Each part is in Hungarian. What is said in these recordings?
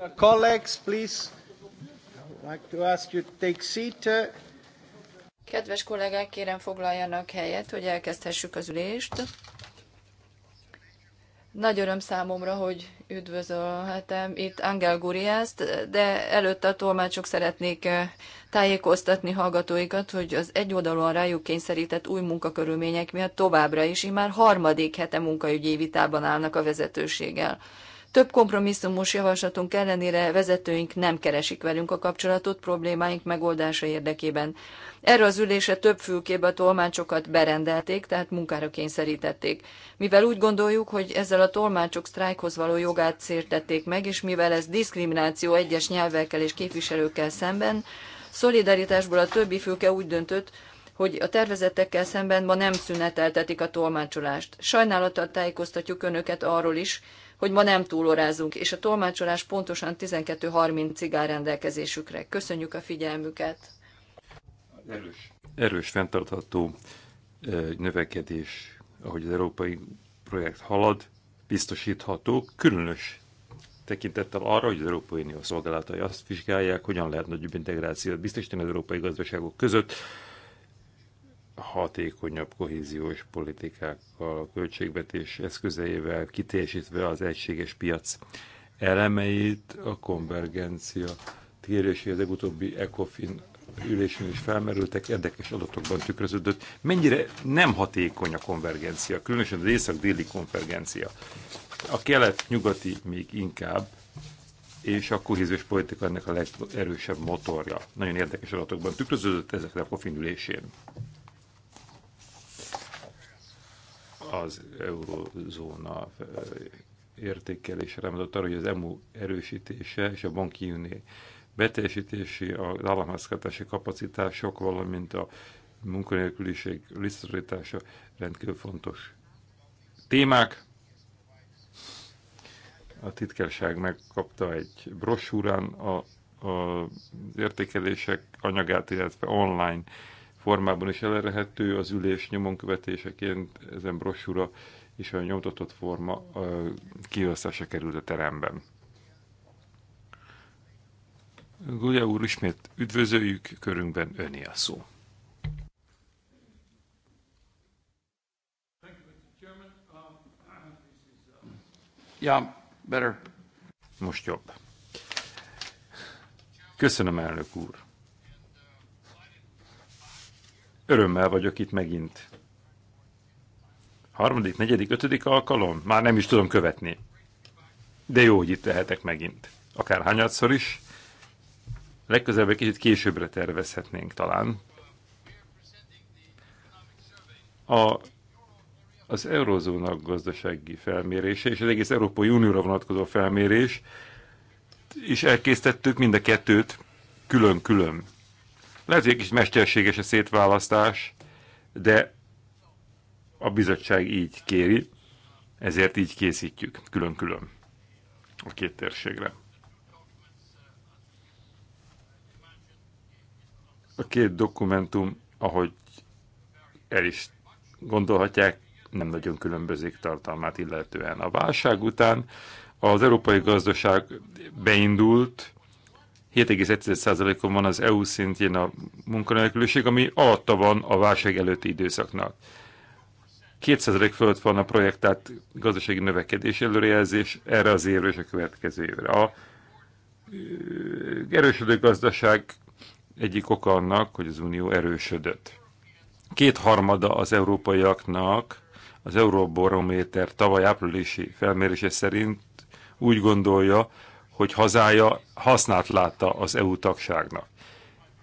Uh. Kedves kollégák, kérem foglaljanak helyet, hogy elkezdhessük az ülést. Nagy öröm számomra, hogy üdvözölhetem itt Angel Guriászt, de előtte a tolmácsok szeretnék uh, tájékoztatni hallgatóikat, hogy az egyoldalúan rájuk kényszerített új munkakörülmények miatt továbbra is immár harmadik hete munkaügyi vitában állnak a vezetőséggel. Több kompromisszumos javaslatunk ellenére vezetőink nem keresik velünk a kapcsolatot problémáink megoldása érdekében. Erre az ülése több fülkébe a tolmácsokat berendelték, tehát munkára kényszerítették. Mivel úgy gondoljuk, hogy ezzel a tolmácsok sztrájkhoz való jogát szértették meg, és mivel ez diszkrimináció egyes nyelvekkel és képviselőkkel szemben, szolidaritásból a többi fülke úgy döntött, hogy a tervezetekkel szemben ma nem szüneteltetik a tolmácsolást. Sajnálattal tájékoztatjuk önöket arról is, hogy ma nem túlorázunk, és a tolmácsolás pontosan 12.30-ig áll rendelkezésükre. Köszönjük a figyelmüket! Erős, erős fenntartható növekedés, ahogy az európai projekt halad, biztosítható, különös tekintettel arra, hogy az Európai Unió szolgálatai azt vizsgálják, hogyan lehet nagyobb integrációt biztosítani az európai gazdaságok között, hatékonyabb kohéziós politikákkal, a költségvetés eszközeivel, kitérsítve az egységes piac elemeit, a konvergencia kérdésé az utóbbi ECOFIN ülésén is felmerültek, érdekes adatokban tükröződött, mennyire nem hatékony a konvergencia, különösen az észak-déli konvergencia. A kelet-nyugati még inkább, és a kohéziós politika ennek a legerősebb motorja. Nagyon érdekes adatokban tükröződött ezekre a kofin ülésén. az eurozóna értékelésre mondott arra, hogy az EMU erősítése és a banki unió beteljesítési, az államháztartási kapacitások, valamint a munkanélküliség visszaszorítása rendkívül fontos témák. A titkárság megkapta egy brosúrán a, a értékelések anyagát, illetve online formában is elérhető, az ülés nyomon követéseként ezen brosúra és a nyomtatott forma kiosztása került a teremben. Gulya úr, ismét üdvözöljük, körünkben öné a szó. Ja, better. Most jobb. Köszönöm, elnök úr. Örömmel vagyok itt megint. Harmadik, negyedik, ötödik alkalom? Már nem is tudom követni. De jó, hogy itt lehetek megint. Akár hányadszor is. Legközelebb egy kicsit későbbre tervezhetnénk talán. A, az eurozóna gazdasági felmérése és az egész Európai Unióra vonatkozó felmérés, is elkészítettük mind a kettőt külön-külön lehet, hogy egy kis mesterséges a szétválasztás, de a bizottság így kéri, ezért így készítjük külön-külön a két térségre. A két dokumentum, ahogy el is gondolhatják, nem nagyon különbözik tartalmát illetően. A válság után az európai gazdaság beindult, 7,1%-on van az EU szintjén a munkanélküliség, ami alatta van a válság előtti időszaknak. 2% fölött van a projektált gazdasági növekedés előrejelzés erre az évre és a következő évre. A erősödő gazdaság egyik oka annak, hogy az Unió erősödött. Kétharmada az európaiaknak az Euróbarométer tavaly áprilisi felmérése szerint úgy gondolja, hogy hazája hasznát látta az EU tagságnak.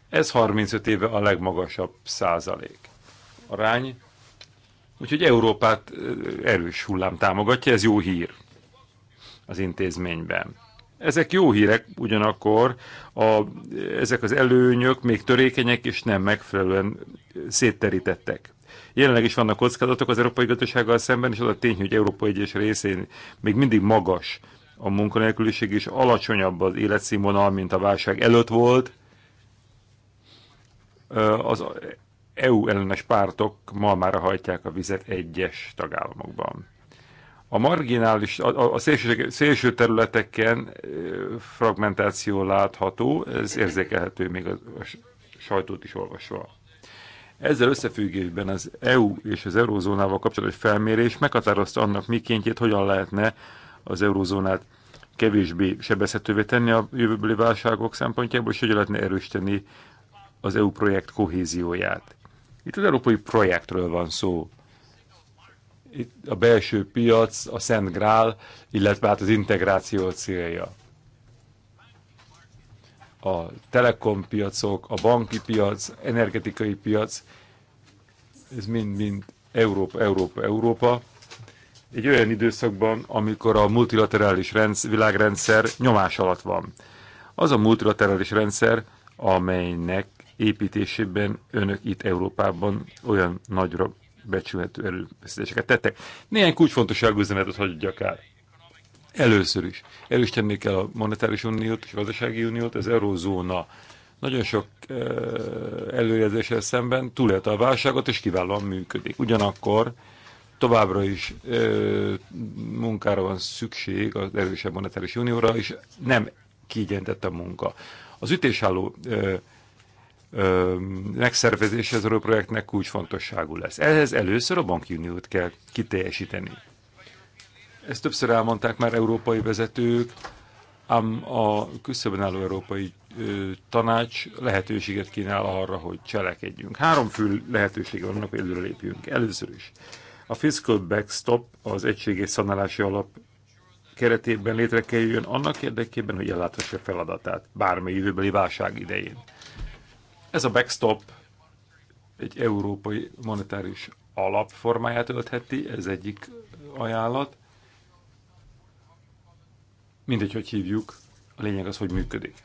Ez 35 éve a legmagasabb százalék arány, úgyhogy Európát erős hullám támogatja, ez jó hír az intézményben. Ezek jó hírek, ugyanakkor a, ezek az előnyök még törékenyek és nem megfelelően szétterítettek. Jelenleg is vannak kockázatok az európai gazdasággal szemben, és az a tény, hogy Európa egyes részén még mindig magas a munkanélküliség is alacsonyabb az életszínvonal, mint a válság előtt volt. Az EU ellenes pártok ma már hajtják a vizet egyes tagállamokban. A marginális, a, a szélső, szélső területeken fragmentáció látható, ez érzékelhető még a, a sajtót is olvasva. Ezzel összefüggésben az EU és az Eurózónával kapcsolatos felmérés meghatározta annak mikéntjét, hogyan lehetne az eurózónát kevésbé sebezhetővé tenni a jövőbeli válságok szempontjából, és hogy lehetne erősíteni az EU projekt kohézióját. Itt az európai projektről van szó. Itt a belső piac, a Szent Grál, illetve hát az integráció célja. A telekom piacok, a banki piac, energetikai piac, ez mind-mind Európa, Európa, Európa egy olyan időszakban, amikor a multilaterális rendsz, világrendszer nyomás alatt van. Az a multilaterális rendszer, amelynek építésében önök itt Európában olyan nagyra becsülhető erőfeszítéseket tettek. Néhány kulcsfontosságú üzenetet hagyjuk el. Először is. Erősítennék el a monetáris uniót és a gazdasági uniót, az eurozóna nagyon sok előjelzéssel szemben túlélte a válságot, és kiválóan működik. Ugyanakkor továbbra is ö, munkára van szükség az erősebb monetáris unióra, és nem kiigyentett a munka. Az ütésálló ö, ö, megszervezés az projektnek kulcsfontosságú lesz. Ehhez először a banki uniót kell kiteljesíteni. Ezt többször elmondták már európai vezetők, ám a küszöbben álló európai ö, tanács lehetőséget kínál arra, hogy cselekedjünk. Három fő lehetőség van hogy előre lépjünk. Először is a fiscal backstop az egységes szanálási alap keretében létre kell jön annak érdekében, hogy ellátassa feladatát bármely időbeli válság idején. Ez a backstop egy európai monetáris alapformáját öltheti, ez egyik ajánlat. Mindegy, hogy hívjuk, a lényeg az, hogy működik.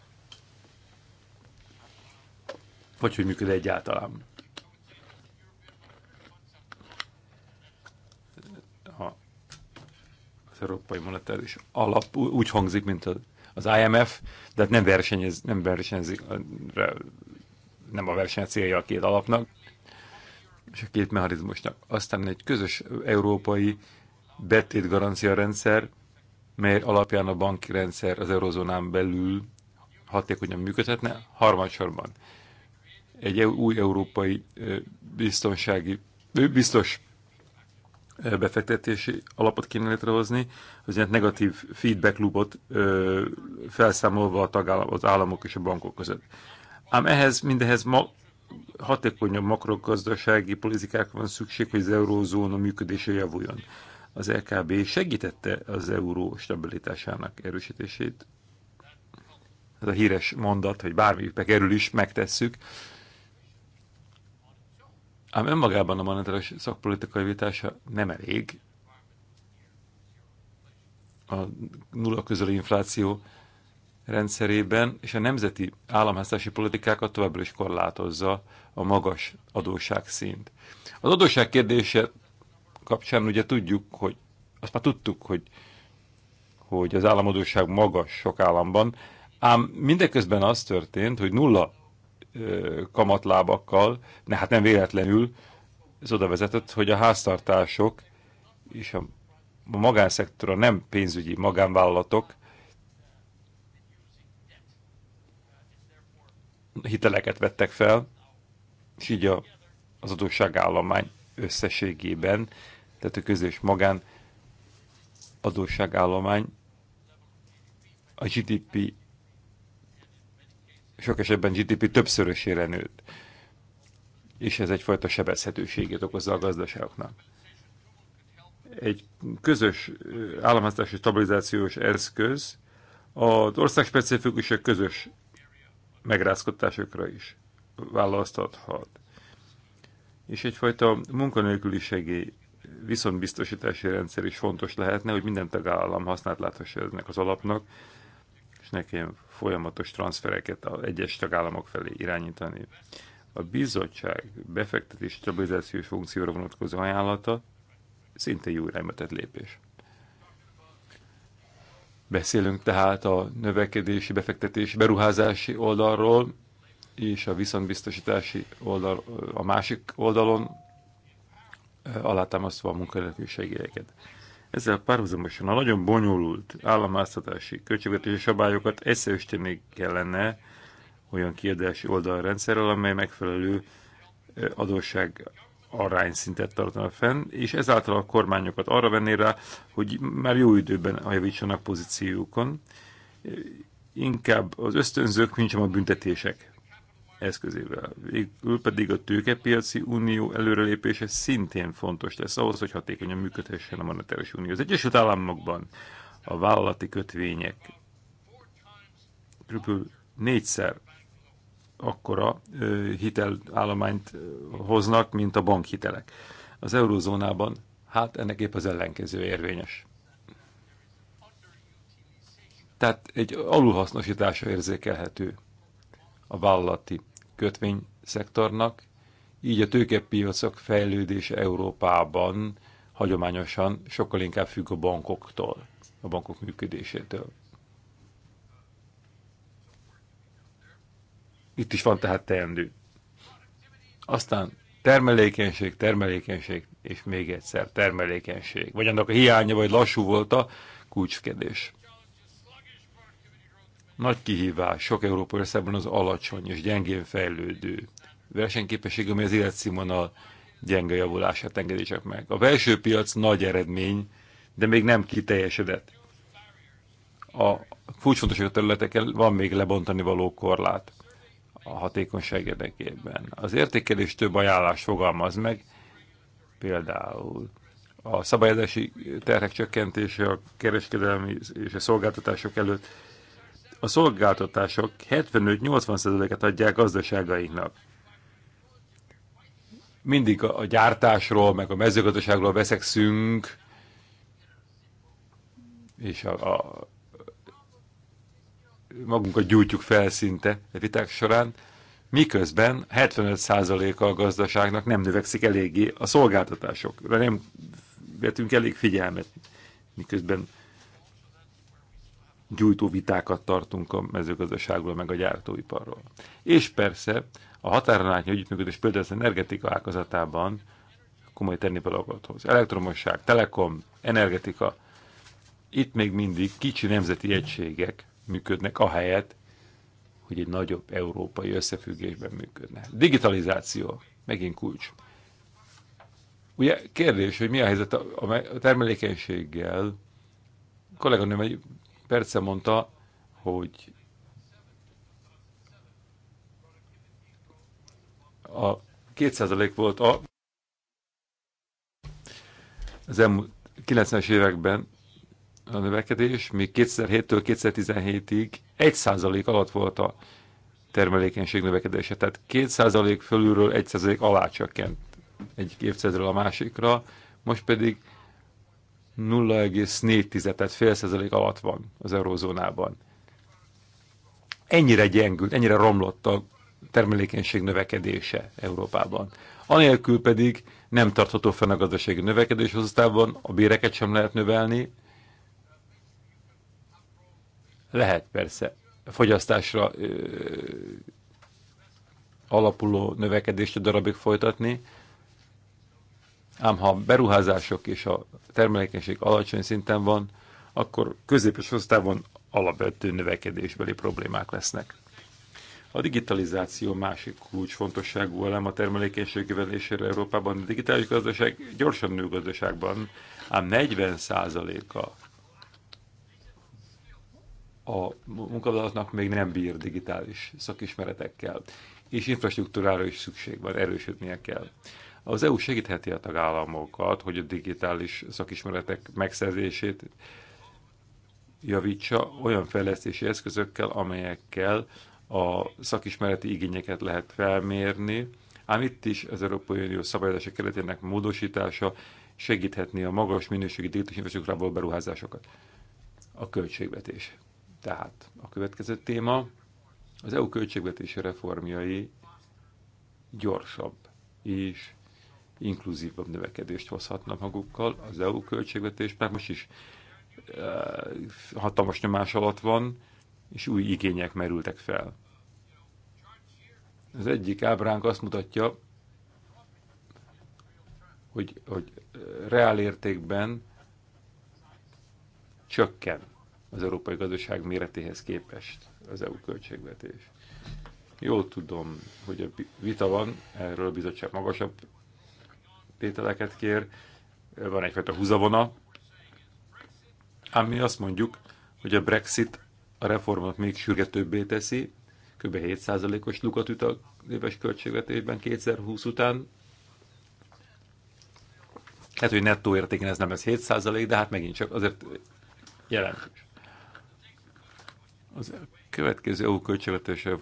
Vagy hogy működik egyáltalán. Európai Monetáris Alap úgy hangzik, mint az IMF, de hát nem versenyez, nem versenyzik, nem a verseny célja a két alapnak, és a két mechanizmusnak. Aztán egy közös európai betétgarancia rendszer, mely alapján a banki rendszer az eurozónán belül hatékonyan működhetne. Harmadsorban egy új európai biztonsági, biztos befektetési alapot kéne létrehozni, az ilyen negatív feedback loopot ö, felszámolva a tagállam, az államok és a bankok között. Ám ehhez, mindehez ma hatékonyabb makrogazdasági politikákra van szükség, hogy az eurózóna működése javuljon. Az LKB segítette az euró stabilitásának erősítését. Ez a híres mondat, hogy bármi kerül is, megtesszük. Ám önmagában a monetáris szakpolitikai vitása nem elég. A nulla közeli infláció rendszerében és a nemzeti államháztási politikákat továbbra is korlátozza a magas szint. Az adósság kérdése kapcsán ugye tudjuk, hogy azt már tudtuk, hogy, hogy az államadóság magas sok államban, ám mindeközben az történt, hogy nulla kamatlábakkal, ne, hát nem véletlenül, ez oda vezetett, hogy a háztartások és a magánszektor, a nem pénzügyi magánvállalatok hiteleket vettek fel, és így a, az adósságállomány összességében, tehát a közös magán adósságállomány a GDP sok esetben GDP többszörösére nőtt. És ez egyfajta sebezhetőségét okozza a gazdaságoknak. Egy közös államháztási stabilizációs eszköz az országspecifikus közös megrázkodtásokra is választhat. És egyfajta munkanélküliségi viszontbiztosítási rendszer is fontos lehetne, hogy minden tagállam használt láthassa ennek az alapnak, ne kelljen folyamatos transfereket az egyes tagállamok felé irányítani. A bizottság befektetés stabilizációs funkcióra vonatkozó ajánlata szinte jó irányba tett lépés. Beszélünk tehát a növekedési, befektetési, beruházási oldalról, és a viszontbiztosítási oldal, a másik oldalon eh, alátámasztva a munkaerőségéket. Ezzel párhuzamosan a nagyon bonyolult államháztatási költségvetési szabályokat egyszerűsíteni kellene olyan kiadási oldalrendszerrel, amely megfelelő adósság arányszintet tartana fenn, és ezáltal a kormányokat arra venné rá, hogy már jó időben javítsanak pozíciókon. Inkább az ösztönzők, mint sem a büntetések eszközével. Végül pedig a tőkepiaci unió előrelépése szintén fontos lesz ahhoz, hogy hatékonyan működhessen a monetáris unió. Az Egyesült Államokban a vállalati kötvények kb. négyszer akkora hitelállományt hoznak, mint a bankhitelek. Az eurozónában hát ennek épp az ellenkező érvényes. Tehát egy alulhasznosítása érzékelhető a vállalati kötvényszektornak, így a tőkepiacok fejlődése Európában hagyományosan sokkal inkább függ a bankoktól, a bankok működésétől. Itt is van tehát teendő. Aztán termelékenység, termelékenység, és még egyszer termelékenység. Vagy annak a hiánya, vagy lassú volt a kulcskedés. Nagy kihívás sok európai országban az alacsony és gyengén fejlődő versenyképesség, ami az életszínvonal gyenge javulását engedések meg. A belső piac nagy eredmény, de még nem kiteljesedett. A kulcsfontosságú területeken van még lebontani való korlát a hatékonyság érdekében. Az értékelés több ajánlás fogalmaz meg, például a szabályozási terhek csökkentése a kereskedelmi és a szolgáltatások előtt a szolgáltatások 75-80%-et adják gazdaságainknak. Mindig a gyártásról, meg a mezőgazdaságról veszekszünk, és a, a, magunkat gyújtjuk felszinte a viták során, miközben 75%-a a gazdaságnak nem növekszik eléggé a szolgáltatásokra, nem vetünk elég figyelmet, miközben gyújtó vitákat tartunk a mezőgazdaságról, meg a gyártóiparról. És persze a határon átnyújó együttműködés például az energetika ágazatában komoly hoz. Elektromosság, telekom, energetika, itt még mindig kicsi nemzeti egységek működnek, ahelyett, hogy egy nagyobb európai összefüggésben működne. Digitalizáció, megint kulcs. Ugye kérdés, hogy mi a helyzet a termelékenységgel, kolléganőm egy Perce mondta, hogy a 2% volt a az elmúlt 90-es években a növekedés, míg 2007-től 2017-ig 1% alatt volt a termelékenység növekedése. Tehát 2% fölülről 1% alá csökkent egy évtizedről a másikra, most pedig 0,4 fél százalék alatt van az eurózónában. Ennyire gyengült, ennyire romlott a termelékenység növekedése Európában. Anélkül pedig nem tartható fenn a gazdasági növekedés, hozatában, a béreket sem lehet növelni. Lehet persze fogyasztásra ö, alapuló növekedést a darabig folytatni, Ám ha a beruházások és a termelékenység alacsony szinten van, akkor középes osztávon alapvető növekedésbeli problémák lesznek. A digitalizáció másik kulcsfontosságú elem a termelékenység jövelésére Európában. A digitális gazdaság gyorsan nő gazdaságban, ám 40%-a a munkavállalatnak még nem bír digitális szakismeretekkel, és infrastruktúrára is szükség van, erősödnie kell. Az EU segítheti a tagállamokat, hogy a digitális szakismeretek megszerzését javítsa olyan fejlesztési eszközökkel, amelyekkel a szakismereti igényeket lehet felmérni, ám itt is az Európai Unió szabályozása keretének módosítása segíthetné a magas minőségi digitális infrastruktúrából beruházásokat. A költségvetés. Tehát a következő téma, az EU költségvetési reformjai gyorsabb és inkluzívabb növekedést hozhatna magukkal. Az EU költségvetés már most is e, hatalmas nyomás alatt van, és új igények merültek fel. Az egyik ábránk azt mutatja, hogy, hogy reál értékben csökken az európai gazdaság méretéhez képest az EU költségvetés. Jól tudom, hogy a vita van, erről a bizottság magasabb tételeket kér, van egyfajta húzavona. Ám mi azt mondjuk, hogy a Brexit a reformot még sürgetőbbé teszi, kb. 7%-os lukat üt a éves költségvetésben 2020 után. Hát, hogy nettó értéken ez nem lesz 7%, de hát megint csak azért jelentős. Az következő EU költségvetésre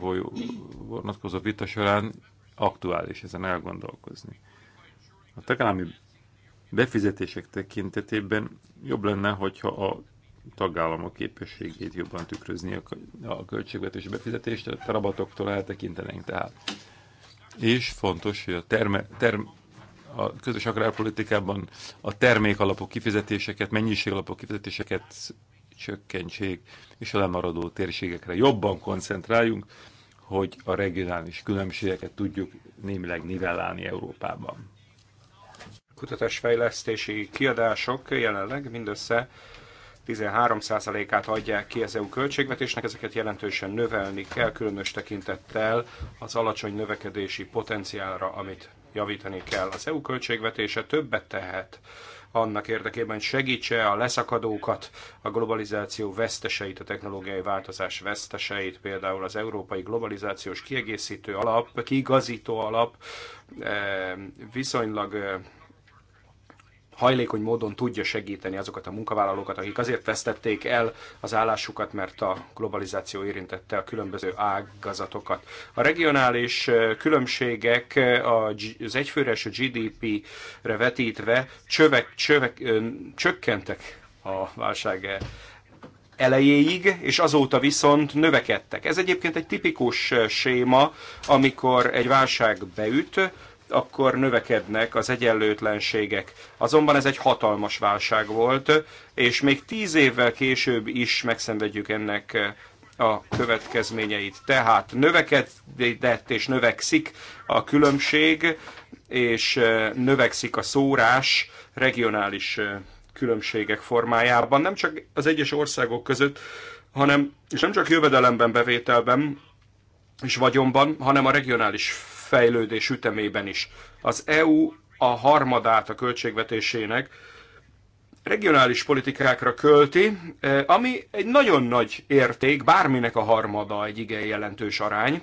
vonatkozó vita során aktuális ezen elgondolkozni. A tagállami befizetések tekintetében jobb lenne, hogyha a tagállamok képességét jobban tükrözni a, költségvetési befizetést, a rabatoktól eltekintenénk tehát. És fontos, hogy a, terme, term, a közös agrárpolitikában a termékalapú kifizetéseket, mennyiségalapú kifizetéseket csökkentsék, és a lemaradó térségekre jobban koncentráljunk, hogy a regionális különbségeket tudjuk némileg nivellálni Európában kutatásfejlesztési kiadások jelenleg mindössze 13%-át adják ki az EU költségvetésnek, ezeket jelentősen növelni kell, különös tekintettel az alacsony növekedési potenciálra, amit javítani kell. Az EU költségvetése többet tehet annak érdekében, hogy segítse a leszakadókat, a globalizáció veszteseit, a technológiai változás veszteseit, például az Európai Globalizációs Kiegészítő Alap, kiigazító alap eh, viszonylag eh, hajlékony módon tudja segíteni azokat a munkavállalókat, akik azért vesztették el az állásukat, mert a globalizáció érintette a különböző ágazatokat. A regionális különbségek az egyfőre a GDP-re vetítve csövek, csövek, csökkentek a válság elejéig, és azóta viszont növekedtek. Ez egyébként egy tipikus séma, amikor egy válság beüt, akkor növekednek az egyenlőtlenségek. Azonban ez egy hatalmas válság volt, és még tíz évvel később is megszenvedjük ennek eh, a következményeit. Tehát növekedett és növekszik a különbség, és eh, növekszik a szórás regionális eh, különbségek formájában, nem csak az egyes országok között, hanem, és nem csak jövedelemben, bevételben és vagyonban, hanem a regionális fejlődés ütemében is. Az EU a harmadát a költségvetésének regionális politikákra költi, eh, ami egy nagyon nagy érték, bárminek a harmada egy igen jelentős arány.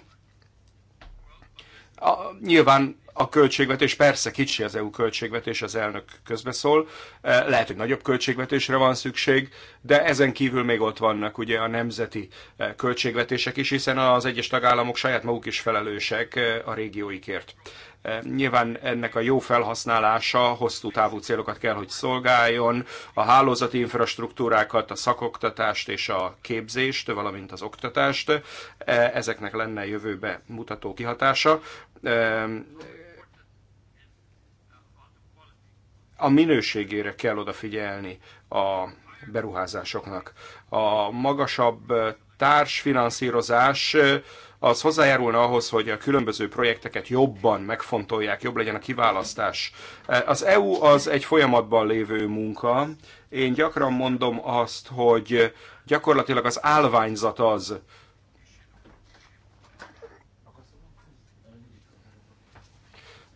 A, nyilván a költségvetés, persze kicsi az EU költségvetés, az elnök közbeszól, e, lehet, hogy nagyobb költségvetésre van szükség, de ezen kívül még ott vannak ugye a nemzeti e, költségvetések is, hiszen az egyes tagállamok saját maguk is felelősek e, a régióikért. Nyilván ennek a jó felhasználása hosszú távú célokat kell, hogy szolgáljon, a hálózati infrastruktúrákat, a szakoktatást és a képzést, valamint az oktatást, ezeknek lenne jövőbe mutató kihatása a minőségére kell odafigyelni a beruházásoknak. A magasabb társfinanszírozás eh, az hozzájárulna ahhoz, hogy a különböző projekteket jobban megfontolják, jobb legyen a kiválasztás. Eh, az EU az egy folyamatban lévő munka. Én gyakran mondom azt, hogy gyakorlatilag az állványzat az,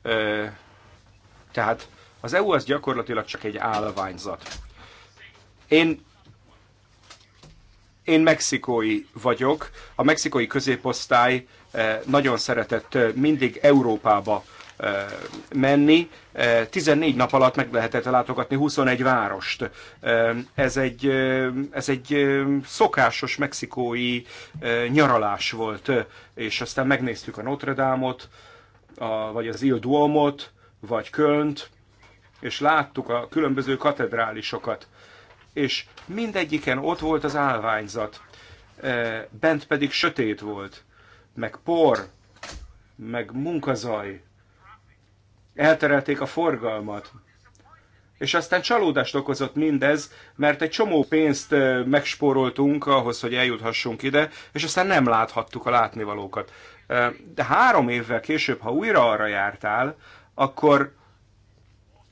eh, tehát az EU az gyakorlatilag csak egy állványzat. Én én mexikói vagyok, a mexikói középosztály eh, nagyon szeretett eh, mindig Európába eh, menni. 14 nap alatt meg lehetett látogatni 21 várost. Ez egy, ez egy szokásos mexikói nyaralás volt, és aztán megnéztük a Notre Dame-ot, a, vagy az Il Duomot, vagy Kölnt, és láttuk a különböző katedrálisokat, és mindegyiken ott volt az állványzat, e, bent pedig sötét volt, meg por, meg munkazaj, elterelték a forgalmat, és aztán csalódást okozott mindez, mert egy csomó pénzt e, megspóroltunk ahhoz, hogy eljuthassunk ide, és aztán nem láthattuk a látnivalókat. E, de három évvel később, ha újra arra jártál, akkor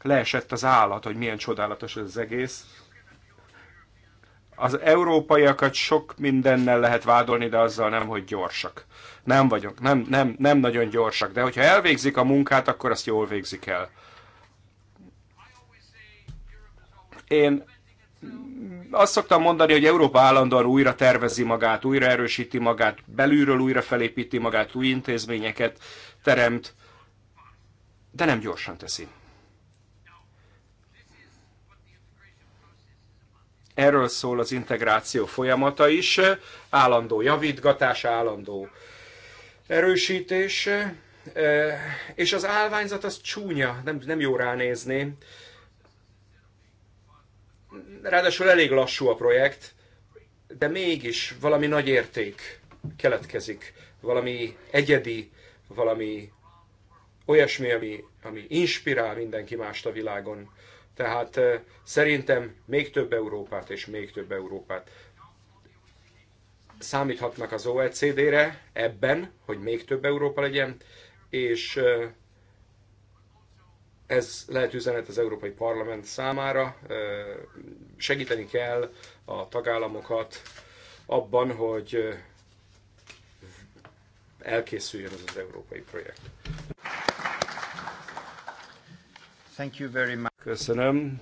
leesett az állat, hogy milyen csodálatos ez az egész. Az európaiakat sok mindennel lehet vádolni, de azzal nem, hogy gyorsak. Nem vagyunk, nem, nem, nem nagyon gyorsak, de hogyha elvégzik a munkát, akkor azt jól végzik el. Én azt szoktam mondani, hogy Európa állandóan újra tervezi magát, újra erősíti magát, belülről újra felépíti magát, új intézményeket teremt, de nem gyorsan teszi. Erről szól az integráció folyamata is, állandó javítgatás, állandó erősítés, eh, és az állványzat az csúnya, nem, nem jó ránézni. Ráadásul elég lassú a projekt, de mégis valami nagy érték keletkezik, valami egyedi, valami olyasmi, ami, ami inspirál mindenki mást a világon. Tehát szerintem még több Európát és még több Európát számíthatnak az OECD-re ebben, hogy még több Európa legyen, és ez lehet üzenet az Európai Parlament számára. Segíteni kell a tagállamokat abban, hogy elkészüljön ez az európai projekt. Thank you very much. Köszönöm.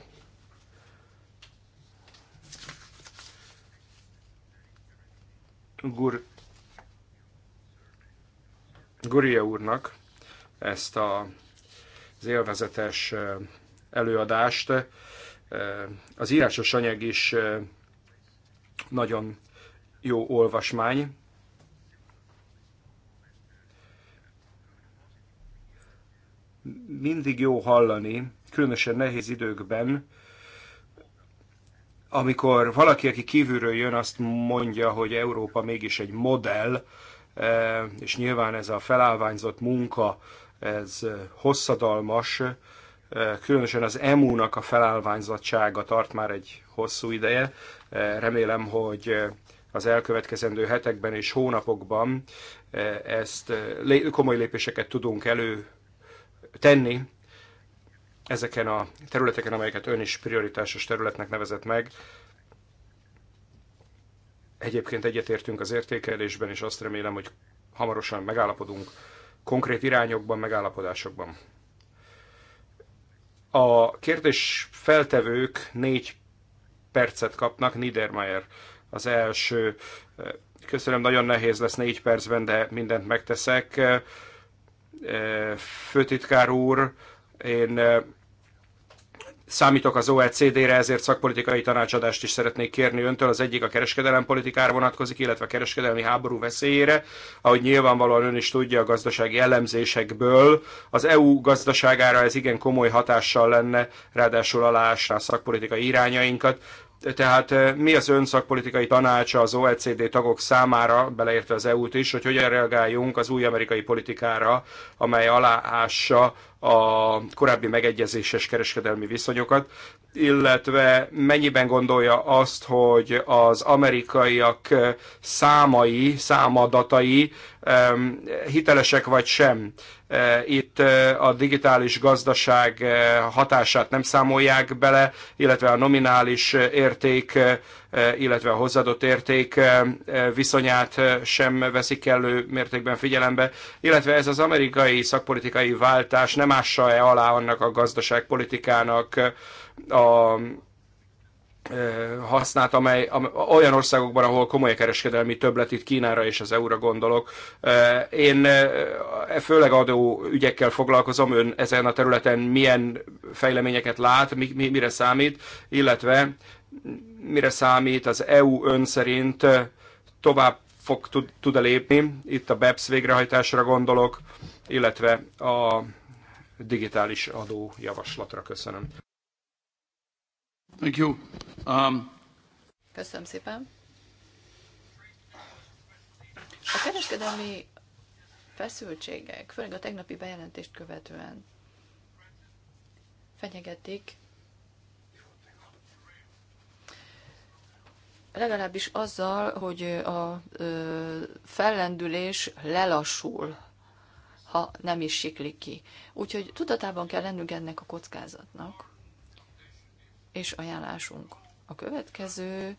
Gur... Guria úrnak ezt a, az élvezetes előadást. Az írásos anyag is nagyon jó olvasmány. mindig jó hallani, különösen nehéz időkben, amikor valaki, aki kívülről jön, azt mondja, hogy Európa mégis egy modell, e, és nyilván ez a felállványzott munka, ez hosszadalmas, e, különösen az EMU-nak a felállványzottsága tart már egy hosszú ideje. E, remélem, hogy az elkövetkezendő hetekben és hónapokban ezt komoly lépéseket tudunk elő tenni ezeken a területeken, amelyeket ön is prioritásos területnek nevezett meg. Egyébként egyetértünk az értékelésben, és azt remélem, hogy hamarosan megállapodunk konkrét irányokban, megállapodásokban. A kérdés feltevők négy percet kapnak, Niedermayer az első. Köszönöm, nagyon nehéz lesz négy percben, de mindent megteszek főtitkár úr, én számítok az OECD-re, ezért szakpolitikai tanácsadást is szeretnék kérni öntől. Az egyik a kereskedelem politikára vonatkozik, illetve a kereskedelmi háború veszélyére. Ahogy nyilvánvalóan ön is tudja a gazdasági elemzésekből, az EU gazdaságára ez igen komoly hatással lenne, ráadásul aláásná a szakpolitikai irányainkat. Tehát eh, mi az ön szakpolitikai tanácsa az OECD tagok számára, beleértve az EU-t is, hogy hogyan reagáljunk az új amerikai politikára, amely aláássa a korábbi megegyezéses kereskedelmi viszonyokat, illetve mennyiben gondolja azt, hogy az amerikaiak számai, számadatai hitelesek vagy sem. E, itt e, a digitális gazdaság e, hatását nem számolják bele, illetve a nominális érték E, illetve a hozzáadott érték e, e, viszonyát sem veszik kellő mértékben figyelembe, illetve ez az amerikai szakpolitikai váltás nem ássa-e alá annak a gazdaságpolitikának a hasznát, amely, olyan országokban, ahol komoly kereskedelmi többlet itt Kínára és az EU-ra gondolok. Én főleg adó ügyekkel foglalkozom, ön ezen a területen milyen fejleményeket lát, mire számít, illetve mire számít az EU ön szerint tovább fog tud, tud -e lépni, itt a BEPS végrehajtásra gondolok, illetve a digitális adó javaslatra. Köszönöm. Thank you. Um... Köszönöm szépen. A kereskedelmi feszültségek, főleg a tegnapi bejelentést követően fenyegetik legalábbis azzal, hogy a fellendülés lelassul, ha nem is siklik ki. Úgyhogy tudatában kell lennünk ennek a kockázatnak, és ajánlásunk. A következő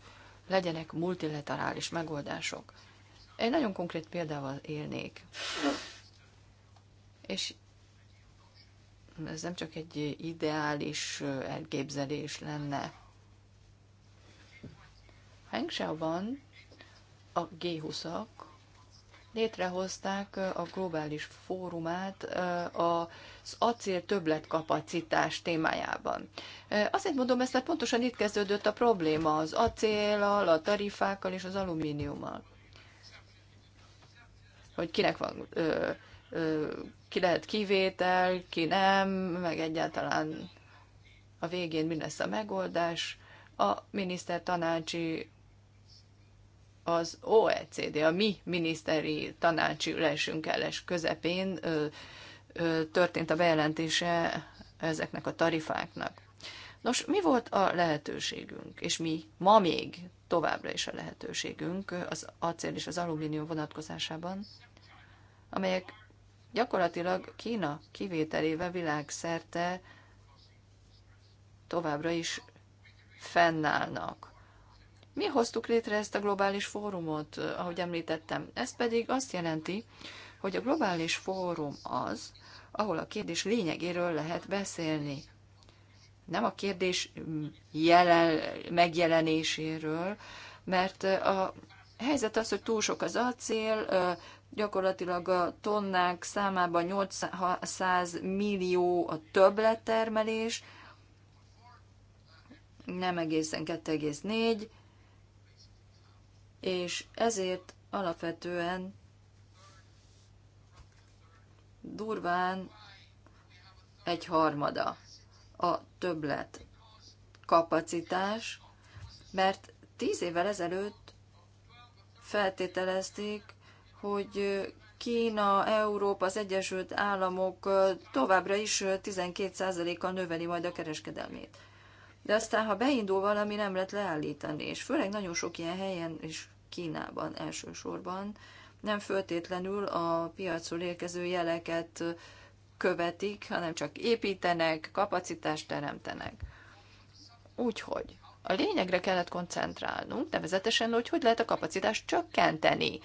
legyenek multilaterális megoldások. Egy nagyon konkrét példával élnék. És ez nem csak egy ideális elképzelés lenne, Hengzsáuban a G20-ak létrehozták a globális fórumát az acél többletkapacitás témájában. Azért mondom ezt, mert pontosan itt kezdődött a probléma az acéllal, a tarifákkal és az alumíniummal. Hogy kinek van, ki lehet kivétel, ki nem, meg egyáltalán a végén mi lesz a megoldás. A miniszter tanácsi az OECD, a mi miniszteri tanácsi ülésünk eles közepén ö, ö, történt a bejelentése ezeknek a tarifáknak. Nos, mi volt a lehetőségünk, és mi ma még továbbra is a lehetőségünk az acél és az alumínium vonatkozásában, amelyek gyakorlatilag Kína kivételével világszerte továbbra is fennállnak. Mi hoztuk létre ezt a globális fórumot, eh, ahogy említettem. Ez pedig azt jelenti, hogy a globális fórum az, ahol a kérdés lényegéről lehet beszélni. Nem a kérdés mm, jelen, megjelenéséről, mert eh, a helyzet az, hogy túl sok az acél, eh, gyakorlatilag a tonnák számában 800 millió a többlettermelés, nem egészen és ezért alapvetően durván egy harmada a többlet kapacitás, mert tíz évvel ezelőtt feltételezték, hogy Kína, Európa, az Egyesült Államok továbbra is 12%-kal növeli majd a kereskedelmét. De aztán, ha beindul valami, nem lehet leállítani, és főleg nagyon sok ilyen helyen és Kínában elsősorban, nem föltétlenül a piacról érkező jeleket követik, hanem csak építenek, kapacitást teremtenek. Úgyhogy a lényegre kellett koncentrálnunk, nevezetesen, hogy hogy lehet a kapacitást csökkenteni,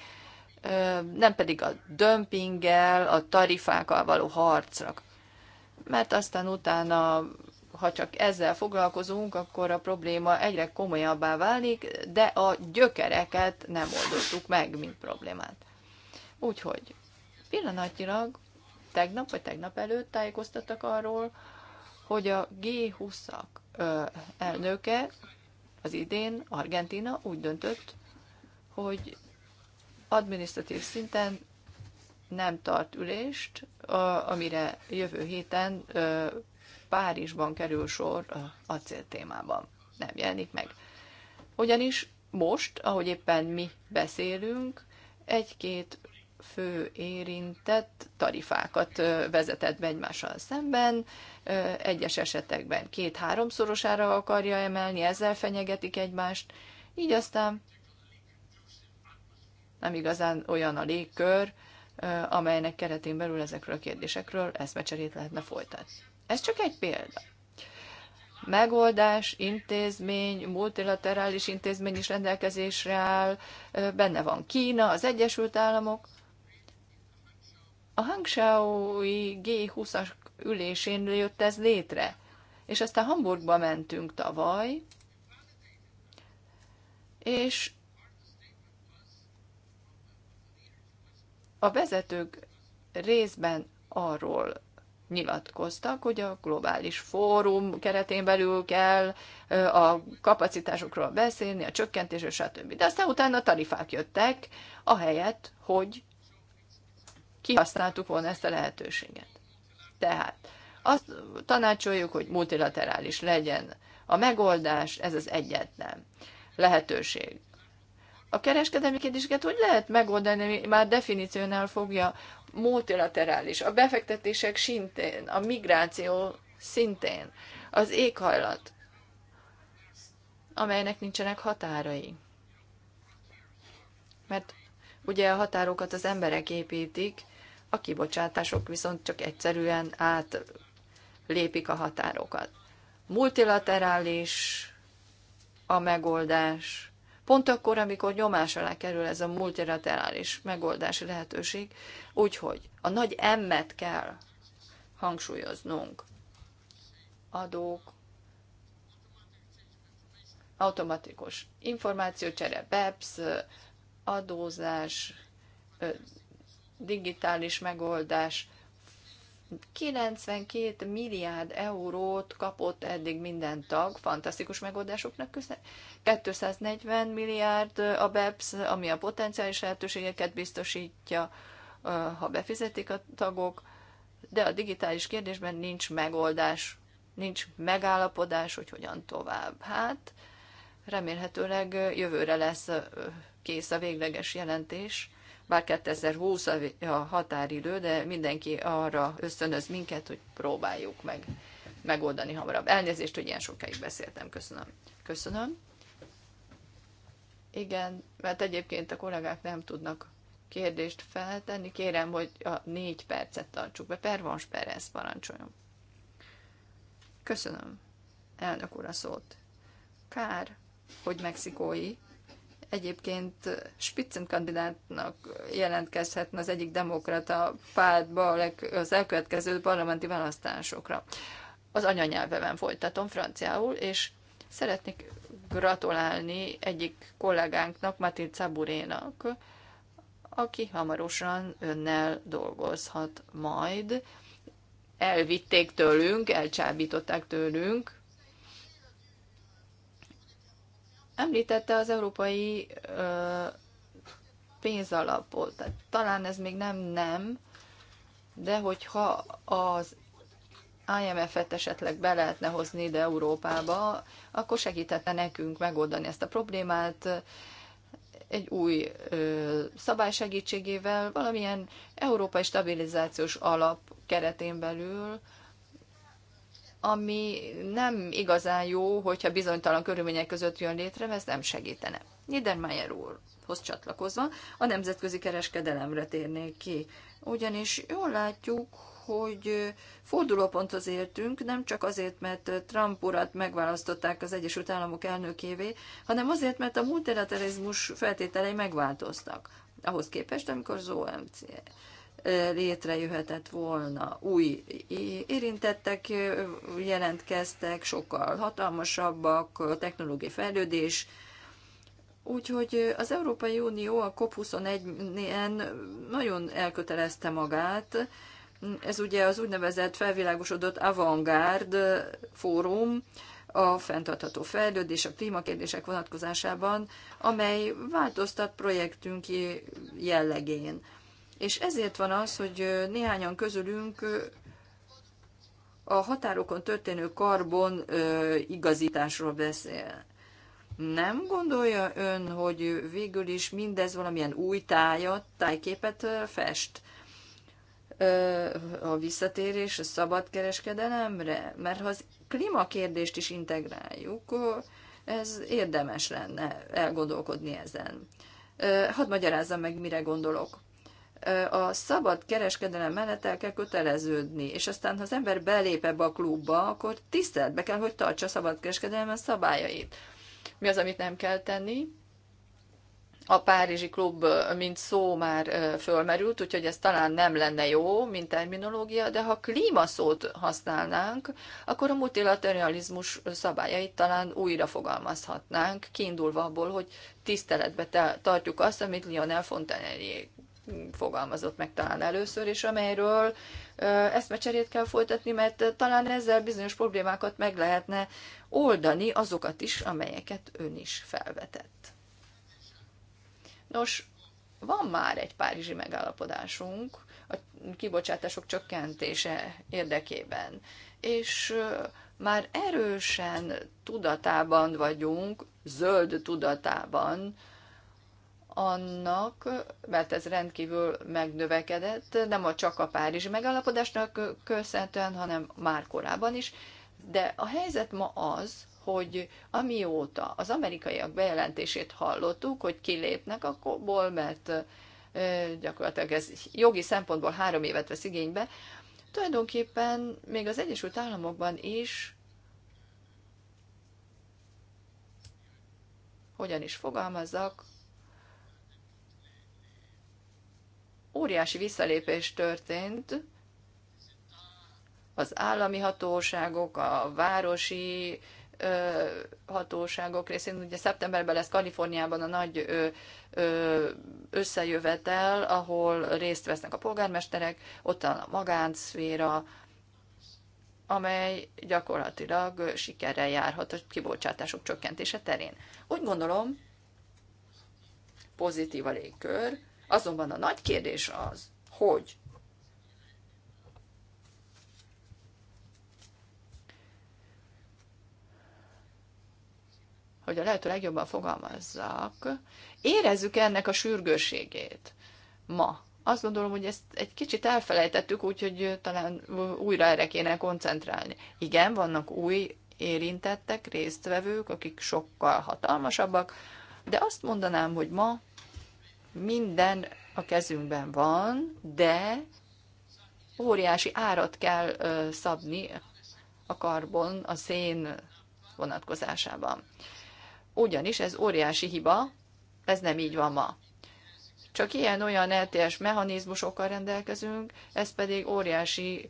nem pedig a dömpinggel, a tarifákkal való harcra. Mert aztán utána ha csak ezzel foglalkozunk, akkor a probléma egyre komolyabbá válik, de a gyökereket nem oldottuk meg, mint problémát. Úgyhogy pillanatnyilag tegnap vagy tegnap előtt tájékoztattak arról, hogy a G20-ak elnöke az idén Argentina úgy döntött, hogy adminisztratív szinten nem tart ülést, amire jövő héten Párizsban kerül sor a acél témában. Nem jelenik meg. Ugyanis most, ahogy éppen mi beszélünk, egy-két fő érintett tarifákat vezetett be egymással szemben, egyes esetekben két-háromszorosára akarja emelni, ezzel fenyegetik egymást, így aztán nem igazán olyan a légkör, amelynek keretén belül ezekről a kérdésekről eszmecserét lehetne folytatni. Ez csak egy példa. Megoldás, intézmény, multilaterális intézmény is rendelkezésre áll, benne van Kína, az Egyesült Államok. A Hangzhou-i G20-as ülésén jött ez létre, és aztán Hamburgba mentünk tavaly, és a vezetők részben arról nyilatkoztak, hogy a globális fórum keretén belül kell a kapacitásokról beszélni, a csökkentésről, stb. De aztán utána a tarifák jöttek, ahelyett, hogy kihasználtuk volna ezt a lehetőséget. Tehát azt tanácsoljuk, hogy multilaterális legyen a megoldás, ez az egyetlen lehetőség a kereskedelmi kérdéseket hogy lehet megoldani, már definíciónál fogja multilaterális, a befektetések szintén, a migráció szintén, az éghajlat, amelynek nincsenek határai. Mert ugye a határokat az emberek építik, a kibocsátások viszont csak egyszerűen átlépik a határokat. Multilaterális a megoldás, Pont akkor, amikor nyomás alá kerül ez a multilaterális megoldási lehetőség, úgyhogy a nagy emmet kell hangsúlyoznunk. Adók, automatikus információcsere, BEPS, adózás, digitális megoldás, 92 milliárd eurót kapott eddig minden tag, fantasztikus megoldásoknak köszönhető. 240 milliárd uh, a BEPS, ami a potenciális lehetőségeket biztosítja, uh, ha befizetik a tagok, de a digitális kérdésben nincs megoldás, nincs megállapodás, hogy hogyan tovább. Hát remélhetőleg uh, jövőre lesz kész a végleges jelentés bár 2020 a határidő, de mindenki arra ösztönöz minket, hogy próbáljuk meg megoldani hamarabb. Elnézést, hogy ilyen sokáig beszéltem. Köszönöm. Köszönöm. Igen, mert egyébként a kollégák nem tudnak kérdést feltenni. Kérem, hogy a négy percet tartsuk be. Pervans Perez, parancsoljon. Köszönöm, elnök úr a szót. Kár, hogy mexikói, egyébként kandidátnak jelentkezhetne az egyik demokrata pártba az elkövetkező parlamenti választásokra. Az anyanyelveben folytatom franciául, és szeretnék gratulálni egyik kollégánknak, Matin Caburénak, aki hamarosan önnel dolgozhat majd. Elvitték tőlünk, elcsábították tőlünk, Említette az európai ö, pénzalapot. Tehát talán ez még nem nem, de hogyha az IMF-et esetleg be lehetne hozni ide Európába, akkor segítette nekünk megoldani ezt a problémát egy új ö, szabály segítségével, valamilyen európai stabilizációs alap keretén belül, ami nem igazán jó, hogyha bizonytalan körülmények között jön létre, mert ez nem segítene. Niedermayer úrhoz csatlakozva a nemzetközi kereskedelemre térnék ki, ugyanis jól látjuk, hogy fordulóponthoz értünk, nem csak azért, mert Trump urat megválasztották az Egyesült Államok elnökévé, hanem azért, mert a multilateralizmus feltételei megváltoztak ahhoz képest, amikor az OMC létrejöhetett volna. Új érintettek jelentkeztek, sokkal hatalmasabbak, technológiai fejlődés, Úgyhogy az Európai Unió a COP21-en nagyon elkötelezte magát. Ez ugye az úgynevezett felvilágosodott avantgárd fórum, a fenntartható fejlődés, a klímakérdések vonatkozásában, amely változtat projektünk jellegén. És ezért van az, hogy néhányan közülünk a határokon történő karbon igazításról beszél. Nem gondolja ön, hogy végül is mindez valamilyen új tájat, tájképet fest? a visszatérés a kereskedelemre? Mert ha az klímakérdést is integráljuk, ez érdemes lenne elgondolkodni ezen. Hadd magyarázzam meg, mire gondolok a szabad kereskedelem mellett el kell köteleződni, és aztán, ha az ember belép ebbe a klubba, akkor tiszteletbe kell, hogy tartsa a szabad kereskedelem szabályait. Mi az, amit nem kell tenni? A Párizsi klub, mint szó már fölmerült, úgyhogy ez talán nem lenne jó, mint terminológia, de ha klímaszót használnánk, akkor a multilateralizmus szabályait talán újra fogalmazhatnánk, kiindulva abból, hogy tiszteletbe tartjuk azt, amit Lionel Fontanelliék fogalmazott meg talán először, és amelyről eszmecserét kell folytatni, mert talán ezzel bizonyos problémákat meg lehetne oldani, azokat is, amelyeket ön is felvetett. Nos, van már egy párizsi megállapodásunk a kibocsátások csökkentése érdekében, és már erősen tudatában vagyunk, zöld tudatában annak, mert ez rendkívül megnövekedett, nem csak a Párizsi megállapodásnak köszönhetően, hanem már korábban is, de a helyzet ma az, hogy amióta az amerikaiak bejelentését hallottuk, hogy kilépnek kobol, mert gyakorlatilag ez jogi szempontból három évet vesz igénybe, tulajdonképpen még az Egyesült Államokban is hogyan is fogalmazzak, óriási visszalépés történt az állami hatóságok, a városi ö, hatóságok részén. Ugye szeptemberben lesz Kaliforniában a nagy ö, ö, összejövetel, ahol részt vesznek a polgármesterek, ott a magánszféra, amely gyakorlatilag sikerrel járhat a kibocsátások csökkentése terén. Úgy gondolom, pozitív a légkör, Azonban a nagy kérdés az, hogy hogy a lehető legjobban fogalmazzak, érezzük ennek a sürgőségét ma. Azt gondolom, hogy ezt egy kicsit elfelejtettük, úgyhogy talán újra erre kéne koncentrálni. Igen, vannak új érintettek, résztvevők, akik sokkal hatalmasabbak, de azt mondanám, hogy ma minden a kezünkben van, de óriási árat kell szabni a karbon, a szén vonatkozásában. Ugyanis ez óriási hiba, ez nem így van ma. Csak ilyen-olyan LTS mechanizmusokkal rendelkezünk, ez pedig óriási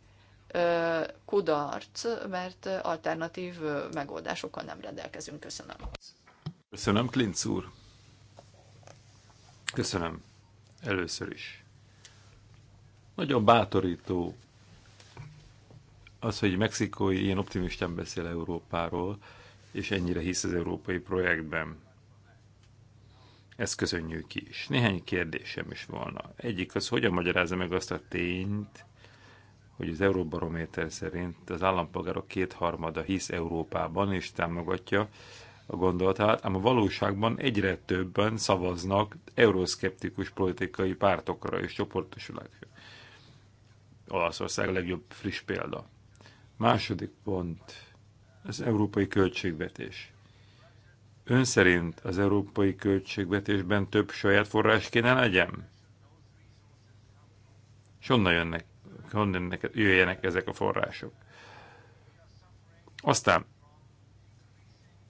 kudarc, mert alternatív megoldásokkal nem rendelkezünk. Köszönöm. Köszönöm, Klinc úr. Köszönöm először is. Nagyon bátorító az, hogy mexikói ilyen optimistán beszél Európáról, és ennyire hisz az európai projektben. Ezt köszönjük is. Néhány kérdésem is volna. Egyik az, hogyan magyarázza meg azt a tényt, hogy az Euróbarométer szerint az állampolgárok kétharmada hisz Európában és támogatja, a gondolatát, ám a valóságban egyre többen szavaznak euroszkeptikus politikai pártokra és csoportosulásra. Olaszország a legjobb friss példa. Második pont, az európai költségvetés. Ön szerint az európai költségvetésben több saját forrás kéne legyen? És honnan jönnek, honnan jönnek, jöjjenek ezek a források? Aztán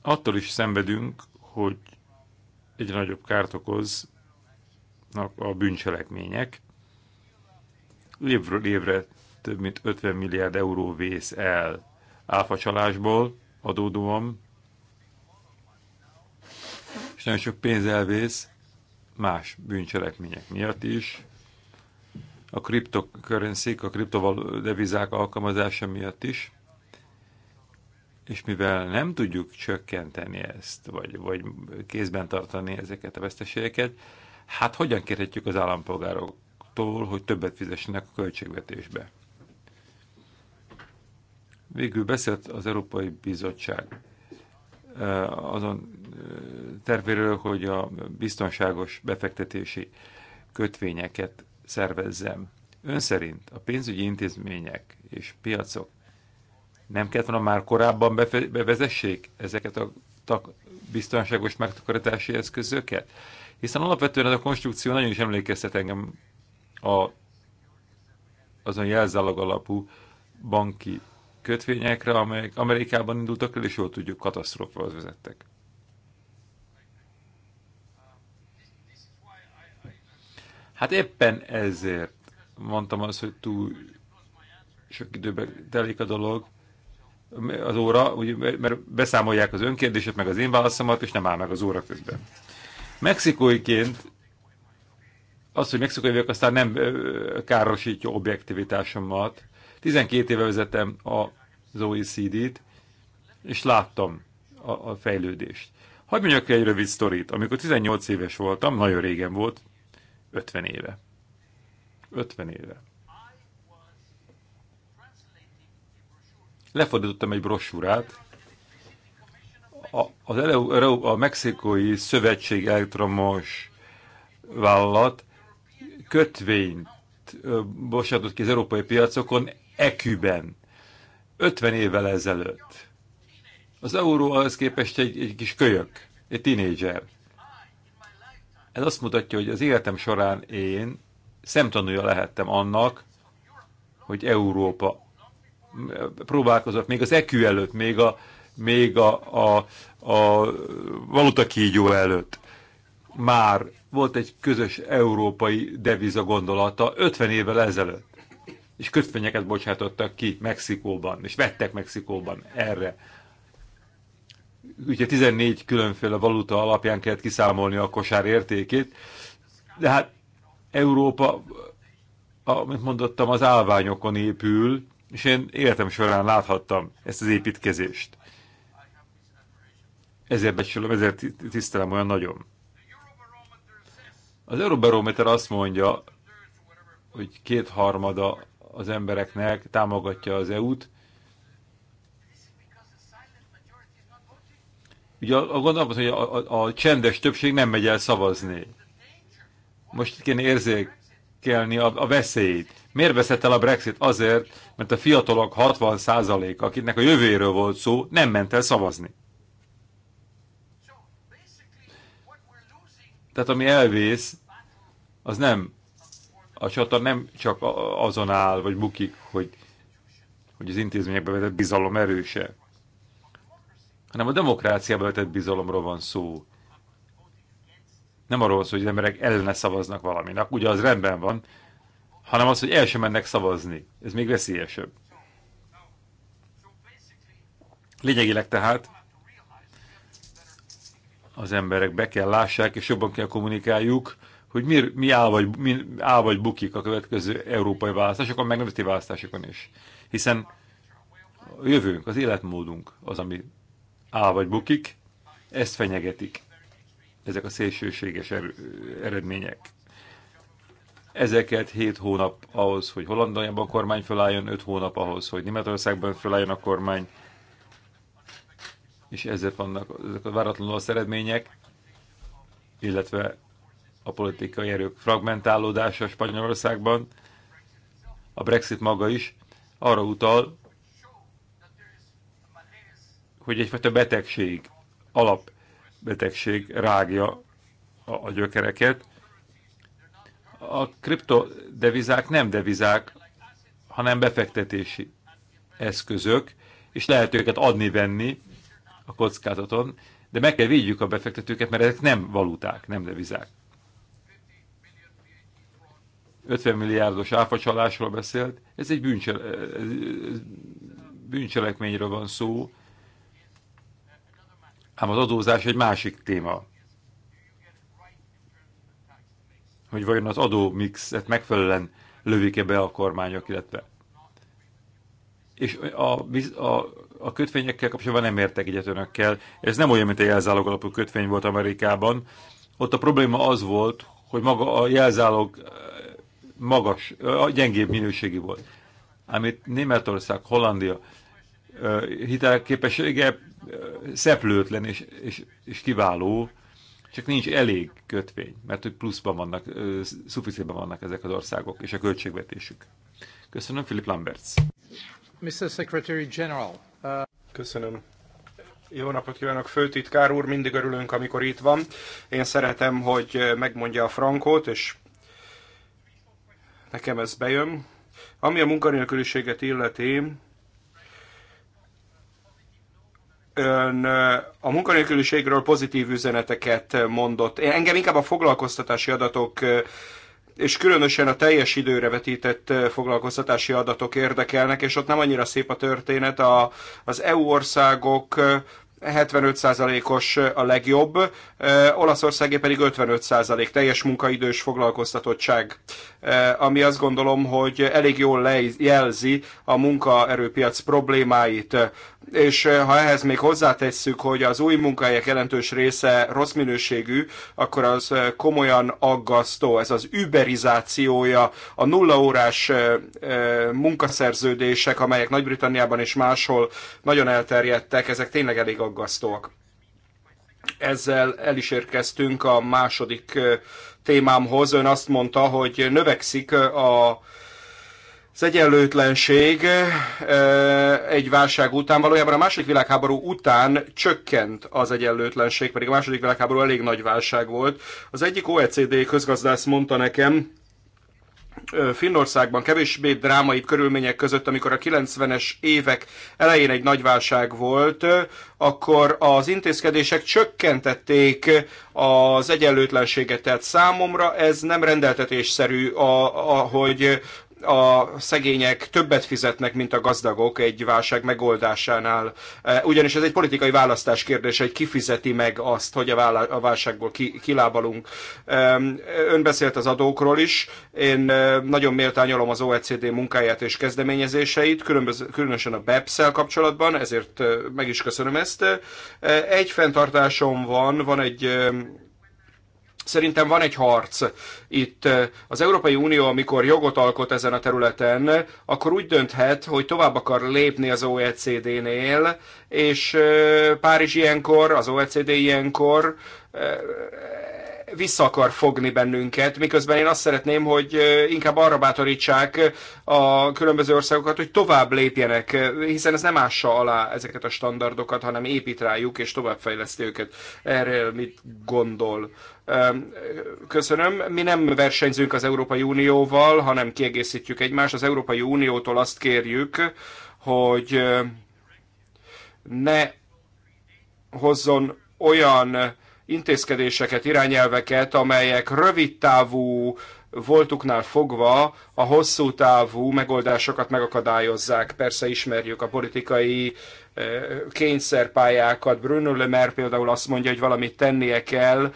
attól is szenvedünk, hogy egy nagyobb kárt okoznak a bűncselekmények. Évről évre több mint 50 milliárd euró vész el áfacsalásból adódóan, és nagyon sok pénz elvész más bűncselekmények miatt is. A cryptocurrency, a devizák alkalmazása miatt is és mivel nem tudjuk csökkenteni ezt, vagy, vagy kézben tartani ezeket a veszteségeket, hát hogyan kérhetjük az állampolgároktól, hogy többet fizessenek a költségvetésbe? Végül beszélt az Európai Bizottság azon tervéről, hogy a biztonságos befektetési kötvényeket szervezzem. Ön szerint a pénzügyi intézmények és piacok nem kellett volna már korábban bevezessék ezeket a biztonságos megtakarítási eszközöket? Hiszen alapvetően ez a konstrukció nagyon is emlékeztet engem a, azon jelzálog alapú banki kötvényekre, amelyek Amerikában indultak el, és jól tudjuk, katasztrófához vezettek. Hát éppen ezért mondtam azt, hogy túl sok időbe telik a dolog, az óra, mert beszámolják az önkérdéset, meg az én válaszomat, és nem áll meg az óra közben. Mexikóiként az, hogy Mexikói vagyok, aztán nem károsítja objektivitásomat. 12 éve vezetem az OECD-t, és láttam a, a fejlődést. Hagyj mondjak egy rövid sztorit. Amikor 18 éves voltam, nagyon régen volt, 50 éve. 50 éve. lefordítottam egy brosúrát, a, az a Mexikói Szövetség elektromos vállalat kötvényt bocsátott ki az európai piacokon eküben. 50 évvel ezelőtt. Az euró ahhoz képest egy, egy kis kölyök, egy tinédzser. Ez azt mutatja, hogy az életem során én szemtanúja lehettem annak, hogy Európa próbálkozott még az ekü előtt, még a, még a, a, a valuta kígyó előtt. Már volt egy közös európai deviza gondolata 50 évvel ezelőtt. És kötvényeket bocsátottak ki Mexikóban, és vettek Mexikóban erre. Ugye 14 különféle valuta alapján kellett kiszámolni a kosár értékét, de hát Európa, amit mondottam, az állványokon épül, és én életem során láthattam ezt az építkezést. Ezért becsülöm, ezért tisztelem olyan nagyon. Az Euróbarométer azt mondja, hogy kétharmada az embereknek támogatja az EU-t. Ugye a, a gondolom, hogy a, a, a csendes többség nem megy el szavazni. Most kéne érzékelni a, a veszélyt Miért veszett el a Brexit? Azért, mert a fiatalok 60%, akiknek a jövőjéről volt szó, nem ment el szavazni. Tehát ami elvész, az nem, a csata nem csak azon áll, vagy bukik, hogy, hogy az intézményekbe vetett bizalom erőse, hanem a demokráciába vetett bizalomról van szó. Nem arról szó, hogy az emberek ellene szavaznak valaminek. Ugye az rendben van, hanem az, hogy el sem mennek szavazni. Ez még veszélyesebb. Lényegileg tehát az emberek be kell lássák, és jobban kell kommunikáljuk, hogy mi, mi, áll, vagy, mi áll vagy bukik a következő európai választásokon, meg nemzeti választásokon is. Hiszen a jövőnk, az életmódunk az, ami áll vagy bukik, ezt fenyegetik ezek a szélsőséges er- eredmények ezeket 7 hónap ahhoz, hogy Hollandiában a kormány felálljon, 5 hónap ahhoz, hogy Németországban felálljon a kormány, és ezért vannak ezek a váratlanul az eredmények, illetve a politikai erők fragmentálódása Spanyolországban, a Brexit maga is arra utal, hogy egyfajta betegség, alapbetegség rágja a gyökereket, a kriptodevizák nem devizák, hanem befektetési eszközök, és lehet őket adni-venni a kockázaton, de meg kell védjük a befektetőket, mert ezek nem valuták, nem devizák. 50 milliárdos áfacsalásról beszélt, ez egy bűncsele, bűncselekményről van szó, ám az adózás egy másik téma. hogy vajon az adómixet megfelelően lövik-e be a kormányok, illetve. És a, a, a kötvényekkel kapcsolatban nem értek egyet önökkel. Ez nem olyan, mint a jelzálog alapú kötvény volt Amerikában. Ott a probléma az volt, hogy maga a jelzálog eh, magas, a eh, gyengébb minőségi volt. Amit Németország, Hollandia eh, hitelképessége szeplőtlen és, és, és kiváló, csak nincs elég kötvény, mert hogy pluszban vannak, szuficitben vannak ezek az országok, és a költségvetésük. Köszönöm, Philip Lamberts. Mr. Secretary General. Uh... Köszönöm. Jó napot kívánok, főtitkár úr, mindig örülünk, amikor itt van. Én szeretem, hogy megmondja a frankót, és nekem ez bejön. Ami a munkanélküliséget illeti, Ön a munkanélküliségről pozitív üzeneteket mondott. Engem inkább a foglalkoztatási adatok és különösen a teljes időre vetített foglalkoztatási adatok érdekelnek, és ott nem annyira szép a történet. A, az EU országok 75%-os a legjobb, Olaszországé pedig 55% teljes munkaidős foglalkoztatottság, ami azt gondolom, hogy elég jól jelzi a munkaerőpiac problémáit és eh, ha ehhez még hozzátesszük, hogy az új munkahelyek jelentős része rossz minőségű, akkor az eh, komolyan aggasztó. Ez az überizációja, a nullaórás eh, munkaszerződések, amelyek Nagy-Britanniában és máshol nagyon elterjedtek, ezek tényleg elég aggasztóak. Ezzel el is érkeztünk a második témámhoz. Ön azt mondta, hogy növekszik a az egyenlőtlenség egy válság után, valójában a második világháború után csökkent az egyenlőtlenség, pedig a második világháború elég nagy válság volt. Az egyik OECD közgazdász mondta nekem, Finnországban kevésbé drámai körülmények között, amikor a 90-es évek elején egy nagy válság volt, akkor az intézkedések csökkentették az egyenlőtlenséget. Tehát számomra ez nem rendeltetésszerű, ahogy a szegények többet fizetnek, mint a gazdagok egy válság megoldásánál. E, ugyanis ez egy politikai választás kérdése, hogy ki fizeti meg azt, hogy a válságból kilábalunk. E, ön beszélt az adókról is. Én e, nagyon méltányolom az OECD munkáját és kezdeményezéseit, különösen a BEPS-szel kapcsolatban, ezért meg is köszönöm ezt. Egy fenntartásom van, van egy Szerintem van egy harc. Itt az Európai Unió, amikor jogot alkot ezen a területen, akkor úgy dönthet, hogy tovább akar lépni az OECD-nél, és Párizs ilyenkor, az OECD ilyenkor vissza akar fogni bennünket, miközben én azt szeretném, hogy inkább arra bátorítsák a különböző országokat, hogy tovább lépjenek, hiszen ez nem ássa alá ezeket a standardokat, hanem épít rájuk és továbbfejleszti őket. Erről mit gondol? Köszönöm. Mi nem versenyzünk az Európai Unióval, hanem kiegészítjük egymást. Az Európai Uniótól azt kérjük, hogy ne hozzon olyan intézkedéseket, irányelveket, amelyek rövidtávú voltuknál fogva a hosszú távú megoldásokat megakadályozzák. Persze ismerjük a politikai kényszerpályákat. Bruno Le Maire például azt mondja, hogy valamit tennie kell,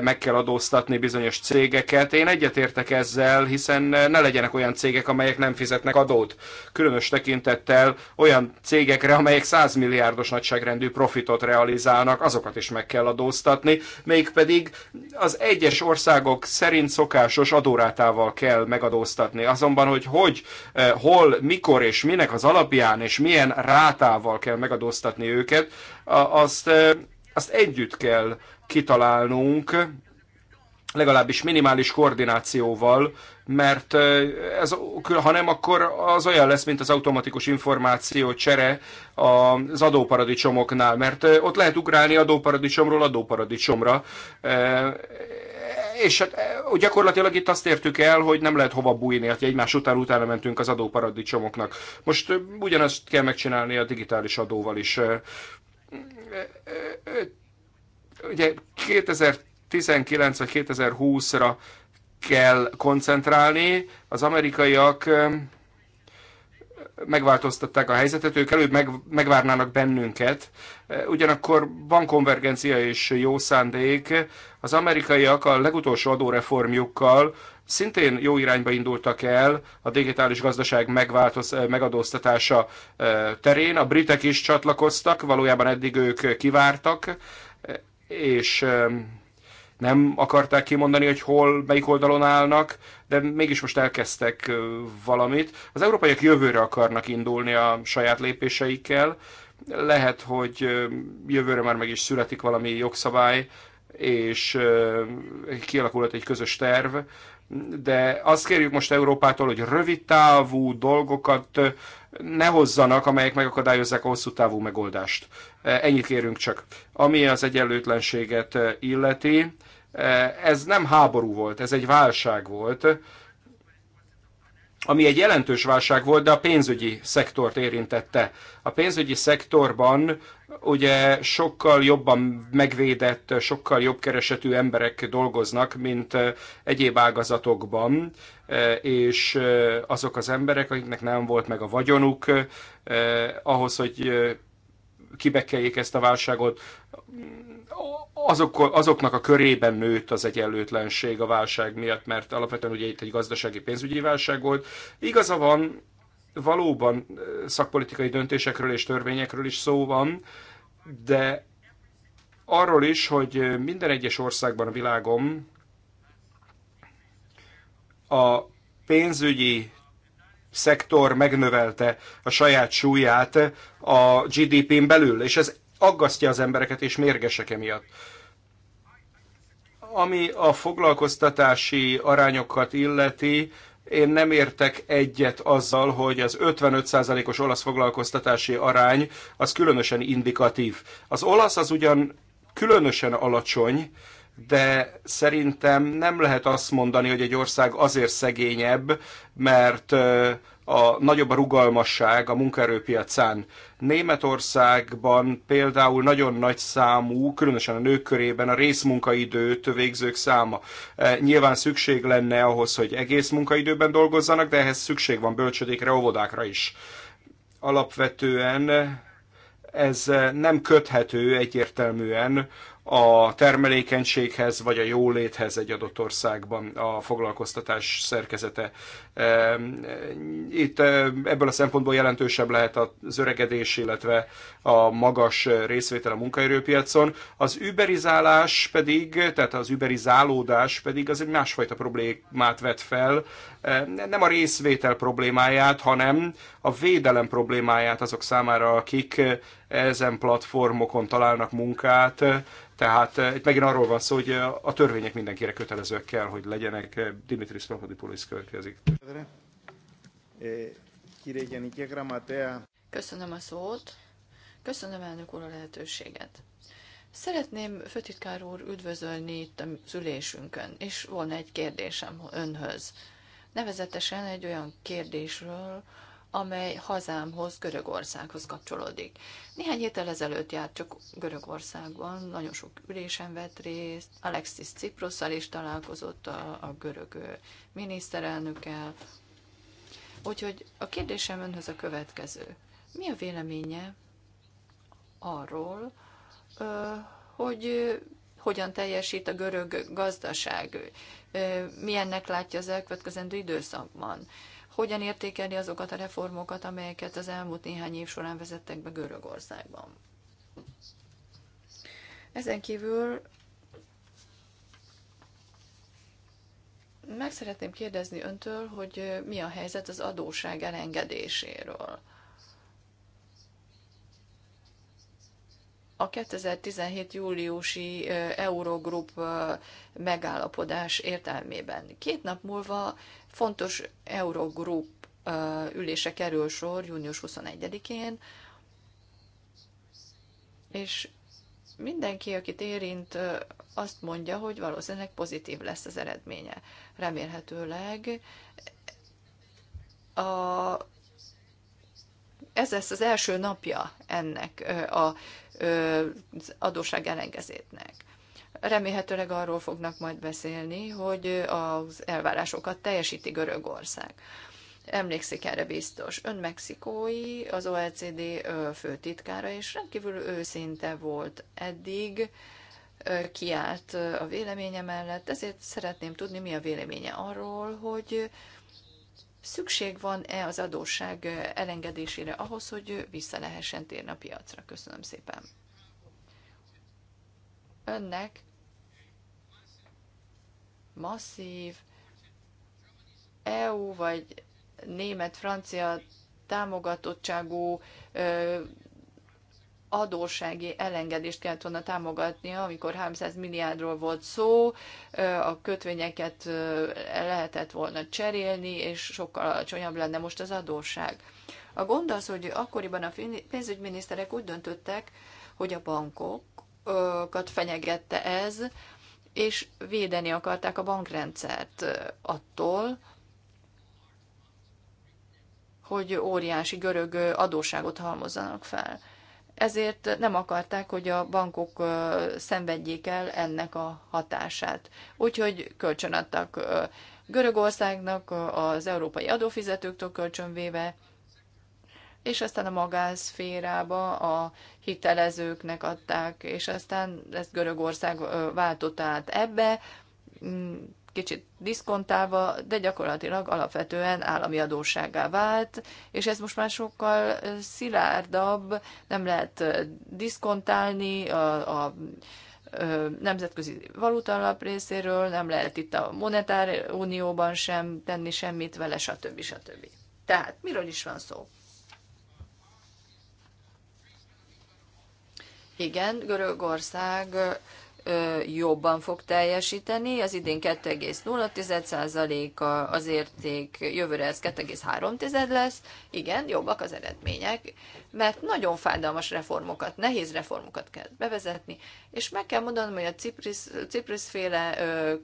meg kell adóztatni bizonyos cégeket. Én egyetértek ezzel, hiszen ne legyenek olyan cégek, amelyek nem fizetnek adót. Különös tekintettel olyan cégekre, amelyek 100 milliárdos nagyságrendű profitot realizálnak, azokat is meg kell adóztatni, mégpedig az egyes országok szerint szokásos adórátával kell megadóztatni. Azonban, hogy hogy, hol, mikor és minek az alapján, és milyen rátával kell megadóztatni őket, azt, azt együtt kell kitalálnunk, legalábbis minimális koordinációval, mert ez, ha nem, akkor az olyan lesz, mint az automatikus információ csere az adóparadicsomoknál, mert ott lehet ugrálni adóparadicsomról adóparadicsomra, és hát e, gyakorlatilag itt azt értük el, hogy nem lehet hova bújni, hát egymás után utána mentünk az adóparadicsomoknak. Most e, ugyanazt kell megcsinálni a digitális adóval is. E, ugye 2019 vagy 2020-ra kell koncentrálni, az amerikaiak megváltoztatták a helyzetet, ők előbb meg, megvárnának bennünket, Ugyanakkor van konvergencia és jó szándék. Az amerikaiak a legutolsó adóreformjukkal szintén jó irányba indultak el a digitális gazdaság megváltoz, megadóztatása terén. A britek is csatlakoztak, valójában eddig ők kivártak, és nem akarták kimondani, hogy hol, melyik oldalon állnak, de mégis most elkezdtek valamit. Az európaiak jövőre akarnak indulni a saját lépéseikkel, lehet, hogy jövőre már meg is születik valami jogszabály, és kialakulhat egy közös terv, de azt kérjük most Európától, hogy rövid távú dolgokat ne hozzanak, amelyek megakadályozzák a hosszú távú megoldást. Ennyit kérünk csak. Ami az egyenlőtlenséget illeti, ez nem háború volt, ez egy válság volt, ami egy jelentős válság volt, de a pénzügyi szektort érintette. A pénzügyi szektorban ugye sokkal jobban megvédett, sokkal jobb keresetű emberek dolgoznak, mint egyéb ágazatokban, és azok az emberek, akiknek nem volt meg a vagyonuk, ahhoz, hogy kibekeljék ezt a válságot, azok, azoknak a körében nőtt az egyenlőtlenség a válság miatt, mert alapvetően ugye itt egy gazdasági pénzügyi válság volt. Igaza van, valóban szakpolitikai döntésekről és törvényekről is szó van, de arról is, hogy minden egyes országban a világon a pénzügyi szektor megnövelte a saját súlyát a GDP-n belül, és ez aggasztja az embereket, és mérgesek emiatt. Ami a foglalkoztatási arányokat illeti, én nem értek egyet azzal, hogy az 55%-os olasz foglalkoztatási arány az különösen indikatív. Az olasz az ugyan különösen alacsony, de szerintem nem lehet azt mondani, hogy egy ország azért szegényebb, mert a nagyobb a rugalmasság a munkaerőpiacán. Németországban például nagyon nagy számú, különösen a nők körében a részmunkaidőt végzők száma. E, nyilván szükség lenne ahhoz, hogy egész munkaidőben dolgozzanak, de ehhez szükség van bölcsödékre, óvodákra is. Alapvetően ez e, nem köthető egyértelműen a termelékenységhez vagy a jóléthez egy adott országban a foglalkoztatás szerkezete. Itt ebből a szempontból jelentősebb lehet az öregedés, illetve a magas részvétel a munkaerőpiacon. Az überizálás pedig, tehát az überizálódás pedig az egy másfajta problémát vet fel, nem a részvétel problémáját, hanem a védelem problémáját azok számára, akik eh, ezen platformokon találnak munkát. Tehát eh, itt megint arról van szó, hogy eh, a törvények mindenkire kötelezőek kell, hogy legyenek. Dimitris Papadopoulos következik. Köszönöm a szót. Köszönöm elnök úr a lehetőséget. Szeretném főtitkár úr üdvözölni itt a ülésünkön, és volna egy kérdésem önhöz nevezetesen egy olyan kérdésről, amely hazámhoz, Görögországhoz kapcsolódik. Néhány héttel ezelőtt járt csak Görögországban, nagyon sok ülésen vett részt, Alexis Ciprosszal is találkozott a, a görög miniszterelnökkel. Úgyhogy a kérdésem önhöz a következő. Mi a véleménye arról, hogy hogyan teljesít a görög gazdaság, milyennek látja az elkövetkezendő időszakban, hogyan értékeli azokat a reformokat, amelyeket az elmúlt néhány év során vezettek be Görögországban. Ezen kívül meg szeretném kérdezni öntől, hogy mi a helyzet az adóság elengedéséről. a 2017. júliusi Eurogroup megállapodás értelmében. Két nap múlva fontos Eurogroup ülése kerül sor június 21-én, és mindenki, akit érint, azt mondja, hogy valószínűleg pozitív lesz az eredménye. Remélhetőleg a, ez lesz az első napja ennek a adósság elengezétnek. Remélhetőleg arról fognak majd beszélni, hogy az elvárásokat teljesíti Görögország. Emlékszik erre biztos. Ön mexikói, az OECD főtitkára, és rendkívül őszinte volt eddig, kiállt a véleménye mellett, ezért szeretném tudni, mi a véleménye arról, hogy szükség van-e az adósság elengedésére ahhoz, hogy vissza lehessen térni a piacra. Köszönöm szépen. Önnek masszív EU vagy német-francia támogatottságú adóssági elengedést kellett volna támogatnia, amikor 300 milliárdról volt szó, a kötvényeket lehetett volna cserélni, és sokkal alacsonyabb lenne most az adósság. A gond az, hogy akkoriban a pénzügyminiszterek úgy döntöttek, hogy a bankokat fenyegette ez, és védeni akarták a bankrendszert attól, hogy óriási görög adósságot halmozzanak fel ezért nem akarták, hogy a bankok szenvedjék el ennek a hatását. Úgyhogy kölcsönadtak Görögországnak, az európai adófizetőktől kölcsönvéve, és aztán a magánszférába a hitelezőknek adták, és aztán ezt Görögország váltotta át ebbe, mm, kicsit diszkontálva, de gyakorlatilag alapvetően állami adósságá vált, és ez most már sokkal szilárdabb, nem lehet diszkontálni a, a nemzetközi valutalap részéről, nem lehet itt a monetár unióban sem tenni semmit vele, stb. stb. Tehát miről is van szó? Igen, Görögország jobban fog teljesíteni, az idén 2,0%-a az érték, jövőre ez 2,3 lesz. Igen, jobbak az eredmények, mert nagyon fájdalmas reformokat, nehéz reformokat kell bevezetni, és meg kell mondanom, hogy a Ciprus, Ciprus féle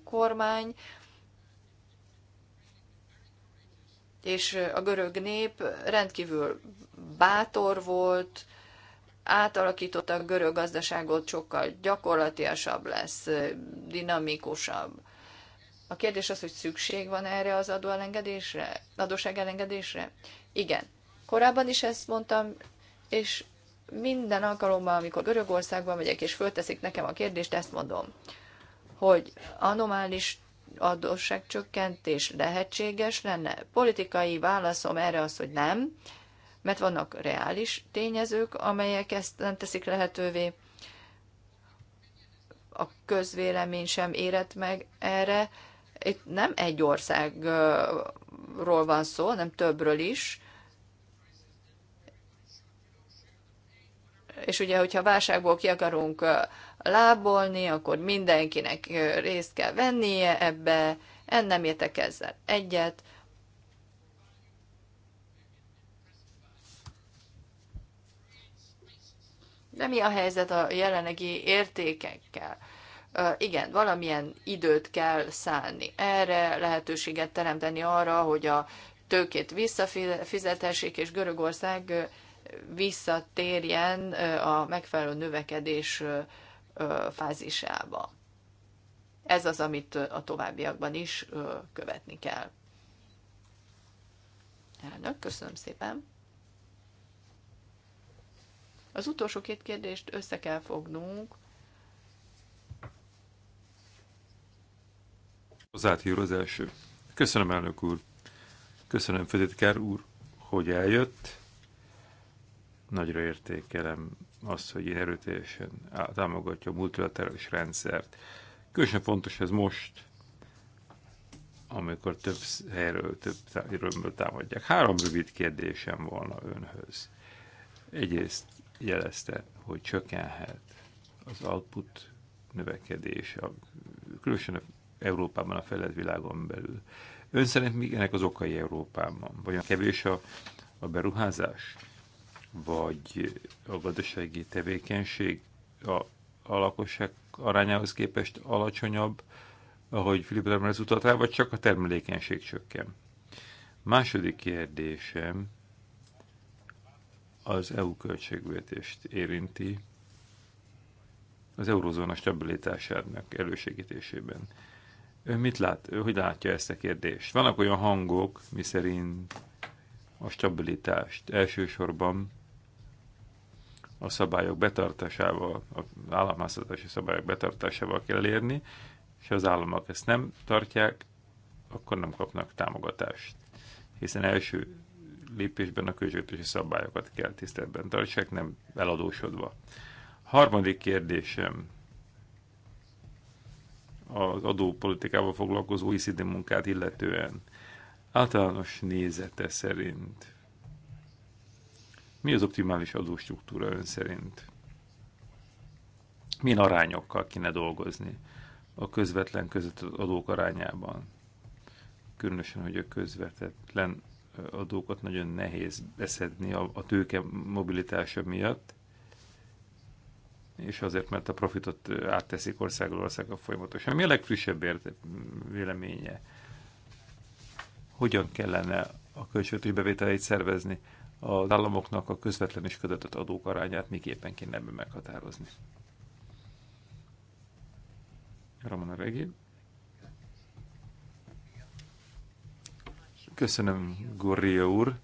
kormány és a görög nép rendkívül bátor volt, átalakította a görög gazdaságot, sokkal gyakorlatiasabb lesz, dinamikusabb. A kérdés az, hogy szükség van erre az adóelengedésre, adósságelengedésre? Igen. Korábban is ezt mondtam, és minden alkalommal, amikor Görögországban megyek, és fölteszik nekem a kérdést, ezt mondom, hogy anomális adósságcsökkentés lehetséges lenne? Politikai válaszom erre az, hogy nem, mert vannak reális tényezők, amelyek ezt nem teszik lehetővé. A közvélemény sem érett meg erre. Itt nem egy országról van szó, hanem többről is. És ugye, hogyha válságból ki akarunk lábolni, akkor mindenkinek részt kell vennie ebbe, én nem értek ezzel egyet, De mi a helyzet a jelenlegi értékekkel? igen, valamilyen időt kell szállni erre, lehetőséget teremteni arra, hogy a tőkét visszafizethessék, és Görögország visszatérjen a megfelelő növekedés fázisába. Ez az, amit a továbbiakban is követni kell. Elnök, köszönöm szépen! Az utolsó két kérdést össze kell fognunk. Az áthír az első. Köszönöm, elnök úr. Köszönöm, főtitkár úr, hogy eljött. Nagyra értékelem azt, hogy én erőteljesen támogatja a multilaterális rendszert. Különösen fontos ez most, amikor több helyről, több römből támadják. Három rövid kérdésem volna önhöz. Egyrészt jelezte, hogy csökkenhet az output növekedés, a, különösen a Európában, a fejlett világon belül. Ön szerint mi ennek az okai Európában? vagy a kevés a, a beruházás? Vagy a gazdasági tevékenység a, a lakosság arányához képest alacsonyabb, ahogy Filip az utat rá, vagy csak a termelékenység csökken? Második kérdésem az EU költségvetést érinti az eurozóna stabilitásának elősegítésében. Ő mit lát, ő hogy látja ezt a kérdést? Vannak olyan hangok, miszerint a stabilitást elsősorban a szabályok betartásával, az államháztartási szabályok betartásával kell elérni, és az államok ezt nem tartják, akkor nem kapnak támogatást. Hiszen első lépésben a költségvetési szabályokat kell tiszteletben tartsák, nem eladósodva. Harmadik kérdésem az adópolitikával foglalkozó OECD munkát illetően. Általános nézete szerint mi az optimális adóstruktúra ön szerint? Milyen arányokkal kéne dolgozni a közvetlen között adók arányában? Különösen, hogy a közvetetlen adókat nagyon nehéz beszedni a, a tőke mobilitása miatt, és azért, mert a profitot átteszik országról országra folyamatosan. Mi a legfrissebb érte, véleménye? Hogyan kellene a költségvetés bevételeit szervezni? Az államoknak a közvetlen és közvetett adók arányát miképpen kéne ebben meghatározni? Ramona Regél. Köszönöm, Gurria úr.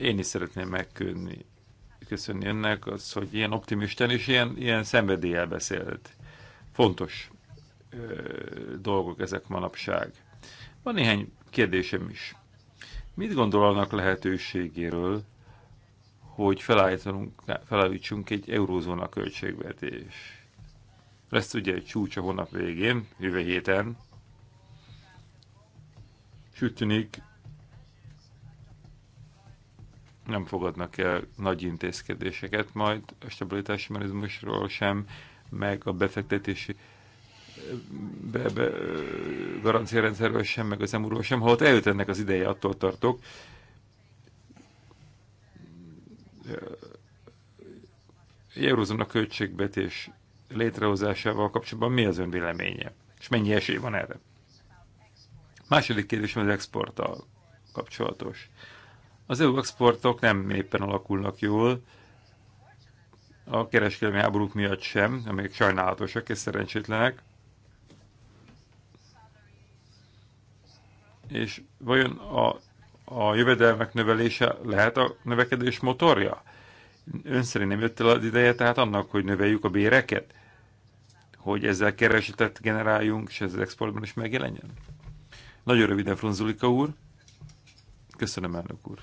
Én is szeretném megköszönni, köszönni önnek az, hogy ilyen optimisten és ilyen, ilyen szenvedéllyel beszélt. Fontos ö, dolgok ezek manapság. Van néhány kérdésem is. Mit gondolnak lehetőségéről, hogy felállítsunk egy eurózóna költségvetés? Lesz ugye egy csúcs a hónap végén, jövő héten, és úgy tűnik, nem fogadnak el nagy intézkedéseket majd a stabilitási mechanizmusról sem, meg a befektetési be, be, garanciarendszerről sem, meg az emúról sem, holott eljött ennek az ideje, attól tartok. a költségvetés létrehozásával kapcsolatban mi az ön véleménye? És mennyi esély van erre? Második kérdésem az exporttal kapcsolatos. Az EU exportok nem éppen alakulnak jól, a kereskedelmi háborúk miatt sem, amelyek sajnálatosak és szerencsétlenek. És vajon a, a jövedelmek növelése lehet a növekedés motorja? Ön szerint nem jött el az ideje tehát annak, hogy növeljük a béreket? Hogy ezzel keresetet generáljunk, és ez exportban is megjelenjen? Nagyon röviden, Fronzulika úr. Köszönöm, elnök úr.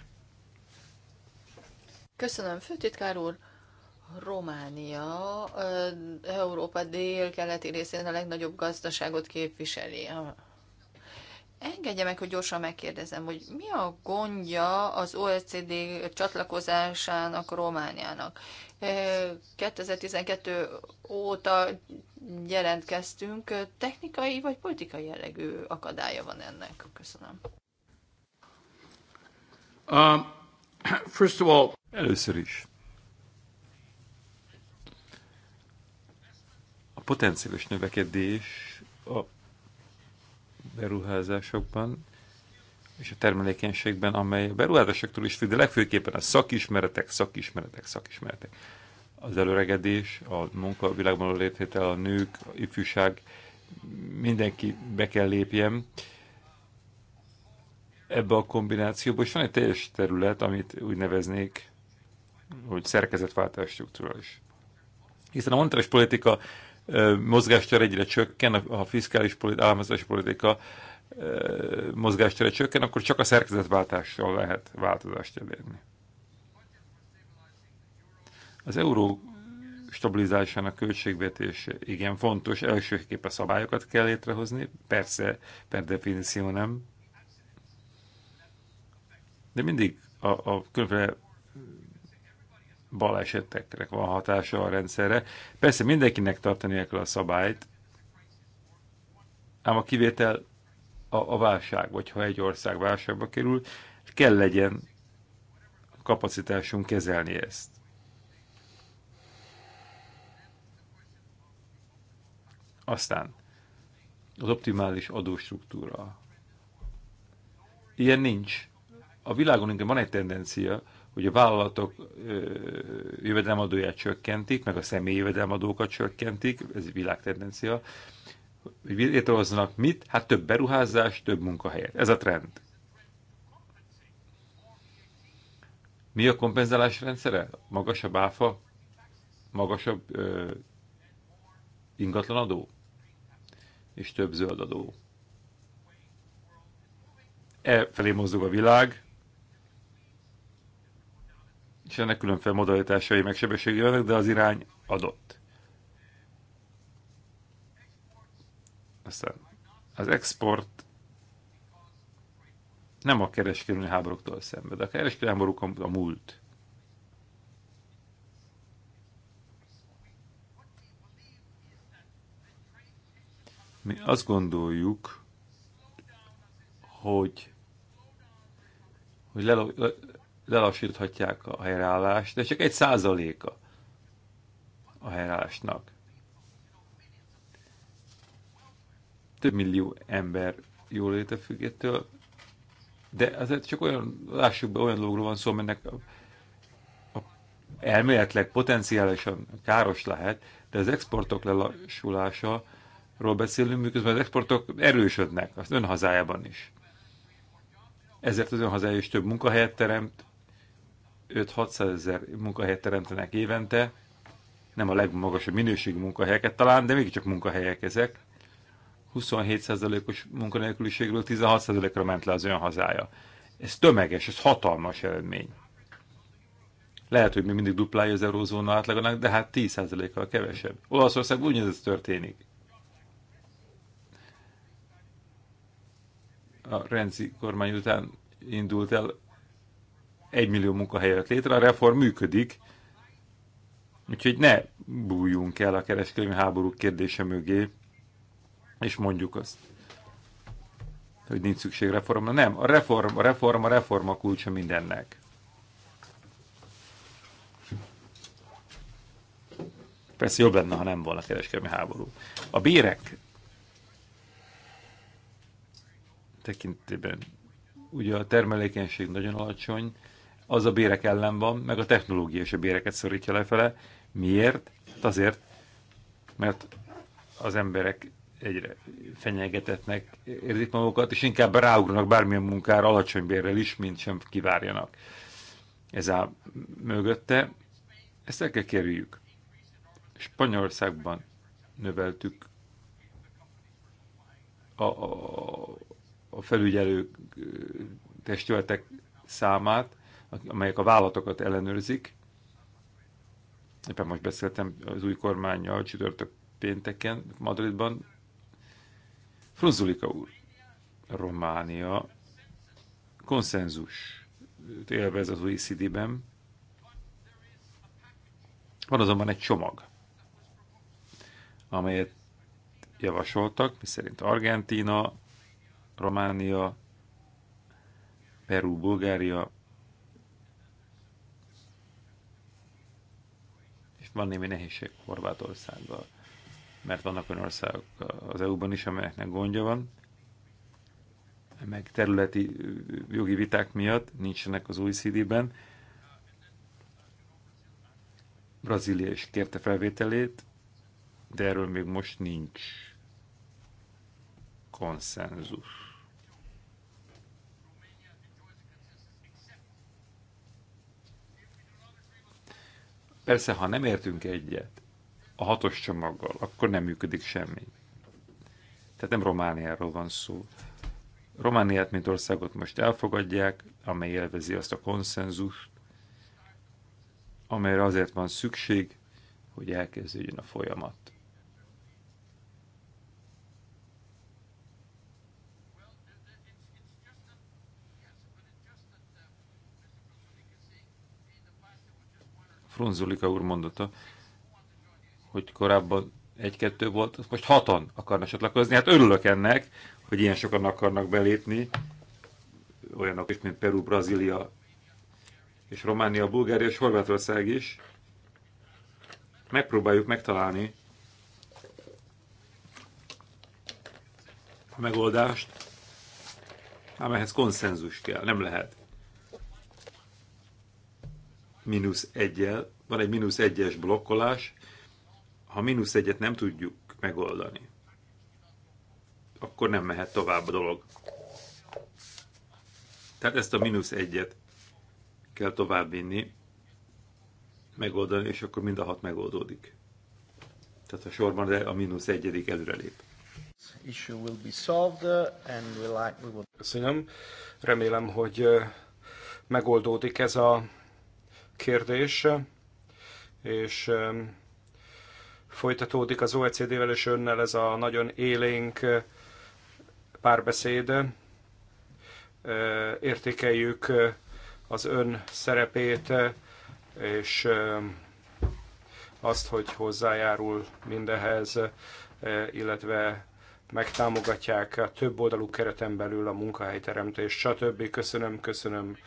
Köszönöm, főtitkár úr. Románia Európa dél-keleti részén a legnagyobb gazdaságot képviseli. Engedje meg, hogy gyorsan megkérdezem, hogy mi a gondja az OECD csatlakozásának Romániának? 2012 óta jelentkeztünk, technikai vagy politikai jellegű akadálya van ennek? Köszönöm. Um, first of all, először is. A potenciális növekedés a beruházásokban és a termelékenységben, amely a beruházásoktól is függ, de legfőképpen a szakismeretek, szakismeretek, szakismeretek. Az előregedés, a munka világban a létvétel, a nők, a ifjúság, mindenki be kell lépjen ebbe a kombinációba, és van egy teljes terület, amit úgy neveznék, hogy szerkezetváltás is Hiszen a monetáris politika mozgástere egyre csökken, a fiskális politi- államozás politika mozgástere csökken, akkor csak a szerkezetváltással lehet változást elérni. Az euró stabilizálásának költségvetése igen fontos, elsőképpen szabályokat kell létrehozni, persze per definíció nem, de mindig a, a különféle balesetekre van hatása a rendszerre. Persze mindenkinek tartani kell a szabályt, ám a kivétel a, a válság, vagy ha egy ország válságba kerül, kell legyen kapacitásunk kezelni ezt. Aztán az optimális adóstruktúra. Ilyen nincs. A világon van egy tendencia, hogy a vállalatok jövedelemadóját csökkentik, meg a személyi jövedelemadókat csökkentik, ez világtendencia, hogy létrehoznak mit? Hát több beruházás, több munkahelyet. Ez a trend. Mi a kompenzálás rendszere? Magasabb áfa, magasabb ö, ingatlanadó és több adó. E felé mozdul a világ, és ennek különféle modalitásai meg vannak, de az irány adott. Aztán az export nem a kereskedelmi háborúktól szenved, a kereskedelmi háborúk a múlt. Mi azt gondoljuk, hogy, hogy lelassíthatják a helyreállást, de csak egy százaléka a helyreállásnak. Több millió ember jóléte függettől, de azért csak olyan, lássuk be, olyan dologról van szó, aminek a, a elméletleg potenciálisan káros lehet, de az exportok lelassulása, ról beszélünk, miközben az exportok erősödnek az önhazájában is. Ezért az önhazája is több munkahelyet teremt, 5-600 ezer munkahelyet teremtenek évente, nem a legmagasabb minőségű munkahelyeket talán, de mégiscsak munkahelyek ezek. 27%-os munkanélküliségről 16%-ra ment le az ön hazája. Ez tömeges, ez hatalmas eredmény. Lehet, hogy még mindig duplája az eurózóna átlagának, de hát 10%-kal kevesebb. Olaszország ugyanez történik. A Renzi kormány után indult el egy millió munkahelyet létre, a reform működik, úgyhogy ne bújjunk el a kereskedelmi háború kérdése mögé, és mondjuk azt, hogy nincs szükség reformra. Nem, a reform, a reform, a reform a kulcsa mindennek. Persze jobb lenne, ha nem volna kereskedelmi háború. A bérek tekintében ugye a termelékenység nagyon alacsony, az a bérek ellen van, meg a technológia is a béreket szorítja lefele. Miért? Hát azért, mert az emberek egyre fenyegetetnek, érzik magukat, és inkább ráugranak bármilyen munkára alacsony bérrel is, mint sem kivárjanak. Ez áll mögötte. Ezt el kell kerüljük. Spanyolországban növeltük a, a, a felügyelő testületek számát, amelyek a vállalatokat ellenőrzik. Éppen most beszéltem az új kormányjal csütörtök pénteken Madridban. Frunzulika úr, Románia konszenzus élvez az OECD-ben. Van azonban egy csomag, amelyet javasoltak, szerint Argentína, Románia, Peru, Bulgária, van némi nehézség Horvátországgal, mert vannak olyan országok az EU-ban is, amelyeknek gondja van, meg területi jogi viták miatt nincsenek az OECD-ben. Brazília is kérte felvételét, de erről még most nincs konszenzus. Persze, ha nem értünk egyet a hatos csomaggal, akkor nem működik semmi. Tehát nem Romániáról van szó. Romániát, mint országot most elfogadják, amely élvezi azt a konszenzust, amelyre azért van szükség, hogy elkezdődjön a folyamat. Frunzulika úr mondotta, hogy korábban egy-kettő volt, most hatan akarnak csatlakozni. Hát örülök ennek, hogy ilyen sokan akarnak belépni, olyanok is, mint Peru, Brazília, és Románia, Bulgária és Horvátország is. Megpróbáljuk megtalálni a megoldást, ám ehhez konszenzus kell, nem lehet mínusz egyel, van egy mínusz egyes blokkolás, ha mínusz egyet nem tudjuk megoldani, akkor nem mehet tovább a dolog. Tehát ezt a mínusz egyet kell tovább vinni, megoldani, és akkor mind a hat megoldódik. Tehát a sorban a mínusz egyedik előrelép. Köszönöm. Remélem, hogy eh, megoldódik ez a kérdés, és folytatódik az OECD-vel és önnel ez a nagyon élénk eh, párbeszéd. Eh, értékeljük eh, az ön szerepét, és azt, hogy hozzájárul mindehhez, illetve megtámogatják a több oldalú kereten belül a munkahelyteremtést, stb. Köszönöm, köszönöm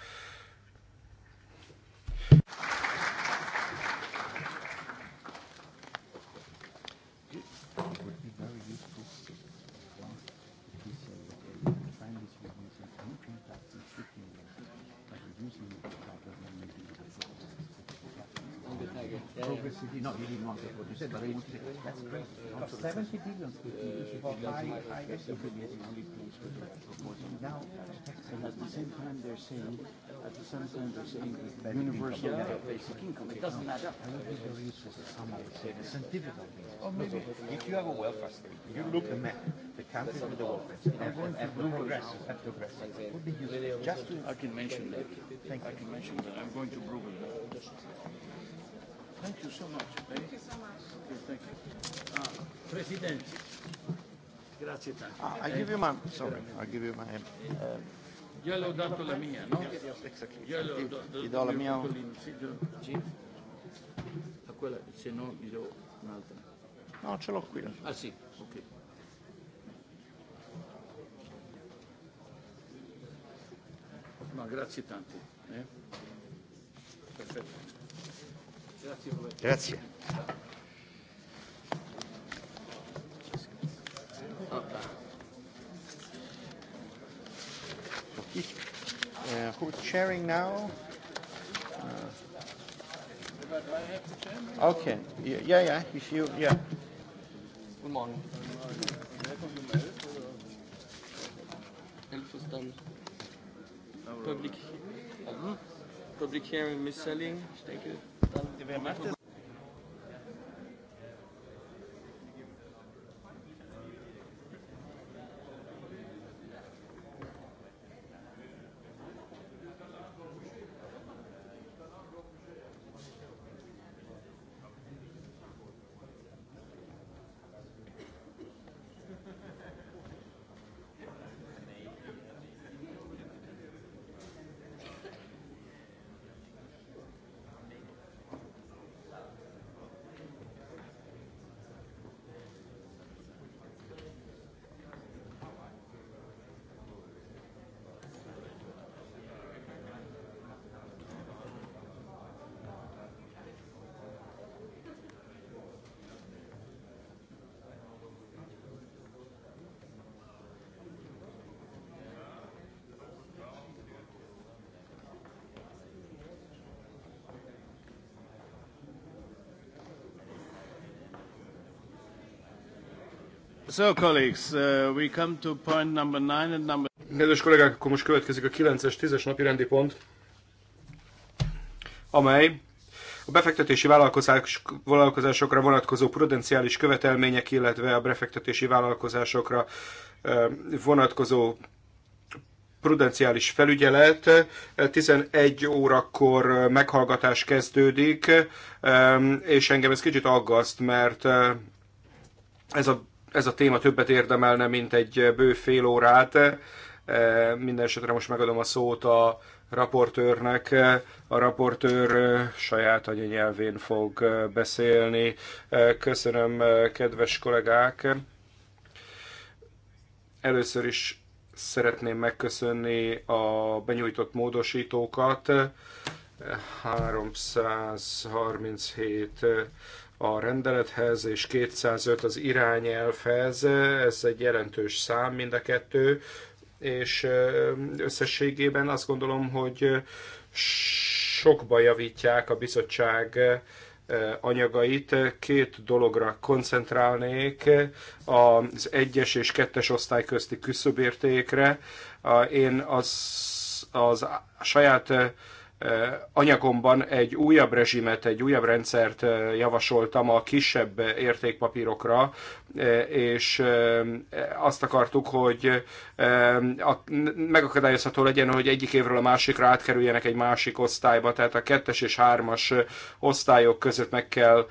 not really nonsense what you said, but they that's great. Not 70 billion could be issued for high, high estimates. Now, and at the same time they're saying, at the same time they're saying that universal yeah. level basic income, it doesn't matter. I don't think they're useful for some of the scientific things. Or oh, maybe if you have a welfare state, you look at the map, the countries with the welfare state, everyone and who progresses and progresses. Would be useful. Just to I can mention that. Thank you. I can mention that. I'm going to Brooklyn. Thank you so much. Eh? Thank you so much. Okay, thank you. Ah, President. Grazie tanto. Ah, I eh? give you my, sorry, I give you my. Uh, Io le ho dato la mia, no? Exactly. Io le ho dato do la mia. Sì, a quella, se no gli do un'altra. No, ce l'ho qui. Ah sì, ok. Ma grazie tante. Eh? Perfetto. Grazie. Uh, who's sharing now? Uh, okay. Yeah, yeah. If you, yeah. Good morning. Elf ist dann Public. Mhm public hearing mis Selling. Thank you. So, colleagues, uh, we come to point number nine and number... Kedves kollégák, akkor most következik a 9-es, 10-es napi rendi pont, amely a befektetési vállalkozásokra vonatkozó prudenciális követelmények, illetve a befektetési vállalkozásokra vonatkozó prudenciális felügyelet. 11 órakor meghallgatás kezdődik, és engem ez kicsit aggaszt, mert ez a ez a téma többet érdemelne, mint egy bő fél órát. E, Mindenesetre most megadom a szót a raportőrnek. A raportőr e, saját anyanyelvén fog e, beszélni. Köszönöm, kedves kollégák! Először is szeretném megköszönni a benyújtott módosítókat. 337 a rendelethez, és 205 az irányelvhez, ez egy jelentős szám mind a kettő, és összességében azt gondolom, hogy sokba javítják a bizottság anyagait. Két dologra koncentrálnék, az egyes és kettes osztály közti küszöbértékre. Én az, az saját anyagomban egy újabb rezsimet, egy újabb rendszert javasoltam a kisebb értékpapírokra, és azt akartuk, hogy megakadályozható legyen, hogy egyik évről a másikra átkerüljenek egy másik osztályba, tehát a kettes és hármas osztályok között meg kell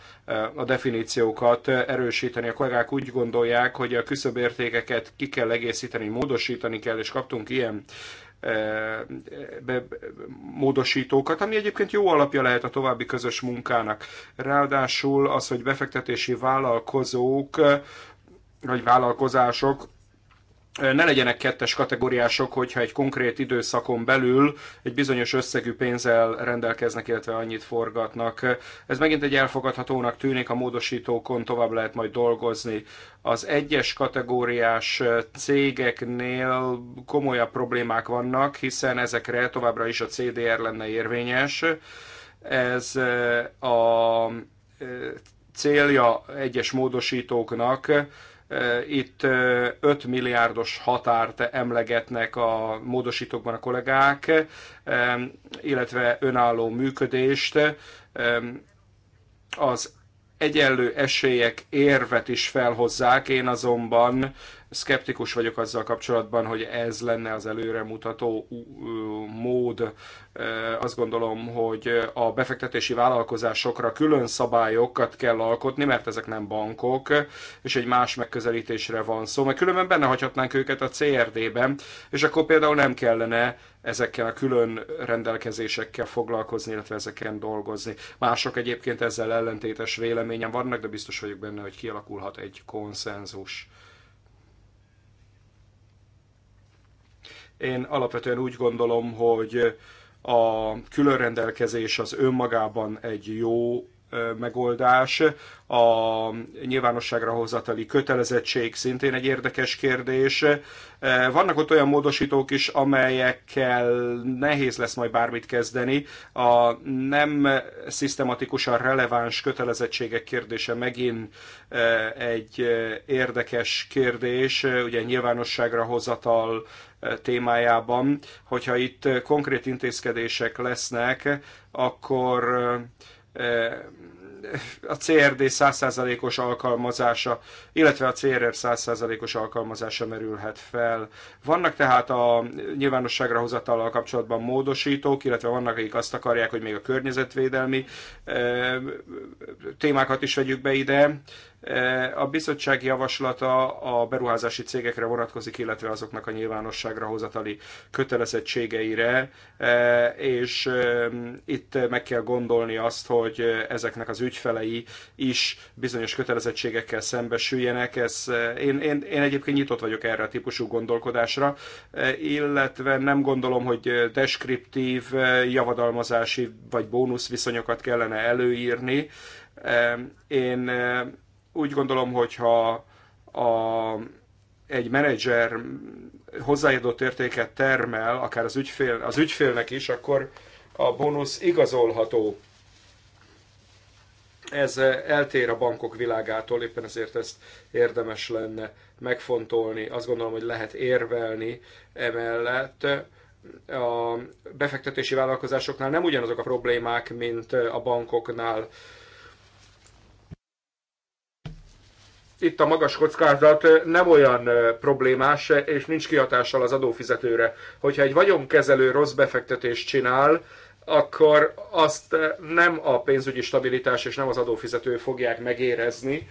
a definíciókat erősíteni. A kollégák úgy gondolják, hogy a küszöbértékeket ki kell egészíteni, módosítani kell, és kaptunk ilyen be, módosítókat, ami egyébként jó alapja lehet a további közös munkának. Ráadásul az, hogy befektetési vállalkozók vagy vállalkozások ne legyenek kettes kategóriások, hogyha egy konkrét időszakon belül egy bizonyos összegű pénzzel rendelkeznek, illetve annyit forgatnak. Ez megint egy elfogadhatónak tűnik, a módosítókon tovább lehet majd dolgozni. Az egyes kategóriás cégeknél komolyabb problémák vannak, hiszen ezekre továbbra is a CDR lenne érvényes. Ez eh, a eh, célja egyes módosítóknak, itt 5 milliárdos határt emlegetnek a módosítókban a kollégák, illetve önálló működést. Az egyenlő esélyek érvet is felhozzák, én azonban Skeptikus vagyok azzal kapcsolatban, hogy ez lenne az előremutató mód. Azt gondolom, hogy a befektetési vállalkozásokra külön szabályokat kell alkotni, mert ezek nem bankok, és egy más megközelítésre van szó, mert különben benne hagyhatnánk őket a CRD-ben, és akkor például nem kellene ezekkel a külön rendelkezésekkel foglalkozni, illetve ezeken dolgozni. Mások egyébként ezzel ellentétes véleményen vannak, de biztos vagyok benne, hogy kialakulhat egy konszenzus. Én alapvetően úgy gondolom, hogy a különrendelkezés az önmagában egy jó megoldás. A nyilvánosságra hozatali kötelezettség szintén egy érdekes kérdés. Vannak ott olyan módosítók is, amelyekkel nehéz lesz majd bármit kezdeni. A nem szisztematikusan releváns kötelezettségek kérdése megint egy érdekes kérdés. Ugye nyilvánosságra hozatal témájában. Hogyha itt konkrét intézkedések lesznek, akkor eh, a CRD 100%-os alkalmazása, illetve a CRR 100%-os alkalmazása merülhet fel. Vannak tehát a nyilvánosságra hozatallal kapcsolatban módosítók, illetve vannak, akik azt akarják, hogy még a környezetvédelmi eh, témákat is vegyük be ide. A bizottság javaslata a beruházási cégekre vonatkozik, illetve azoknak a nyilvánosságra hozatali kötelezettségeire, e, és e, itt meg kell gondolni azt, hogy ezeknek az ügyfelei is bizonyos kötelezettségekkel szembesüljenek. Ez, e, én, én, én egyébként nyitott vagyok erre a típusú gondolkodásra, illetve nem gondolom, hogy deskriptív javadalmazási vagy viszonyokat kellene előírni. Én úgy gondolom, hogyha a, egy menedzser hozzáadott értéket termel, akár az, ügyfél, az ügyfélnek is, akkor a bónusz igazolható. Ez eltér a bankok világától, éppen ezért ezt érdemes lenne megfontolni. Azt gondolom, hogy lehet érvelni emellett. A befektetési vállalkozásoknál nem ugyanazok a problémák, mint a bankoknál itt a magas kockázat nem olyan problémás, és nincs kihatással az adófizetőre. Hogyha egy vagyonkezelő rossz befektetést csinál, akkor azt nem a pénzügyi stabilitás és nem az adófizető fogják megérezni,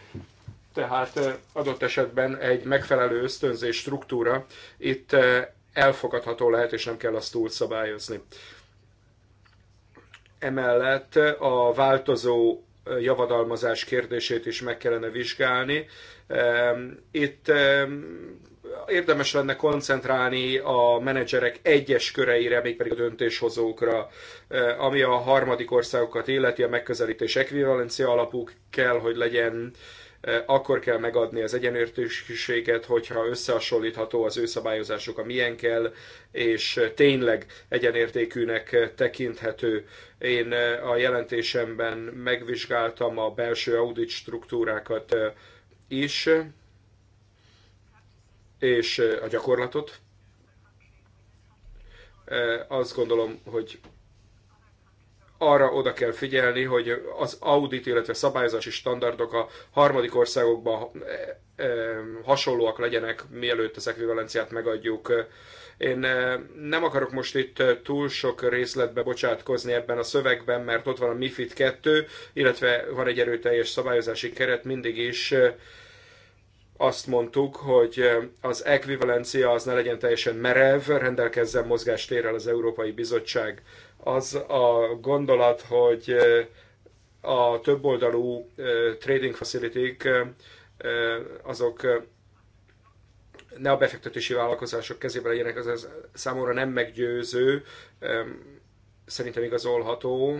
tehát adott esetben egy megfelelő ösztönzés struktúra itt elfogadható lehet, és nem kell azt túl szabályozni. Emellett a változó javadalmazás kérdését is meg kellene vizsgálni. Itt érdemes lenne koncentrálni a menedzserek egyes köreire, mégpedig a döntéshozókra, ami a harmadik országokat illeti, a megközelítés ekvivalencia alapú kell, hogy legyen Eh, akkor kell megadni az egyenértőséget, hogyha összehasonlítható az ő szabályozásuk a miénkkel, és tényleg egyenértékűnek tekinthető. Én eh, a jelentésemben megvizsgáltam a belső audit struktúrákat eh, is, és a gyakorlatot. Azt gondolom, hogy arra oda kell figyelni, hogy az audit, illetve szabályozási standardok a harmadik országokban eh, eh, hasonlóak legyenek, mielőtt az ekvivalenciát megadjuk. Én eh, nem akarok most itt túl sok részletbe bocsátkozni ebben a szövegben, mert ott van a MIFID 2, illetve van egy erőteljes szabályozási keret, mindig is azt mondtuk, hogy az ekvivalencia az ne legyen teljesen merev, rendelkezzen mozgástérrel az Európai Bizottság az a gondolat, hogy a többoldalú trading facility azok ne a befektetési vállalkozások kezébe legyenek, az, az számomra nem meggyőző, szerintem igazolható.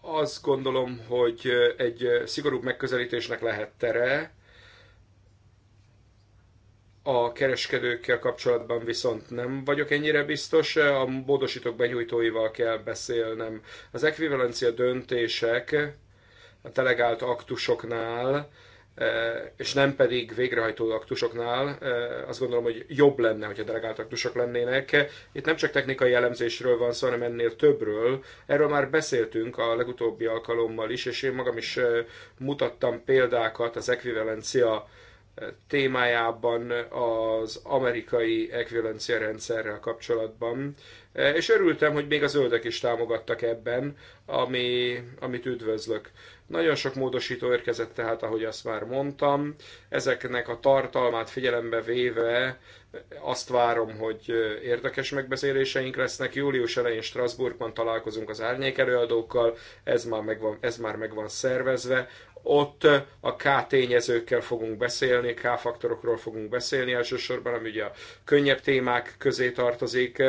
Azt gondolom, hogy egy szigorúbb megközelítésnek lehet tere, a kereskedőkkel kapcsolatban viszont nem vagyok ennyire biztos, eh, a módosítók benyújtóival kell beszélnem. Az ekvivalencia döntések a delegált aktusoknál, eh, és nem pedig végrehajtó aktusoknál, eh, azt gondolom, hogy jobb lenne, hogyha delegált aktusok lennének. Itt nem csak technikai elemzésről van szó, hanem ennél többről. Erről már beszéltünk a legutóbbi alkalommal is, és én magam is mutattam példákat az ekvivalencia témájában az amerikai ekvivalencia rendszerrel kapcsolatban. E, és örültem, hogy még a zöldek is támogattak ebben, ami, amit üdvözlök. Nagyon sok módosító érkezett tehát, ahogy azt már mondtam. Ezeknek a tartalmát figyelembe véve azt várom, hogy érdekes megbeszéléseink lesznek. Július elején Strasbourgban találkozunk az árnyék előadókkal, ez már megvan, ez már megvan szervezve ott a K tényezőkkel fogunk beszélni, K faktorokról fogunk beszélni elsősorban, ami ugye a könnyebb témák közé tartozik,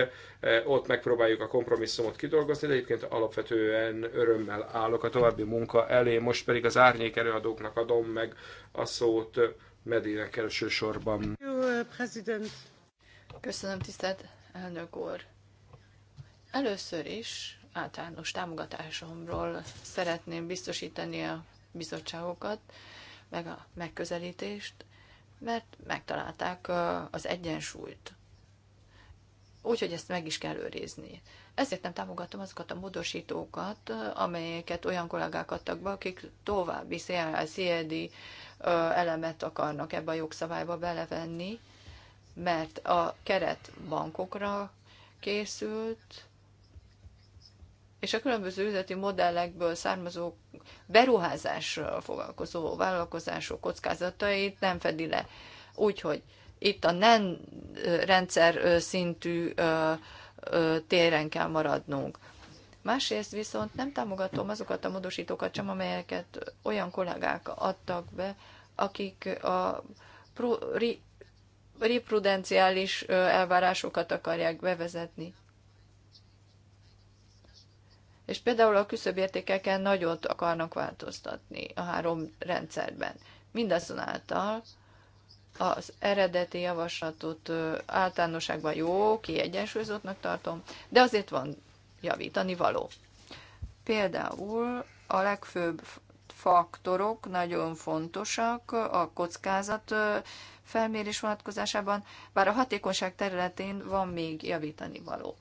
ott megpróbáljuk a kompromisszumot kidolgozni, de egyébként alapvetően örömmel állok a további munka elé, most pedig az árnyék előadóknak adom meg a szót Medinek elsősorban. Köszönöm, tisztelt elnök úr! Először is általános támogatásomról szeretném biztosítani a bizottságokat, meg a megközelítést, mert megtalálták az egyensúlyt. Úgyhogy ezt meg is kell őrizni. Ezért nem támogatom azokat a módosítókat, amelyeket olyan kollégák adtak be, akik további CLCD elemet akarnak ebbe a jogszabályba belevenni, mert a keret bankokra készült, és a különböző üzleti modellekből származó beruházásra foglalkozó vállalkozások kockázatait nem fedi le. Úgyhogy itt a nem rendszer szintű téren kell maradnunk. Másrészt viszont nem támogatom azokat a módosítókat sem, amelyeket olyan kollégák adtak be, akik a prudenciális elvárásokat akarják bevezetni és például a küszöbértékeken nagyot akarnak változtatni a három rendszerben. Mindazonáltal az eredeti javaslatot általánosságban jó, kiegyensúlyozottnak tartom, de azért van javítani való. Például a legfőbb faktorok nagyon fontosak a kockázat felmérés vonatkozásában, bár a hatékonyság területén van még javítani való.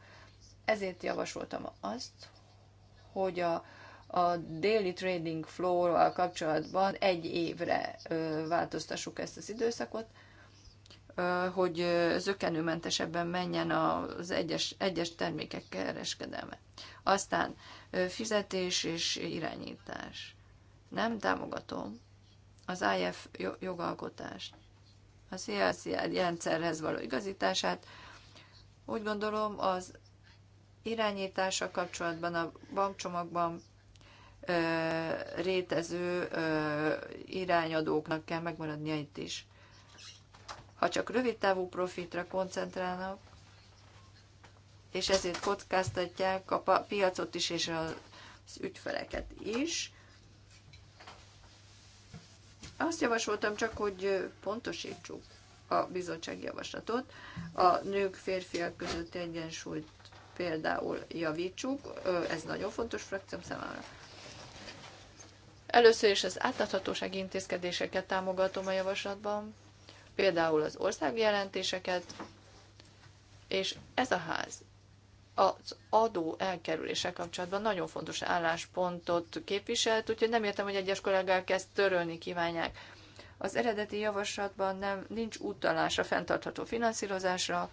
Ezért javasoltam azt, hogy a, a daily trading flow-val kapcsolatban egy évre változtassuk ezt az időszakot, hogy zökenőmentesebben menjen az egyes, egyes termékek kereskedelme. Aztán fizetés és irányítás. Nem támogatom az IF jogalkotást, a CLCL rendszerhez való igazítását. Úgy gondolom, az irányítása kapcsolatban a bankcsomagban rétező irányadóknak kell megmaradnia itt is. Ha csak rövid távú profitra koncentrálnak, és ezért kockáztatják a piacot is és az ügyfeleket is. Azt javasoltam csak, hogy pontosítsuk a bizottság javaslatot, a nők férfiak közötti egyensúlyt például javítsuk, ez nagyon fontos frakcióm számára. Először is az átláthatóság intézkedéseket támogatom a javaslatban, például az országjelentéseket, és ez a ház az adó elkerülése kapcsolatban nagyon fontos álláspontot képviselt, úgyhogy nem értem, hogy egyes kollégák ezt törölni kívánják. Az eredeti javaslatban nem, nincs utalás a fenntartható finanszírozásra,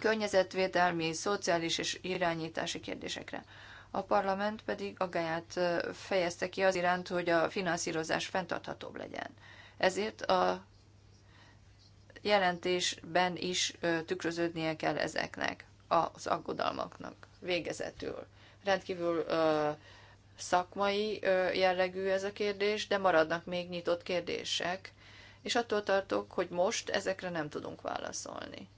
környezetvédelmi, szociális és irányítási kérdésekre. A parlament pedig aggáját fejezte ki az iránt, hogy a finanszírozás fenntarthatóbb legyen. Ezért a jelentésben is tükröződnie kell ezeknek, az aggodalmaknak végezetül. Rendkívül szakmai jellegű ez a kérdés, de maradnak még nyitott kérdések, és attól tartok, hogy most ezekre nem tudunk válaszolni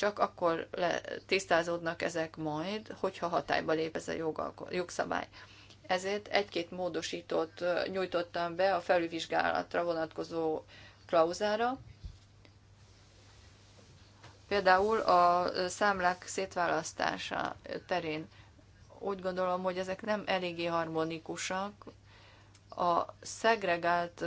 csak akkor le, tisztázódnak ezek majd, hogyha hatályba lép ez a jogalko- jogszabály. Ezért egy-két módosítót nyújtottam be a felülvizsgálatra vonatkozó klauzára. Például a számlák szétválasztása terén úgy gondolom, hogy ezek nem eléggé harmonikusak. A szegregált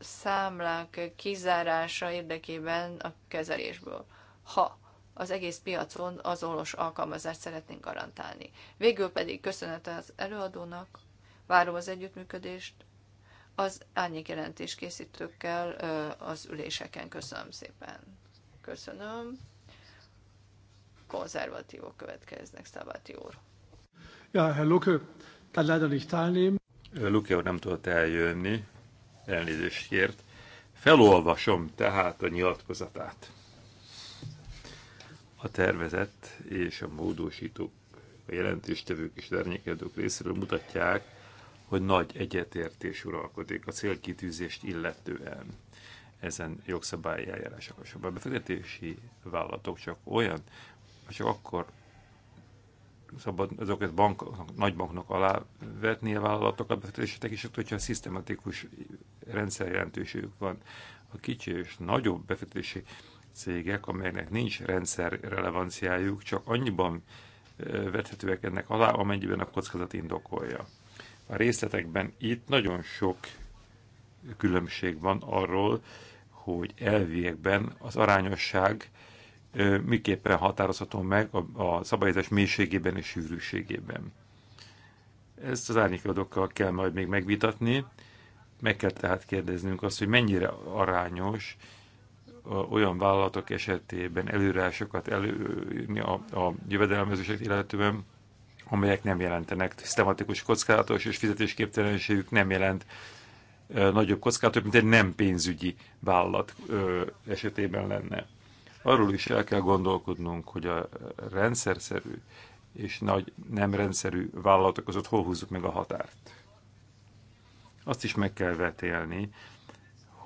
számlák kizárása érdekében a kezelésből. Ha az egész piacon azonos alkalmazást szeretnénk garantálni. Végül pedig köszönet az előadónak, várom az együttműködést, az jelentés készítőkkel az üléseken. Köszönöm szépen. Köszönöm. Konzervatívok következnek, Szabáti úr. Ja, Herr Lucke, kann leider nicht teilnehmen. Luke úr nem tudott eljönni, elnézést kért. Felolvasom tehát a nyilatkozatát. A tervezett és a módosítók, a jelentéstevők és árnyékelők részéről mutatják, hogy nagy egyetértés uralkodik a célkitűzést illetően ezen jogszabályi eljárások A befektetési vállalatok csak olyan, csak akkor szabad azokat bank, nagybanknak alá vetni a vállalatokat, és tekintet, hogyha szisztematikus rendszerjelentőségük van. A kicsi és nagyobb befektetési cégek, amelynek nincs rendszer relevanciájuk, csak annyiban vethetőek ennek alá, amennyiben a kockázat indokolja. A részletekben itt nagyon sok különbség van arról, hogy elviekben az arányosság miképpen határozható meg a, a szabályozás mélységében és sűrűségében. Ezt az árnyékadókkal kell majd még megvitatni, meg kell tehát kérdeznünk azt, hogy mennyire arányos olyan vállalatok esetében előrásokat előírni a, a jövedelmezőség illetően, amelyek nem jelentenek szisztematikus kockázatos és fizetésképtelenségük nem jelent nagyobb kockázatot, mint egy nem pénzügyi vállalat esetében lenne. Arról is el kell gondolkodnunk, hogy a rendszerszerű és nagy nem rendszerű vállalatok között hol húzzuk meg a határt. Azt is meg kell vetélni,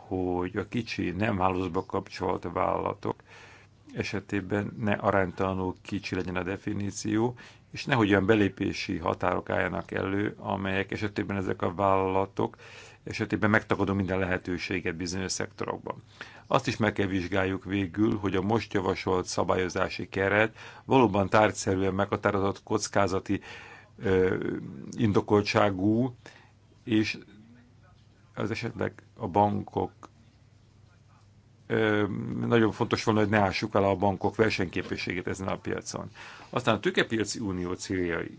hogy a kicsi, nem hálózatba kapcsolt vállalatok esetében ne aránytalanul kicsi legyen a definíció, és nehogy olyan belépési határok álljanak elő, amelyek esetében ezek a vállalatok esetében megtagadó minden lehetőséget bizonyos szektorokban. Azt is meg kell vizsgáljuk végül, hogy a most javasolt szabályozási keret valóban tárgyszerűen meghatározott kockázati ö, indokoltságú és az esetleg a bankok nagyon fontos volna, hogy ne ássuk el a bankok versenyképességét ezen a piacon. Aztán a tőkepiaci unió céljai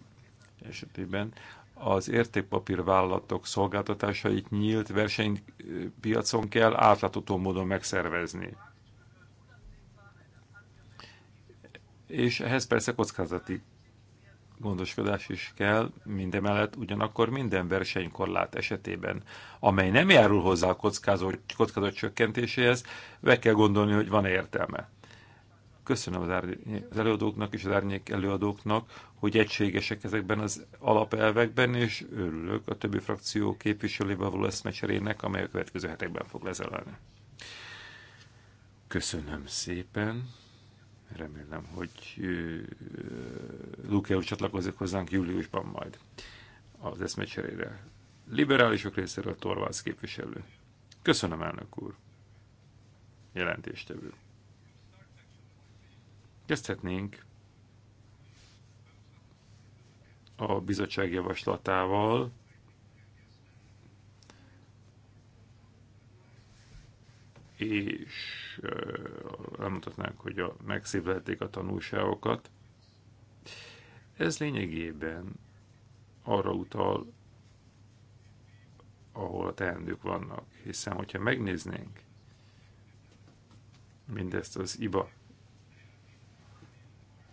esetében az értékpapírvállalatok szolgáltatásait nyílt versenypiacon kell átlátható módon megszervezni. És ehhez persze kockázati gondoskodás is kell, mindemellett ugyanakkor minden versenykorlát esetében, amely nem járul hozzá a kockázat, csökkentéséhez, meg kell gondolni, hogy van -e értelme. Köszönöm az, árny- az előadóknak és az árnyék előadóknak, hogy egységesek ezekben az alapelvekben, és örülök a többi frakció képviselőjével való eszmecserének, amely a következő hetekben fog lezelelni. Köszönöm szépen! Remélem, hogy Luke csatlakozik hozzánk júliusban majd az eszmecserére. Liberálisok részéről Torvalds képviselő. Köszönöm, elnök úr. Jelentéstevő. Kezdhetnénk a bizottság javaslatával, és elmutatnánk, hogy a, megszívlelték a tanulságokat. Ez lényegében arra utal, ahol a teendők vannak, hiszen hogyha megnéznénk mindezt az IBA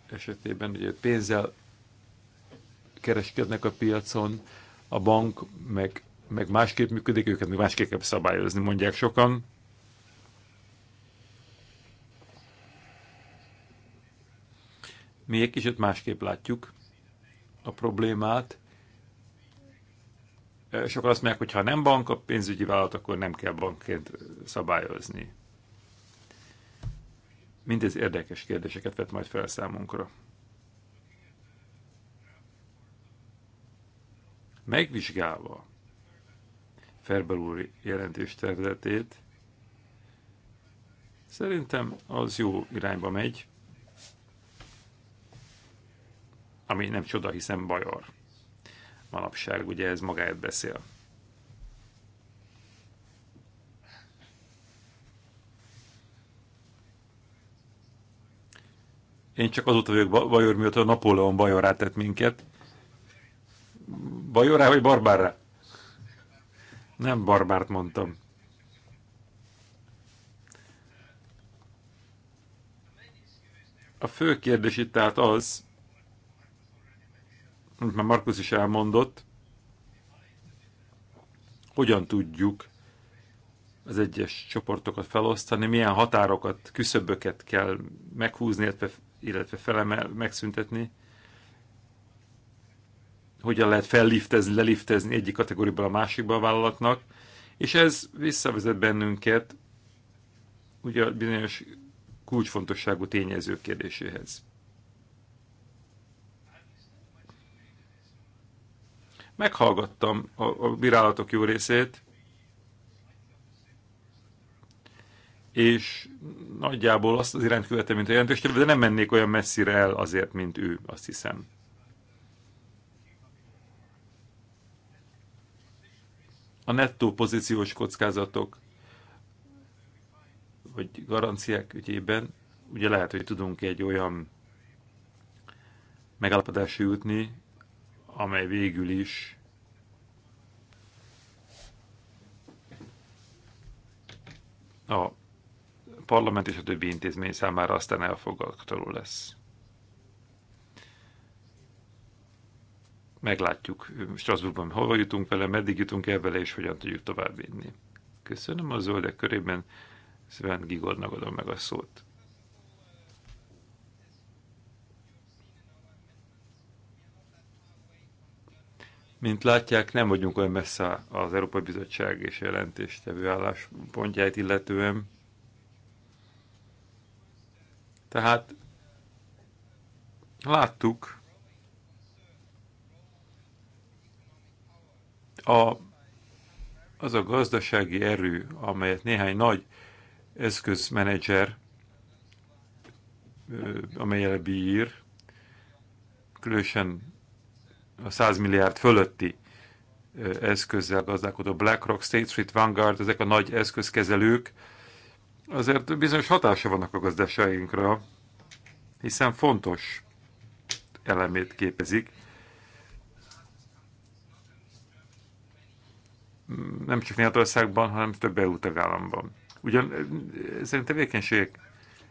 esetében, ugye pénzzel kereskednek a piacon, a bank meg, meg másképp működik, őket még másképp kell szabályozni, mondják sokan, Mi egy kicsit másképp látjuk a problémát, és akkor azt mondják, hogy ha nem bank a pénzügyi vállalat, akkor nem kell bankként szabályozni. Mindez érdekes kérdéseket vett majd fel számunkra. Megvizsgálva Ferber úr jelentős szerintem az jó irányba megy, ami nem csoda, hiszen bajor. Manapság ugye ez magáért beszél. Én csak azóta vagyok bajor, mióta a Napóleon bajorá tett minket. Bajorá vagy barbárra? Nem barbárt mondtam. A fő kérdés itt tehát az, amit már Markus is elmondott, hogyan tudjuk az egyes csoportokat felosztani, milyen határokat, küszöböket kell meghúzni, illetve, illetve felemel, megszüntetni, hogyan lehet felliftezni, leliftezni egyik kategóriából a másikba a vállalatnak, és ez visszavezet bennünket ugye bizonyos kulcsfontosságú tényező kérdéséhez. Meghallgattam a, a bírálatok jó részét, és nagyjából azt az irányt követem, mint a jelentős, de nem mennék olyan messzire el azért, mint ő, azt hiszem. A nettó pozíciós kockázatok vagy garanciák ügyében ugye lehet, hogy tudunk egy olyan megállapodásra jutni, amely végül is a parlament és a többi intézmény számára aztán elfogadható lesz. Meglátjuk Strasbourgban, hova jutunk vele, meddig jutunk el vele, és hogyan tudjuk továbbvinni. Köszönöm a zöldek körében, Sven Gigornak adom meg a szót. Mint látják, nem vagyunk olyan messze az Európai Bizottság és jelentéstevő álláspontját illetően. Tehát láttuk a, az a gazdasági erő, amelyet néhány nagy eszközmenedzser, amelyel bír, különösen a 100 milliárd fölötti eszközzel gazdálkodó BlackRock, State Street, Vanguard, ezek a nagy eszközkezelők, azért bizonyos hatása vannak a gazdaságunkra, hiszen fontos elemét képezik. Nem csak Németországban, hanem több EU tagállamban. Ugyan ezek tevékenységek,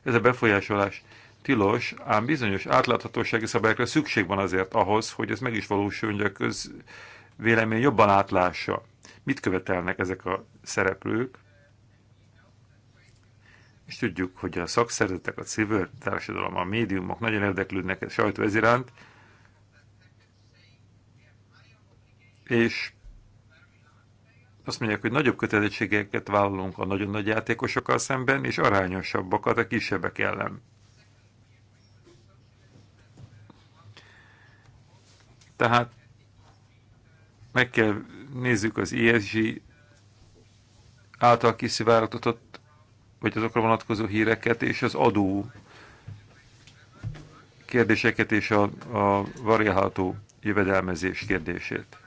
ez a befolyásolás tilos, ám bizonyos átláthatósági szabályokra szükség van azért ahhoz, hogy ez meg is valósuljon, hogy a közvélemény jobban átlássa. Mit követelnek ezek a szereplők? És tudjuk, hogy a szakszervezetek, a civil társadalom, a médiumok nagyon érdeklődnek a sajtó ez iránt, és azt mondják, hogy nagyobb kötelezettségeket vállalunk a nagyon nagy játékosokkal szemben, és arányosabbakat a kisebbek ellen. Tehát meg kell nézzük az ESG által kiszivárogtatott, vagy azokra vonatkozó híreket, és az adó kérdéseket és a, a variálható jövedelmezés kérdését.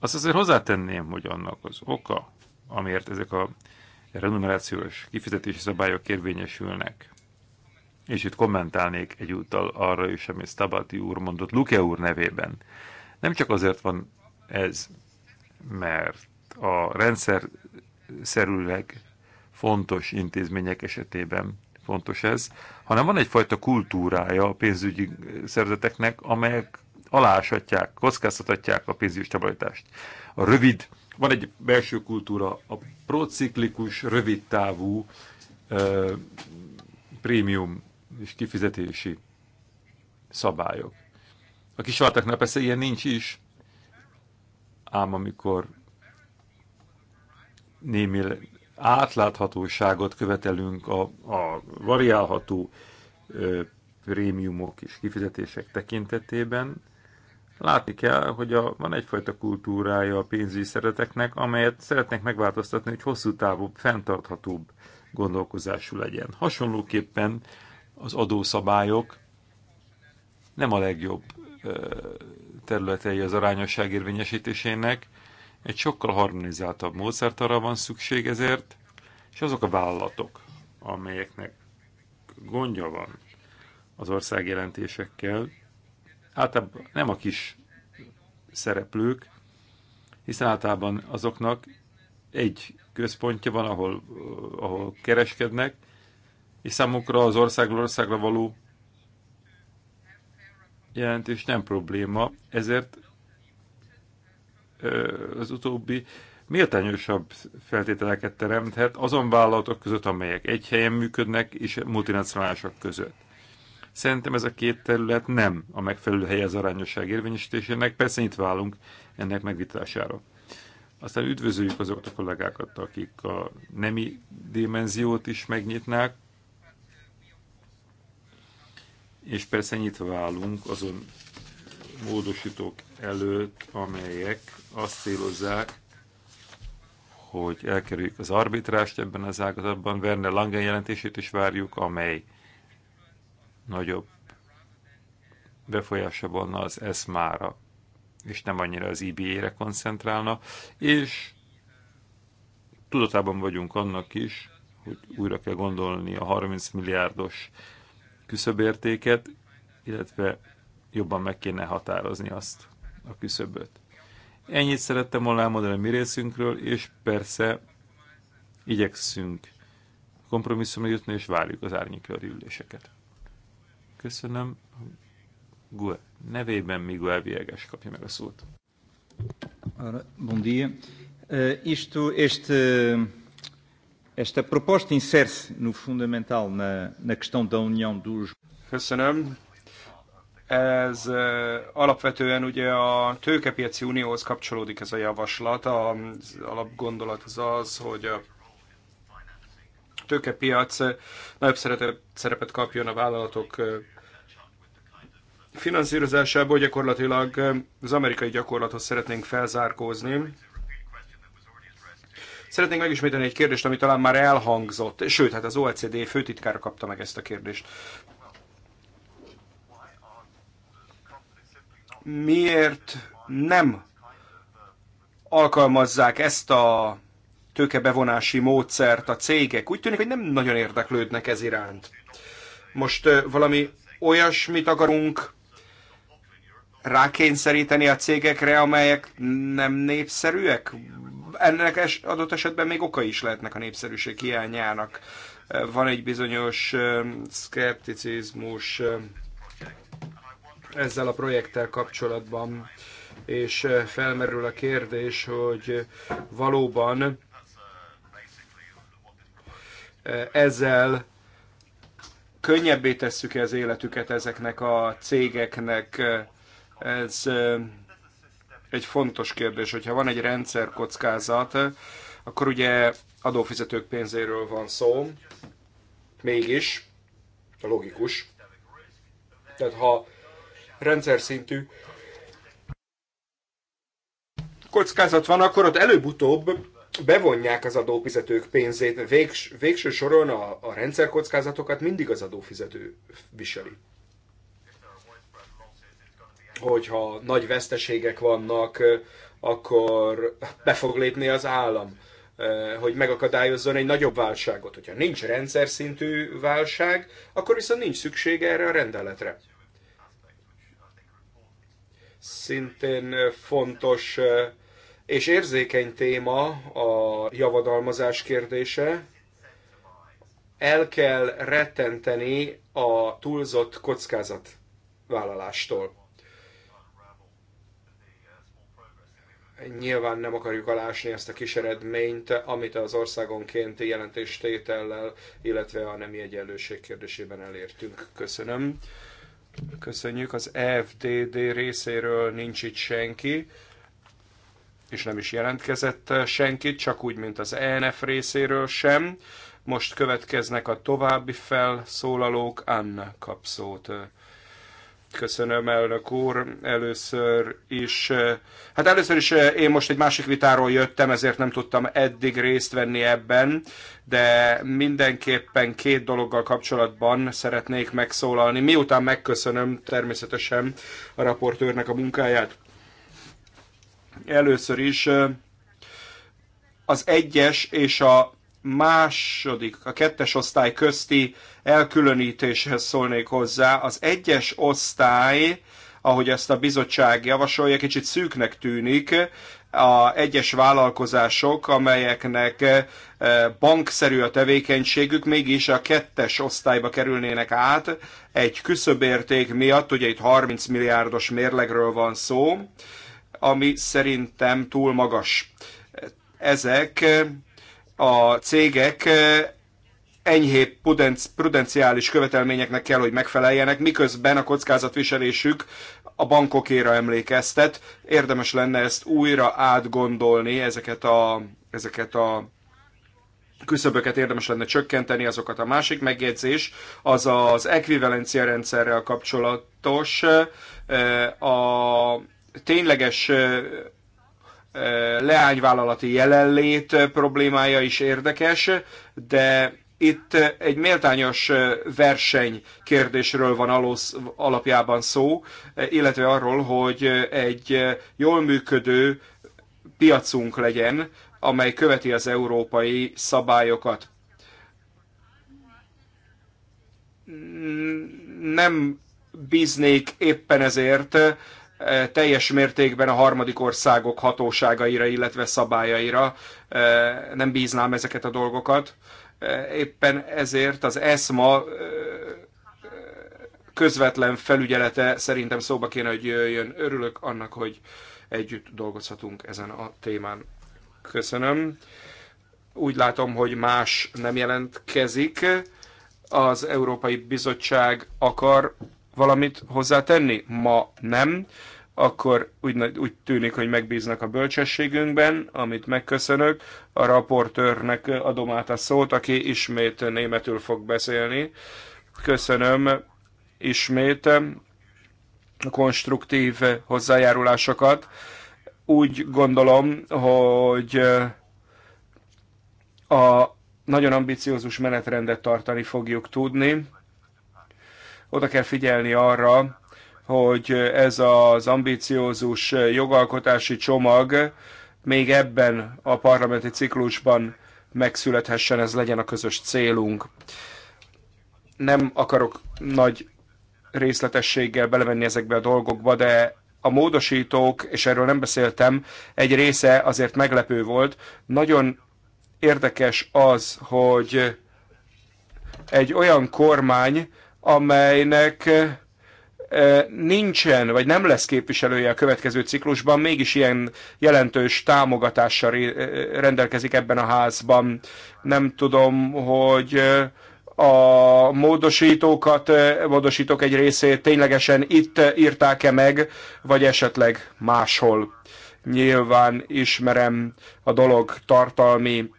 Azt azért hozzátenném, hogy annak az oka, amiért ezek a renumerációs kifizetési szabályok érvényesülnek, és itt kommentálnék egyúttal arra is, amit Stabati úr mondott Luke úr nevében. Nem csak azért van ez, mert a rendszer szerűleg fontos intézmények esetében fontos ez, hanem van egyfajta kultúrája a pénzügyi szervezeteknek, amelyek alásatják, kockáztatják a pénzügyi stabilitást. A rövid, van egy belső kultúra, a prociklikus, rövidtávú euh, prémium és kifizetési szabályok. A kisvártaknál persze ilyen nincs is, ám amikor némi átláthatóságot követelünk a, a variálható ö, prémiumok és kifizetések tekintetében, látni kell, hogy a, van egyfajta kultúrája a pénzügyi szereteknek, amelyet szeretnek megváltoztatni, hogy hosszú távú, fenntarthatóbb gondolkozású legyen. Hasonlóképpen az adószabályok nem a legjobb területei az arányosság érvényesítésének. Egy sokkal harmonizáltabb módszert arra van szükség ezért, és azok a vállalatok, amelyeknek gondja van az ország jelentésekkel, általában nem a kis szereplők, hiszen általában azoknak egy központja van, ahol, ahol kereskednek, és számukra az országról országra való jelentés nem probléma, ezért az utóbbi méltányosabb feltételeket teremthet azon vállalatok között, amelyek egy helyen működnek, és multinacionálisak között. Szerintem ez a két terület nem a megfelelő hely az arányosság érvényesítésének, persze itt válunk ennek megvitására. Aztán üdvözöljük azokat a kollégákat, akik a nemi dimenziót is megnyitnák, és persze nyitva állunk azon módosítók előtt, amelyek azt célozzák, hogy elkerüljük az arbitrást ebben az ágazatban. Verne Langen jelentését is várjuk, amely nagyobb befolyása volna az ESMA-ra, és nem annyira az IBA-re koncentrálna, és tudatában vagyunk annak is, hogy újra kell gondolni a 30 milliárdos küszöbértéket, illetve jobban meg kéne határozni azt a küszöböt. Ennyit szerettem volna elmondani a mi részünkről, és persze igyekszünk kompromisszumra jutni, és várjuk az árnyékörű üléseket. Köszönöm. Gue. Nevében Miguel Vieges kapja meg a szót. Bom dia. Uh, isto, este Esta proposta insere-se no fundamental na, na questão da união dos. Köszönöm. Ez eh, alapvetően ugye a tőkepiaci unióhoz kapcsolódik ez a javaslat. Az alapgondolat az az, hogy a tőkepiac eh, nagyobb szerepet kapjon a vállalatok eh, finanszírozásából, gyakorlatilag az amerikai gyakorlathoz szeretnénk felzárkózni Szeretnék megismételni egy kérdést, ami talán már elhangzott, sőt, hát az OECD főtitkára kapta meg ezt a kérdést. Miért nem alkalmazzák ezt a tőkebevonási módszert a cégek? Úgy tűnik, hogy nem nagyon érdeklődnek ez iránt. Most valami olyasmit akarunk rákényszeríteni a cégekre, amelyek nem népszerűek? ennek es adott esetben még oka is lehetnek a népszerűség hiányának. Van egy bizonyos um, szkepticizmus um, ezzel a projekttel kapcsolatban, és uh, felmerül a kérdés, hogy valóban uh, ezzel könnyebbé tesszük -e az életüket ezeknek a cégeknek, uh, ez um, egy fontos kérdés, hogyha van egy rendszer kockázat, akkor ugye adófizetők pénzéről van szó, mégis a logikus. Tehát ha rendszer szintű kockázat van, akkor ott előbb-utóbb bevonják az adófizetők pénzét. Végs, végső soron a, a kockázatokat mindig az adófizető viseli hogyha nagy veszteségek vannak, akkor be fog lépni az állam, hogy megakadályozzon egy nagyobb válságot. Hogyha nincs rendszer szintű válság, akkor viszont nincs szüksége erre a rendeletre. Szintén fontos és érzékeny téma a javadalmazás kérdése. El kell rettenteni a túlzott kockázatvállalástól nyilván nem akarjuk alásni ezt a kis eredményt, amit az országonkénti jelentéstétellel, illetve a nemi egyenlőség kérdésében elértünk. Köszönöm. Köszönjük. Az FDD részéről nincs itt senki, és nem is jelentkezett senki, csak úgy, mint az ENF részéről sem. Most következnek a további felszólalók. Anna kap szót. Köszönöm, elnök úr. Először is, eh, hát először is eh, én most egy másik vitáról jöttem, ezért nem tudtam eddig részt venni ebben, de mindenképpen két dologgal kapcsolatban szeretnék megszólalni, miután megköszönöm természetesen a raportőrnek a munkáját. Először is eh, az egyes és a második, a kettes osztály közti elkülönítéshez szólnék hozzá. Az egyes osztály, ahogy ezt a bizottság javasolja, kicsit szűknek tűnik, a egyes vállalkozások, amelyeknek e, bankszerű a tevékenységük, mégis a kettes osztályba kerülnének át egy küszöbérték miatt, ugye itt 30 milliárdos mérlegről van szó, ami szerintem túl magas. Ezek a cégek enyhébb prudenciális követelményeknek kell, hogy megfeleljenek, miközben a kockázatviselésük a bankokéra emlékeztet. Érdemes lenne ezt újra átgondolni, ezeket a, ezeket a küszöböket érdemes lenne csökkenteni, azokat a másik megjegyzés, az az ekvivalencia rendszerrel kapcsolatos, a tényleges leányvállalati jelenlét problémája is érdekes, de itt egy méltányos verseny kérdésről van alusz, alapjában szó, illetve arról, hogy egy jól működő piacunk legyen, amely követi az európai szabályokat. Nem bíznék éppen ezért teljes mértékben a harmadik országok hatóságaira, illetve szabályaira. Nem bíznám ezeket a dolgokat. Éppen ezért az ESMA közvetlen felügyelete szerintem szóba kéne, hogy jöjjön. Örülök annak, hogy együtt dolgozhatunk ezen a témán. Köszönöm. Úgy látom, hogy más nem jelentkezik. Az Európai Bizottság akar valamit hozzátenni? Ma nem akkor úgy, úgy tűnik, hogy megbíznak a bölcsességünkben, amit megköszönök. A raportőrnek adom át a szót, aki ismét németül fog beszélni. Köszönöm ismét a konstruktív hozzájárulásokat. Úgy gondolom, hogy a nagyon ambiciózus menetrendet tartani fogjuk tudni oda kell figyelni arra, hogy ez az ambiciózus jogalkotási csomag még ebben a parlamenti ciklusban megszülethessen, ez legyen a közös célunk. Nem akarok nagy részletességgel belemenni ezekbe a dolgokba, de a módosítók, és erről nem beszéltem, egy része azért meglepő volt. Nagyon érdekes az, hogy egy olyan kormány, amelynek eh, nincsen, vagy nem lesz képviselője a következő ciklusban, mégis ilyen jelentős támogatással eh, rendelkezik ebben a házban. Nem tudom, hogy eh, a módosítókat, módosítók egy részét ténylegesen itt írták-e meg, vagy esetleg máshol. Nyilván ismerem a dolog tartalmi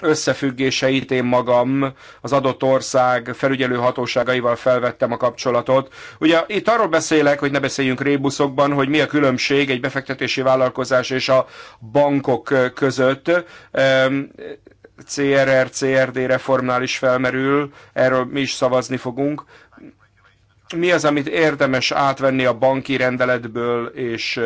összefüggéseit én magam az adott ország felügyelő hatóságaival felvettem a kapcsolatot. Ugye itt arról beszélek, hogy ne beszéljünk rébuszokban, hogy mi a különbség egy befektetési vállalkozás és a bankok között. CRR, CRD reformnál is felmerül, erről mi is szavazni fogunk. Mi az, amit érdemes átvenni a banki rendeletből és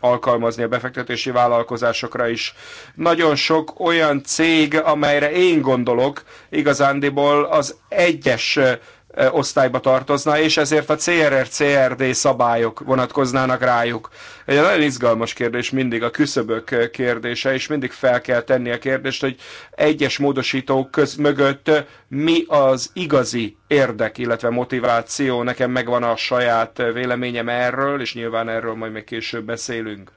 alkalmazni a befektetési vállalkozásokra is. Nagyon sok olyan cég, amelyre én gondolok, igazándiból az egyes osztályba tartozna, és ezért a CRR-CRD szabályok vonatkoznának rájuk. Egy nagyon izgalmas kérdés mindig a küszöbök kérdése, és mindig fel kell tenni a kérdést, hogy egyes módosítók köz mögött mi az igazi érdek, illetve motiváció. Nekem megvan a saját véleményem erről, és nyilván erről majd még később beszélünk.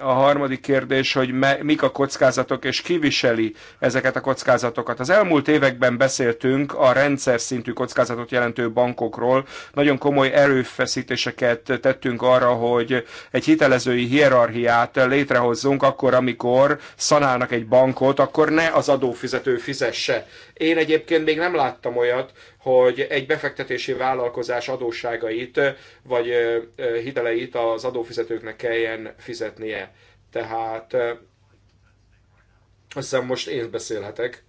A harmadik kérdés, hogy me, mik a kockázatok, és kiviseli ezeket a kockázatokat. Az elmúlt években beszéltünk a rendszer szintű kockázatot jelentő bankokról. Nagyon komoly erőfeszítéseket tettünk arra, hogy egy hitelezői hierarchiát létrehozzunk, akkor, amikor szanálnak egy bankot, akkor ne az adófizető fizesse én egyébként még nem láttam olyat, hogy egy befektetési vállalkozás adósságait vagy hiteleit az adófizetőknek kelljen fizetnie. Tehát azt hiszem most én beszélhetek.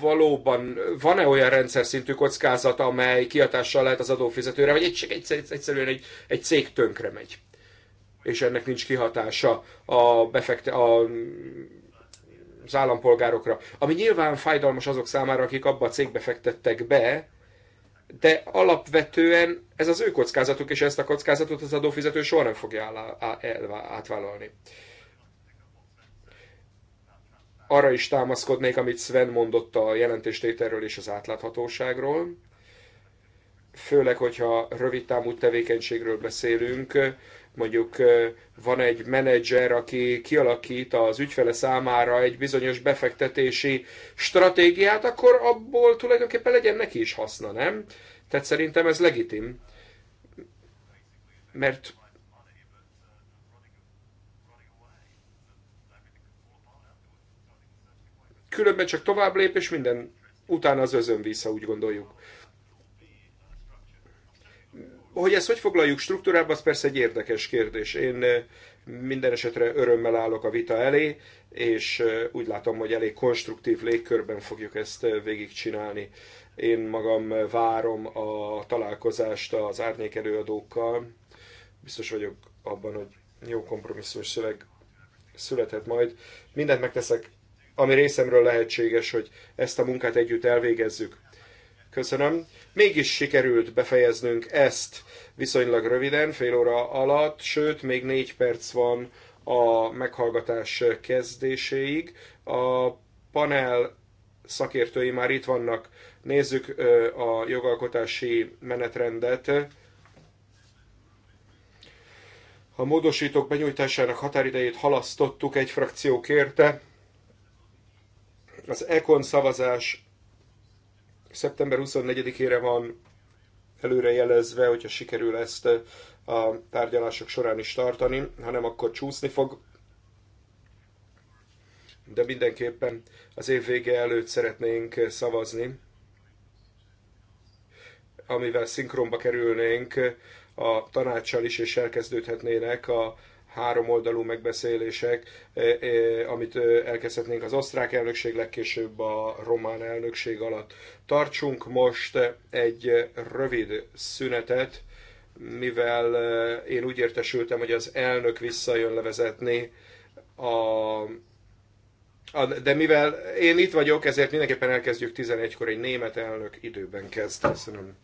valóban van-e olyan rendszer szintű kockázat, amely kiatással lehet az adófizetőre, vagy egy egyszerűen egy, egy cég tönkre megy? és ennek nincs kihatása a, befekte, a az állampolgárokra. Ami nyilván fájdalmas azok számára, akik abba a cégbe fektettek be, de alapvetően ez az ő kockázatuk, és ezt a kockázatot az adófizető soha nem fogja átvállalni. Arra is támaszkodnék, amit Sven mondott a jelentéstételről és az átláthatóságról, főleg, hogyha rövid távú tevékenységről beszélünk, Mondjuk van egy menedzser, aki kialakít az ügyfele számára egy bizonyos befektetési stratégiát, akkor abból tulajdonképpen legyen neki is haszna, nem? Tehát szerintem ez legitim. Mert különben csak tovább lép, és minden utána az özön vissza, úgy gondoljuk. Hogy ezt hogy foglaljuk struktúrába, az persze egy érdekes kérdés. Én minden esetre örömmel állok a vita elé, és úgy látom, hogy elég konstruktív légkörben fogjuk ezt végigcsinálni. Én magam várom a találkozást az árnyék előadókkal. Biztos vagyok abban, hogy jó kompromisszumos szöveg születhet majd. Mindent megteszek, ami részemről lehetséges, hogy ezt a munkát együtt elvégezzük. Köszönöm. Mégis sikerült befejeznünk ezt viszonylag röviden, fél óra alatt, sőt, még négy perc van a meghallgatás kezdéséig. A panel szakértői már itt vannak. Nézzük a jogalkotási menetrendet. A módosítók benyújtásának határidejét halasztottuk, egy frakció kérte. Az ECON szavazás Szeptember 24-ére van előrejelezve, hogyha sikerül ezt eh, a tárgyalások során is tartani, hanem akkor csúszni fog. De mindenképpen az év vége előtt szeretnénk eh, szavazni, amivel szinkronba kerülnénk eh, a tanácssal is, és elkezdődhetnének a háromoldalú megbeszélések, e, e, amit e, elkezdhetnénk az osztrák elnökség, legkésőbb a román elnökség alatt. Tartsunk most egy rövid szünetet, mivel én úgy értesültem, hogy az elnök visszajön levezetni a de mivel én itt vagyok, ezért mindenképpen elkezdjük 11-kor, egy német elnök időben kezd. Köszönöm.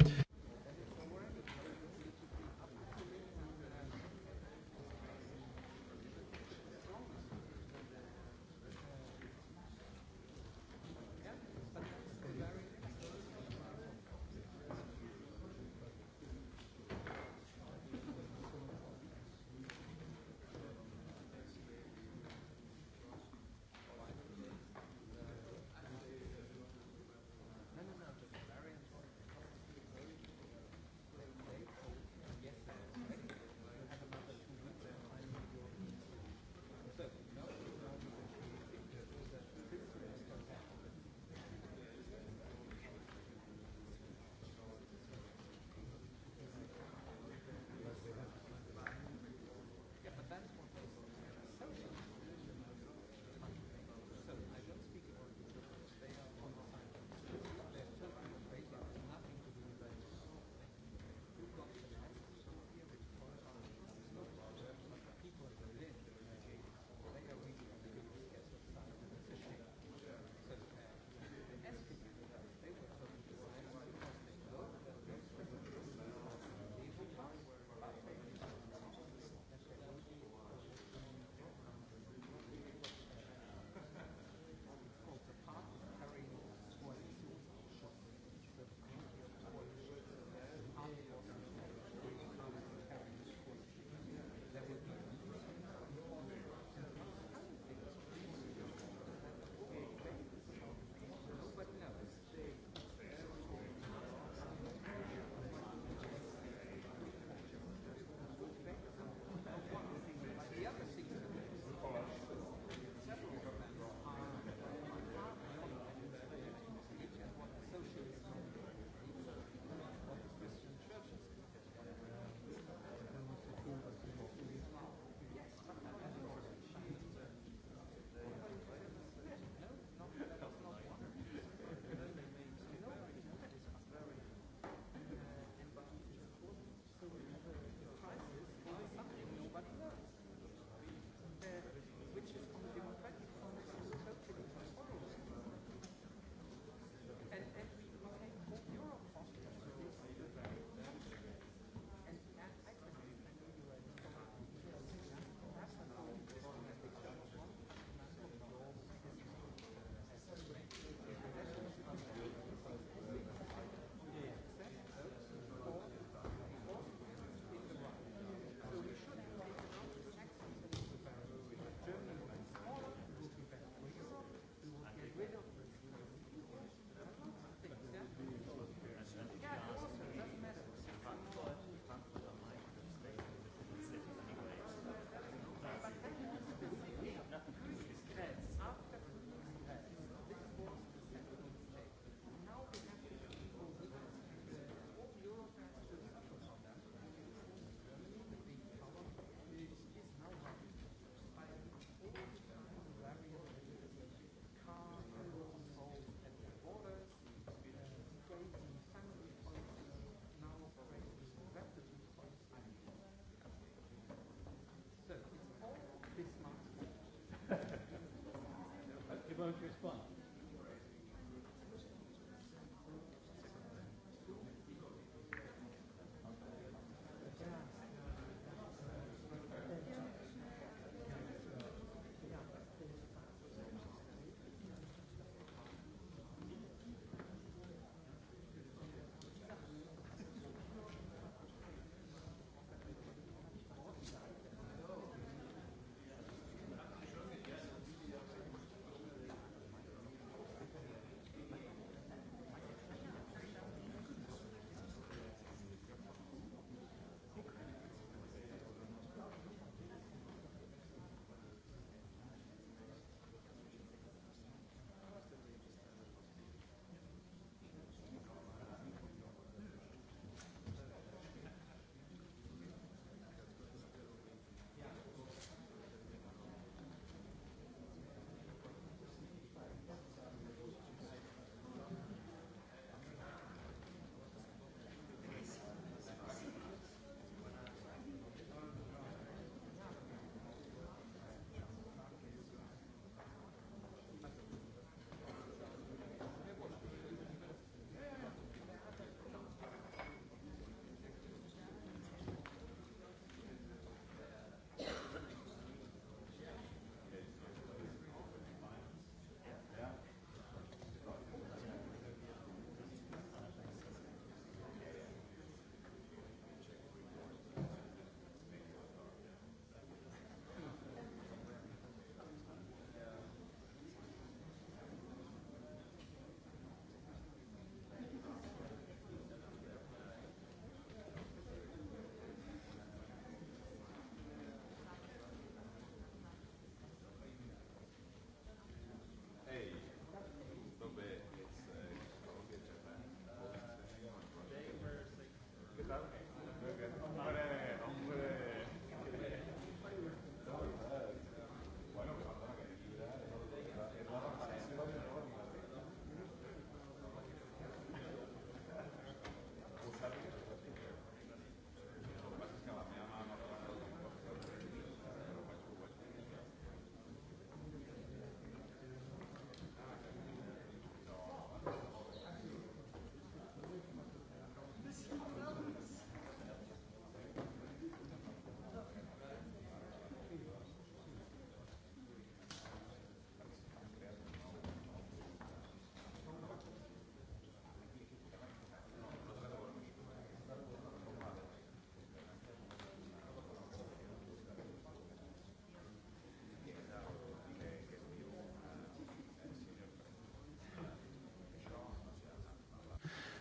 know if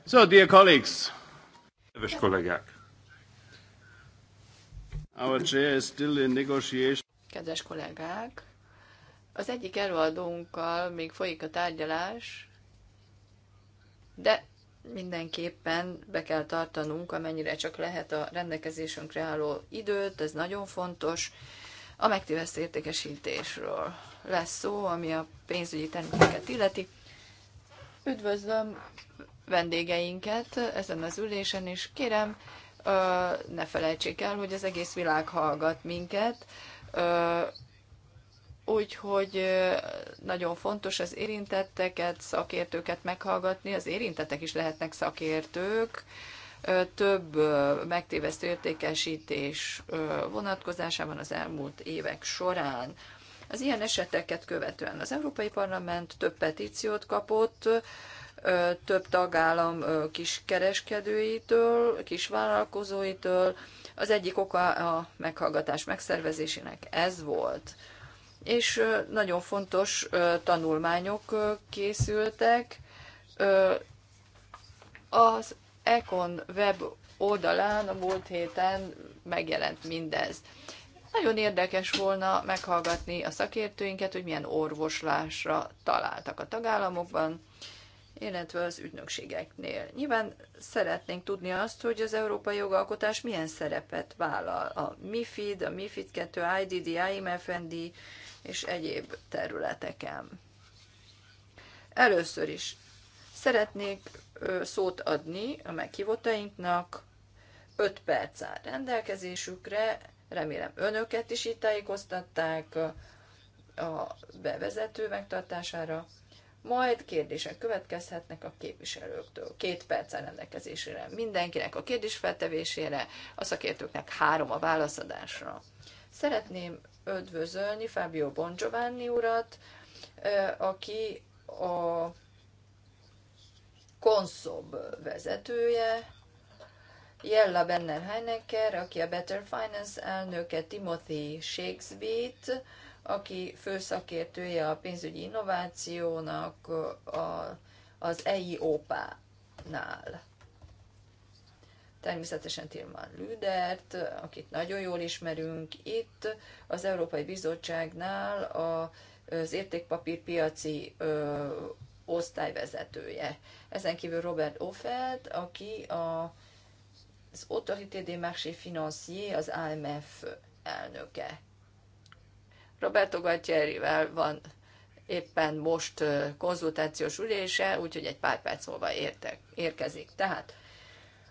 So, dear colleagues. Kedves kollégák. Our chair is still in negotiation. Kedves kollégák, az egyik előadónkkal még folyik a tárgyalás, de mindenképpen be kell tartanunk, amennyire csak lehet a rendelkezésünkre álló időt, ez nagyon fontos. A megtévesztő értékesítésről lesz szó, ami a pénzügyi termékeket illeti. Üdvözlöm vendégeinket ezen az ülésen, és kérem, ne felejtsék el, hogy az egész világ hallgat minket, úgyhogy nagyon fontos az érintetteket, szakértőket meghallgatni, az érintettek is lehetnek szakértők, több megtévesztő értékesítés vonatkozásában az elmúlt évek során. Az ilyen eseteket követően az Európai Parlament több petíciót kapott, több tagállam kiskereskedőitől, kisvállalkozóitől, Az egyik oka a meghallgatás megszervezésének ez volt. És nagyon fontos tanulmányok készültek. Az Econ web oldalán a múlt héten megjelent mindez. Nagyon érdekes volna meghallgatni a szakértőinket, hogy milyen orvoslásra találtak a tagállamokban, illetve az ügynökségeknél. Nyilván szeretnénk tudni azt, hogy az európai jogalkotás milyen szerepet vállal a MIFID, a MIFID 2, IDD, IMFND és egyéb területeken. Először is szeretnék szót adni a meghívottainknak, 5 perc áll rendelkezésükre, remélem önöket is itt tájékoztatták a bevezető megtartására majd kérdések következhetnek a képviselőktől. Két perc rendelkezésére mindenkinek a kérdés feltevésére, a szakértőknek három a válaszadásra. Szeretném ödvözölni Fábio Bongiovanni urat, aki a konszob vezetője, Jella Benner Heinecker, aki a Better Finance elnöke, Timothy shakespeare aki főszakértője a pénzügyi innovációnak a, az EIOPA-nál. Természetesen Tilman Lüdert, akit nagyon jól ismerünk itt, az Európai Bizottságnál a, az értékpapírpiaci ö, osztályvezetője. Ezen kívül Robert Offert, aki a, az Autorité des Marchés Financiers, az AMF elnöke. Roberto Gattierivel van éppen most konzultációs ülése, úgyhogy egy pár perc múlva értek, érkezik. Tehát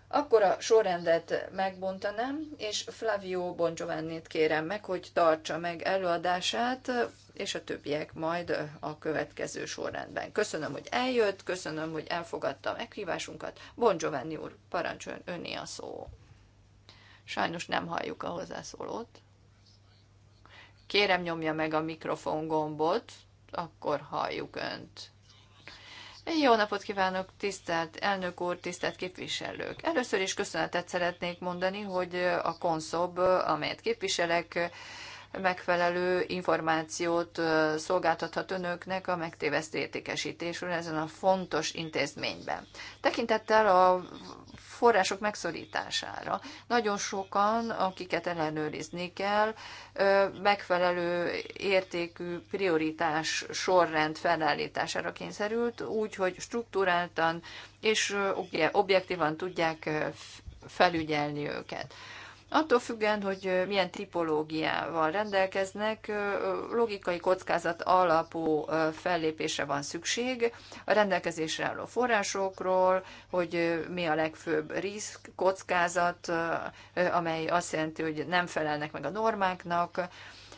akkor a sorrendet megbontanám, és Flavio Bongiovannit kérem meg, hogy tartsa meg előadását, és a többiek majd a következő sorrendben. Köszönöm, hogy eljött, köszönöm, hogy elfogadta a meghívásunkat. Bongiovanni úr, parancsoljon, öné a szó. Sajnos nem halljuk a hozzászólót. Kérem nyomja meg a mikrofon gombot, akkor halljuk Önt. Jó napot kívánok, tisztelt elnök úr, tisztelt képviselők! Először is köszönetet szeretnék mondani, hogy a konszob, amelyet képviselek, megfelelő információt szolgáltathat önöknek a megtévesztő értékesítésről ezen a fontos intézményben. Tekintettel a források megszorítására. Nagyon sokan, akiket ellenőrizni kell, megfelelő értékű prioritás sorrend felállítására kényszerült, úgy, hogy struktúráltan és objektívan tudják felügyelni őket. Attól függően, hogy milyen tipológiával rendelkeznek, logikai kockázat alapú fellépésre van szükség, a rendelkezésre álló forrásokról, hogy mi a legfőbb risk, kockázat, amely azt jelenti, hogy nem felelnek meg a normáknak,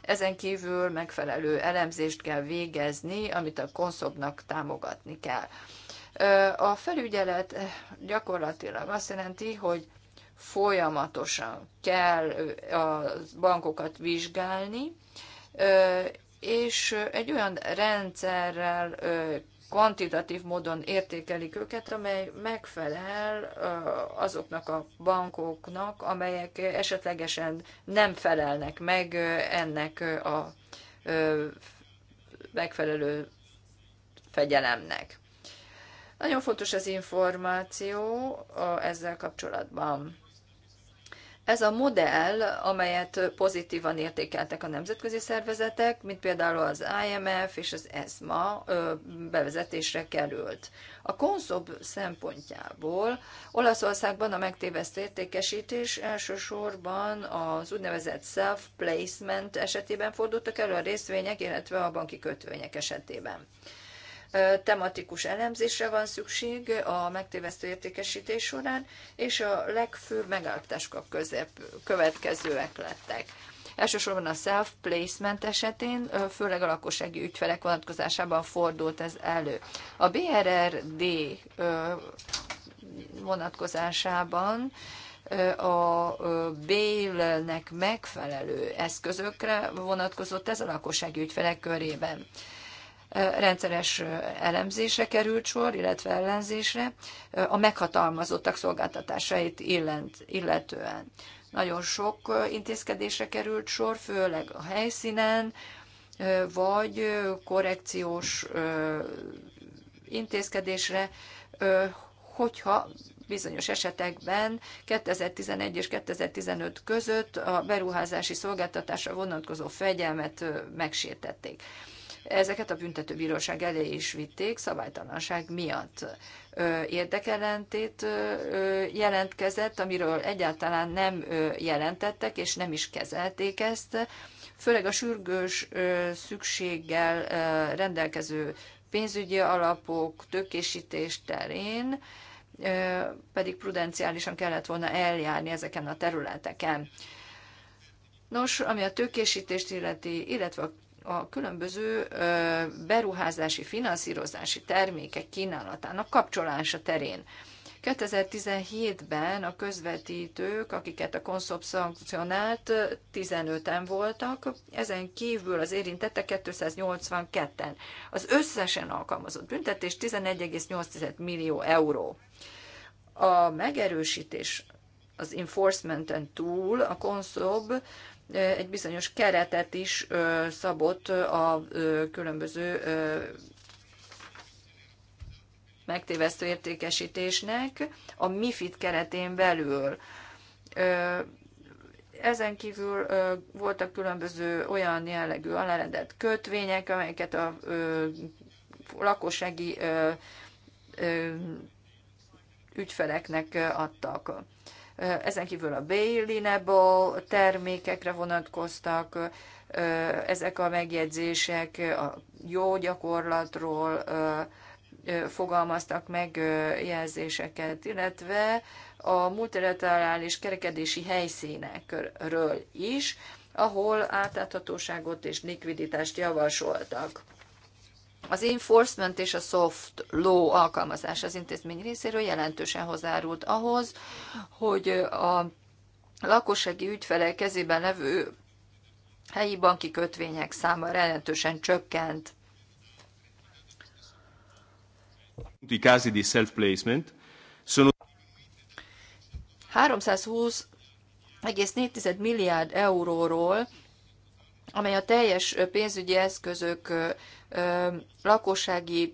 ezen kívül megfelelő elemzést kell végezni, amit a konszobnak támogatni kell. A felügyelet gyakorlatilag azt jelenti, hogy folyamatosan kell a bankokat vizsgálni, és egy olyan rendszerrel kvantitatív módon értékelik őket, amely megfelel azoknak a bankoknak, amelyek esetlegesen nem felelnek meg ennek a megfelelő fegyelemnek. Nagyon fontos az információ ezzel kapcsolatban. Ez a modell, amelyet pozitívan értékeltek a nemzetközi szervezetek, mint például az IMF és az ESMA bevezetésre került. A konszob szempontjából Olaszországban a megtévesztő értékesítés elsősorban az úgynevezett self-placement esetében fordultak elő a részvények, illetve a banki kötvények esetében tematikus elemzésre van szükség a megtévesztő értékesítés során, és a legfőbb megállapítások következőek lettek. Elsősorban a self-placement esetén, főleg a lakossági ügyfelek vonatkozásában fordult ez elő. A BRRD vonatkozásában a bélnek megfelelő eszközökre vonatkozott ez a lakossági ügyfelek körében rendszeres elemzése került sor, illetve ellenzésre a meghatalmazottak szolgáltatásait illetően. Nagyon sok intézkedésre került sor, főleg a helyszínen, vagy korrekciós intézkedésre, hogyha bizonyos esetekben 2011 és 2015 között a beruházási szolgáltatásra vonatkozó fegyelmet megsértették. Ezeket a büntetőbíróság elé is vitték szabálytalanság miatt. Érdekellentét jelentkezett, amiről egyáltalán nem jelentettek, és nem is kezelték ezt. Főleg a sürgős szükséggel rendelkező pénzügyi alapok tökésítés terén pedig prudenciálisan kellett volna eljárni ezeken a területeken. Nos, ami a tőkésítést illeti, illetve a a különböző beruházási, finanszírozási termékek kínálatának kapcsolása terén. 2017-ben a közvetítők, akiket a konszop szankcionált, 15-en voltak, ezen kívül az érintette 282-en. Az összesen alkalmazott büntetés 11,8 millió euró. A megerősítés az enforcementen túl a konszob egy bizonyos keretet is szabott a különböző megtévesztő értékesítésnek a MIFID keretén belül. Ezen kívül voltak különböző olyan jellegű alárendelt kötvények, amelyeket a lakossági ügyfeleknek adtak ezen kívül a Bailinable termékekre vonatkoztak ezek a megjegyzések, a jó gyakorlatról fogalmaztak meg jelzéseket, illetve a multilaterális kerekedési helyszínekről is, ahol átláthatóságot és likviditást javasoltak. Az enforcement és a soft law alkalmazás az intézmény részéről jelentősen hozzárult ahhoz, hogy a lakossági ügyfelek kezében levő helyi banki kötvények száma jelentősen csökkent. I casi di self-placement sono 320,4 milliárd euróról, amely a teljes pénzügyi eszközök lakossági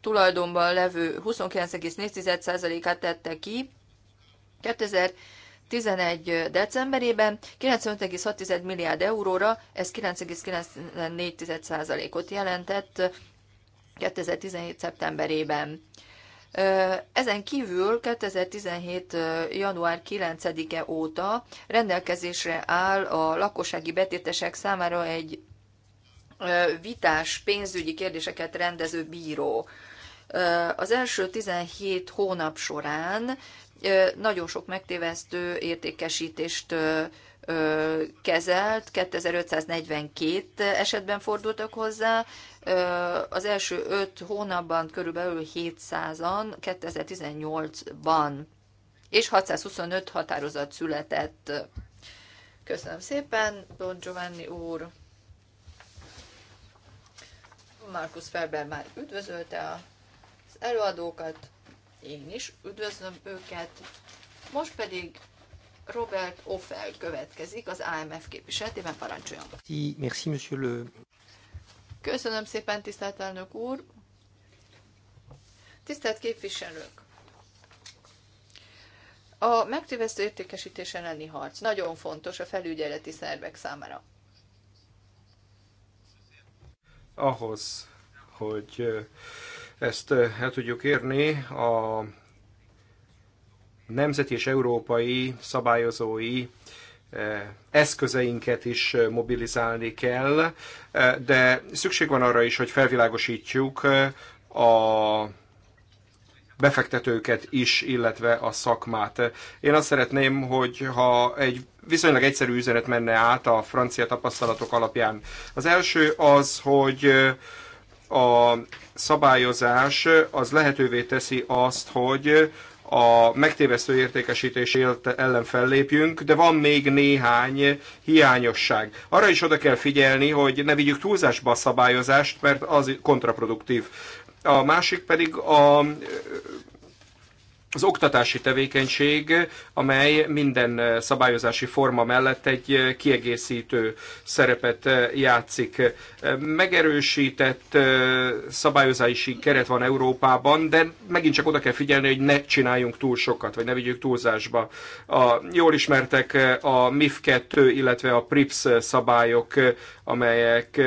tulajdonban levő 29,4%-át tette ki. 2011. decemberében 95,6 milliárd euróra, ez 9,94%-ot jelentett 2017. szeptemberében. Ezen kívül 2017. január 9-e óta rendelkezésre áll a lakossági betétesek számára egy vitás pénzügyi kérdéseket rendező bíró. Az első 17 hónap során nagyon sok megtévesztő értékesítést kezelt, 2542 esetben fordultak hozzá, az első 5 hónapban körülbelül 700-an, 2018-ban, és 625 határozat született. Köszönöm szépen, Don Giovanni úr! Markus Ferber már üdvözölte az előadókat, én is üdvözlöm őket. Most pedig Robert Offel következik az AMF képviseletében, parancsoljon. Merci, monsieur le... Köszönöm szépen, tisztelt elnök úr! Tisztelt képviselők! A megtévesztő értékesítés elleni harc nagyon fontos a felügyeleti szervek számára ahhoz, hogy ezt el tudjuk érni, a nemzeti és európai szabályozói eszközeinket is mobilizálni kell, de szükség van arra is, hogy felvilágosítjuk a befektetőket is, illetve a szakmát. Én azt szeretném, hogy ha egy viszonylag egyszerű üzenet menne át a francia tapasztalatok alapján. Az első az, hogy a szabályozás az lehetővé teszi azt, hogy a megtévesztő értékesítés ellen fellépjünk, de van még néhány hiányosság. Arra is oda kell figyelni, hogy ne vigyük túlzásba a szabályozást, mert az kontraproduktív a másik pedig a az oktatási tevékenység, amely minden szabályozási forma mellett egy kiegészítő szerepet játszik. Megerősített szabályozási keret van Európában, de megint csak oda kell figyelni, hogy ne csináljunk túl sokat, vagy ne vigyük túlzásba. A, jól ismertek a MIF 2, illetve a PRIPS szabályok, amelyek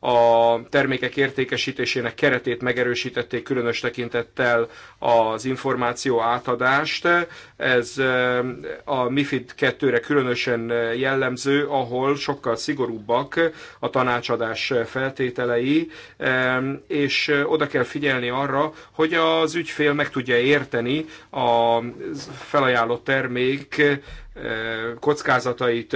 a termékek értékesítésének keretét megerősítették különös tekintettel az információ átadást. Ez eh, a MIFID 2-re különösen eh, jellemző, ahol sokkal szigorúbbak a tanácsadás eh, feltételei, és oda kell figyelni arra, hogy az ügyfél meg tudja érteni a felajánlott termék kockázatait.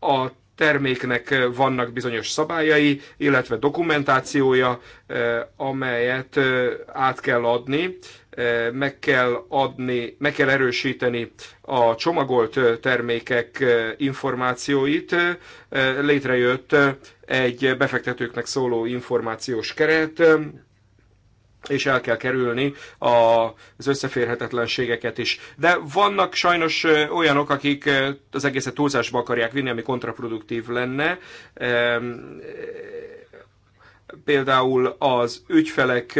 A terméknek eh, vannak bizonyos szabályai, illetve dokumentációja, eh, amelyet eh, át kell adni, meg kell adni, meg kell erősíteni a csomagolt termékek információit. Létrejött egy befektetőknek szóló információs keret, és el kell kerülni az összeférhetetlenségeket is. De vannak sajnos olyanok, akik az egészet túlzásba akarják vinni, ami kontraproduktív lenne. Például az ügyfelek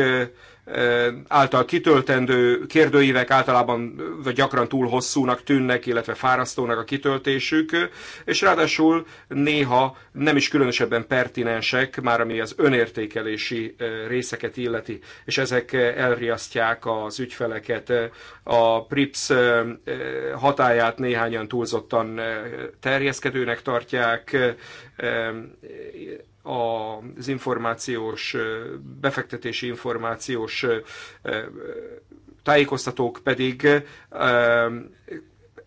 által kitöltendő kérdőívek általában vagy gyakran túl hosszúnak tűnnek, illetve fárasztónak a kitöltésük, és ráadásul néha nem is különösebben pertinensek, már ami az önértékelési részeket illeti, és ezek elriasztják az ügyfeleket. A PRIPS hatáját néhányan túlzottan terjeszkedőnek tartják, az információs, befektetési információs tájékoztatók pedig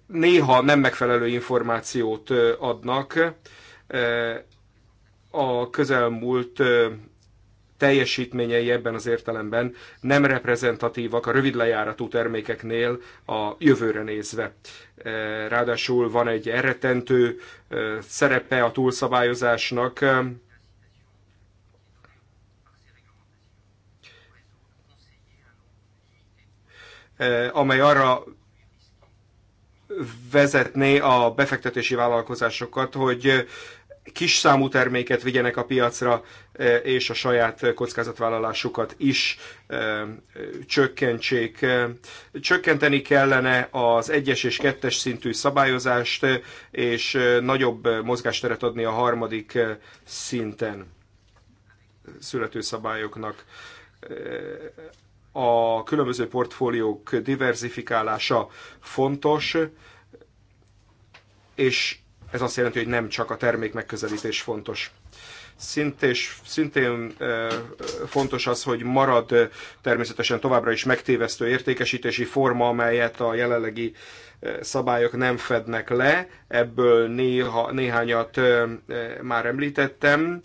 néha nem megfelelő információt adnak. A közelmúlt teljesítményei ebben az értelemben nem reprezentatívak a rövid lejáratú termékeknél a jövőre nézve. Ráadásul van egy erretentő szerepe a túlszabályozásnak, amely arra vezetné a befektetési vállalkozásokat, hogy kis számú terméket vigyenek a piacra, és a saját kockázatvállalásukat is csökkentsék. Csökkenteni kellene az egyes és kettes szintű szabályozást, és nagyobb mozgásteret adni a harmadik szinten születő szabályoknak a különböző portfóliók diversifikálása fontos, és ez azt jelenti, hogy nem csak a termék megközelítés fontos. Szintés, szintén fontos az, hogy marad természetesen továbbra is megtévesztő értékesítési forma, amelyet a jelenlegi szabályok nem fednek le, ebből néha, néhányat már említettem,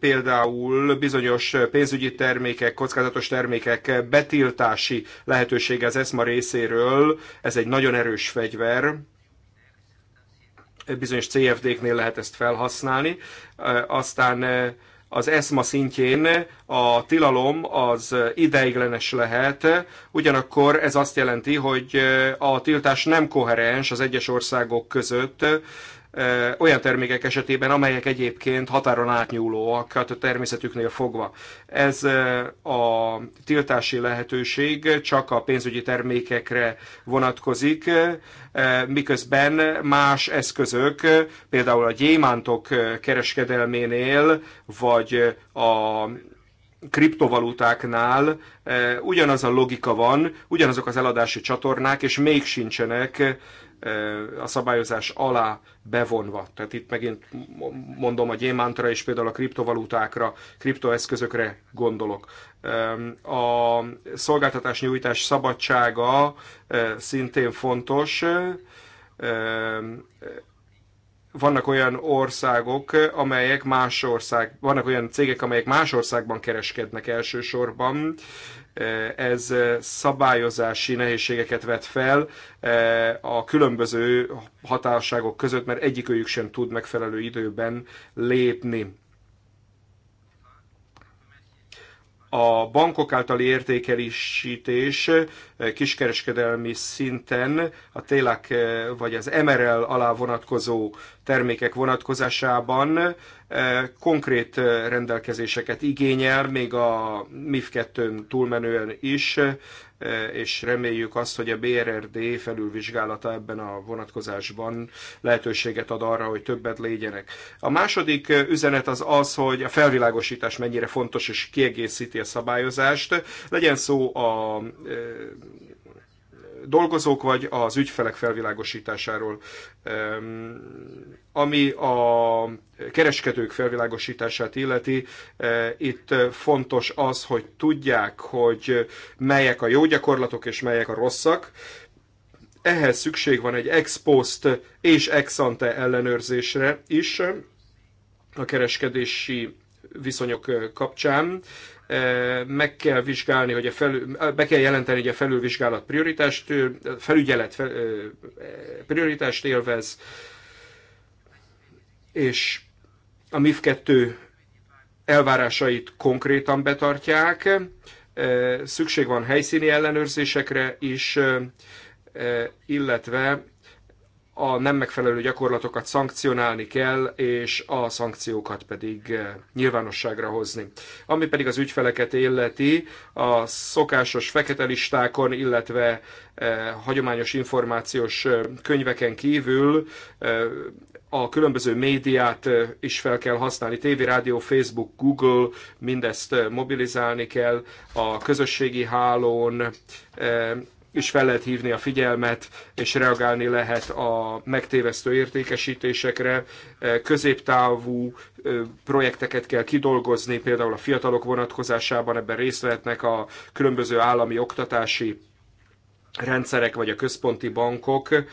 például bizonyos pénzügyi termékek, kockázatos termékek betiltási lehetősége az ESMA részéről, ez egy nagyon erős fegyver, bizonyos CFD-knél lehet ezt felhasználni, aztán az ESMA szintjén a tilalom az ideiglenes lehet, ugyanakkor ez azt jelenti, hogy a tiltás nem koherens az egyes országok között, olyan termékek esetében, amelyek egyébként határon átnyúlóak hát a természetüknél fogva. Ez a tiltási lehetőség csak a pénzügyi termékekre vonatkozik, miközben más eszközök, például a gyémántok kereskedelménél, vagy a kriptovalutáknál ugyanaz a logika van, ugyanazok az eladási csatornák, és még sincsenek a szabályozás alá bevonva. Tehát itt megint mondom a gyémántra és például a kriptovalutákra, kriptoeszközökre gondolok. A szolgáltatás nyújtás szabadsága szintén fontos vannak olyan országok, amelyek más ország, vannak olyan cégek, amelyek más országban kereskednek elsősorban, ez szabályozási nehézségeket vet fel eh, a különböző hatásságok között, mert egyikőjük sem tud megfelelő időben lépni. a bankok általi értékelésítés eh, kiskereskedelmi szinten a télák eh, vagy az MRL alá vonatkozó termékek vonatkozásában konkrét rendelkezéseket igényel, még a MIF 2 túlmenően is, és reméljük azt, hogy a BRRD felülvizsgálata ebben a vonatkozásban lehetőséget ad arra, hogy többet légyenek. A második üzenet az az, hogy a felvilágosítás mennyire fontos és kiegészíti a szabályozást. Legyen szó a dolgozók, vagy az ügyfelek felvilágosításáról. Ami a kereskedők felvilágosítását illeti, e, itt fontos az, hogy tudják, hogy melyek a jó gyakorlatok és melyek a rosszak. Ehhez szükség van egy ex post és ex ante ellenőrzésre is a kereskedési viszonyok kapcsán meg kell vizsgálni, hogy a felül, be kell jelenteni, hogy a felülvizsgálat prioritást, felügyelet fel, prioritást élvez, és a MIF 2 elvárásait konkrétan betartják, szükség van helyszíni ellenőrzésekre is, illetve a nem megfelelő gyakorlatokat szankcionálni kell, és a szankciókat pedig eh, nyilvánosságra hozni. Ami pedig az ügyfeleket illeti, a szokásos fekete listákon, illetve eh, hagyományos információs eh, könyveken kívül a különböző médiát is fel kell használni, TV, rádió, Facebook, Google, mindezt mobilizálni kell a közösségi hálón, is fel lehet hívni a figyelmet, és reagálni lehet a megtévesztő értékesítésekre. E, középtávú e, projekteket kell kidolgozni, például a fiatalok vonatkozásában ebben részt vehetnek a különböző állami oktatási rendszerek vagy a központi bankok e,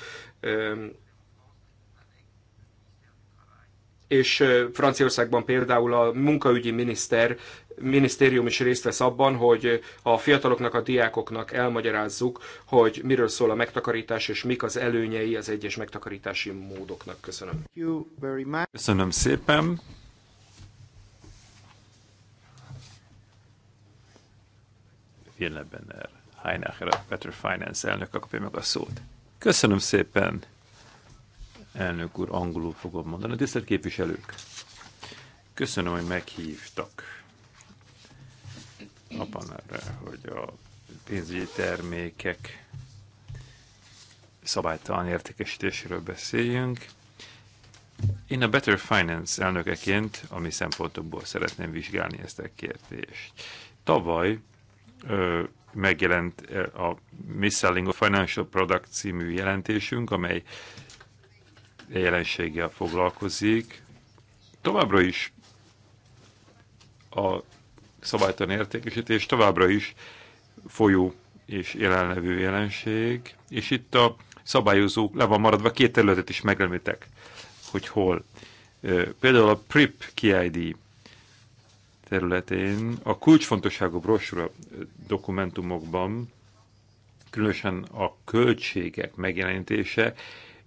és Franciaországban például a munkaügyi miniszter, minisztérium is részt vesz abban, hogy a fiataloknak, a diákoknak elmagyarázzuk, hogy miről szól a megtakarítás, és mik az előnyei az egyes megtakarítási módoknak. Köszönöm. Köszönöm szépen. Jelen Heinacher, a Better Finance elnök kapja meg a szót. Köszönöm szépen. Elnök úr, angolul fogom mondani. Tisztelt képviselők! Köszönöm, hogy meghívtak a panelre, hogy a pénzügyi termékek szabálytalan értékesítéséről beszéljünk. Én a Better Finance elnökeként, ami szempontokból szeretném vizsgálni ezt a kérdést. Tavaly ö, megjelent a Misselling of Financial Product című jelentésünk, amely jelenséggel foglalkozik. Továbbra is a szabálytalan értékesítés továbbra is folyó és jelenlevő jelenség, és itt a szabályozók le van maradva, két területet is megemlítek, hogy hol. Például a PRIP KID területén a kulcsfontosságú brosúra dokumentumokban különösen a költségek megjelenítése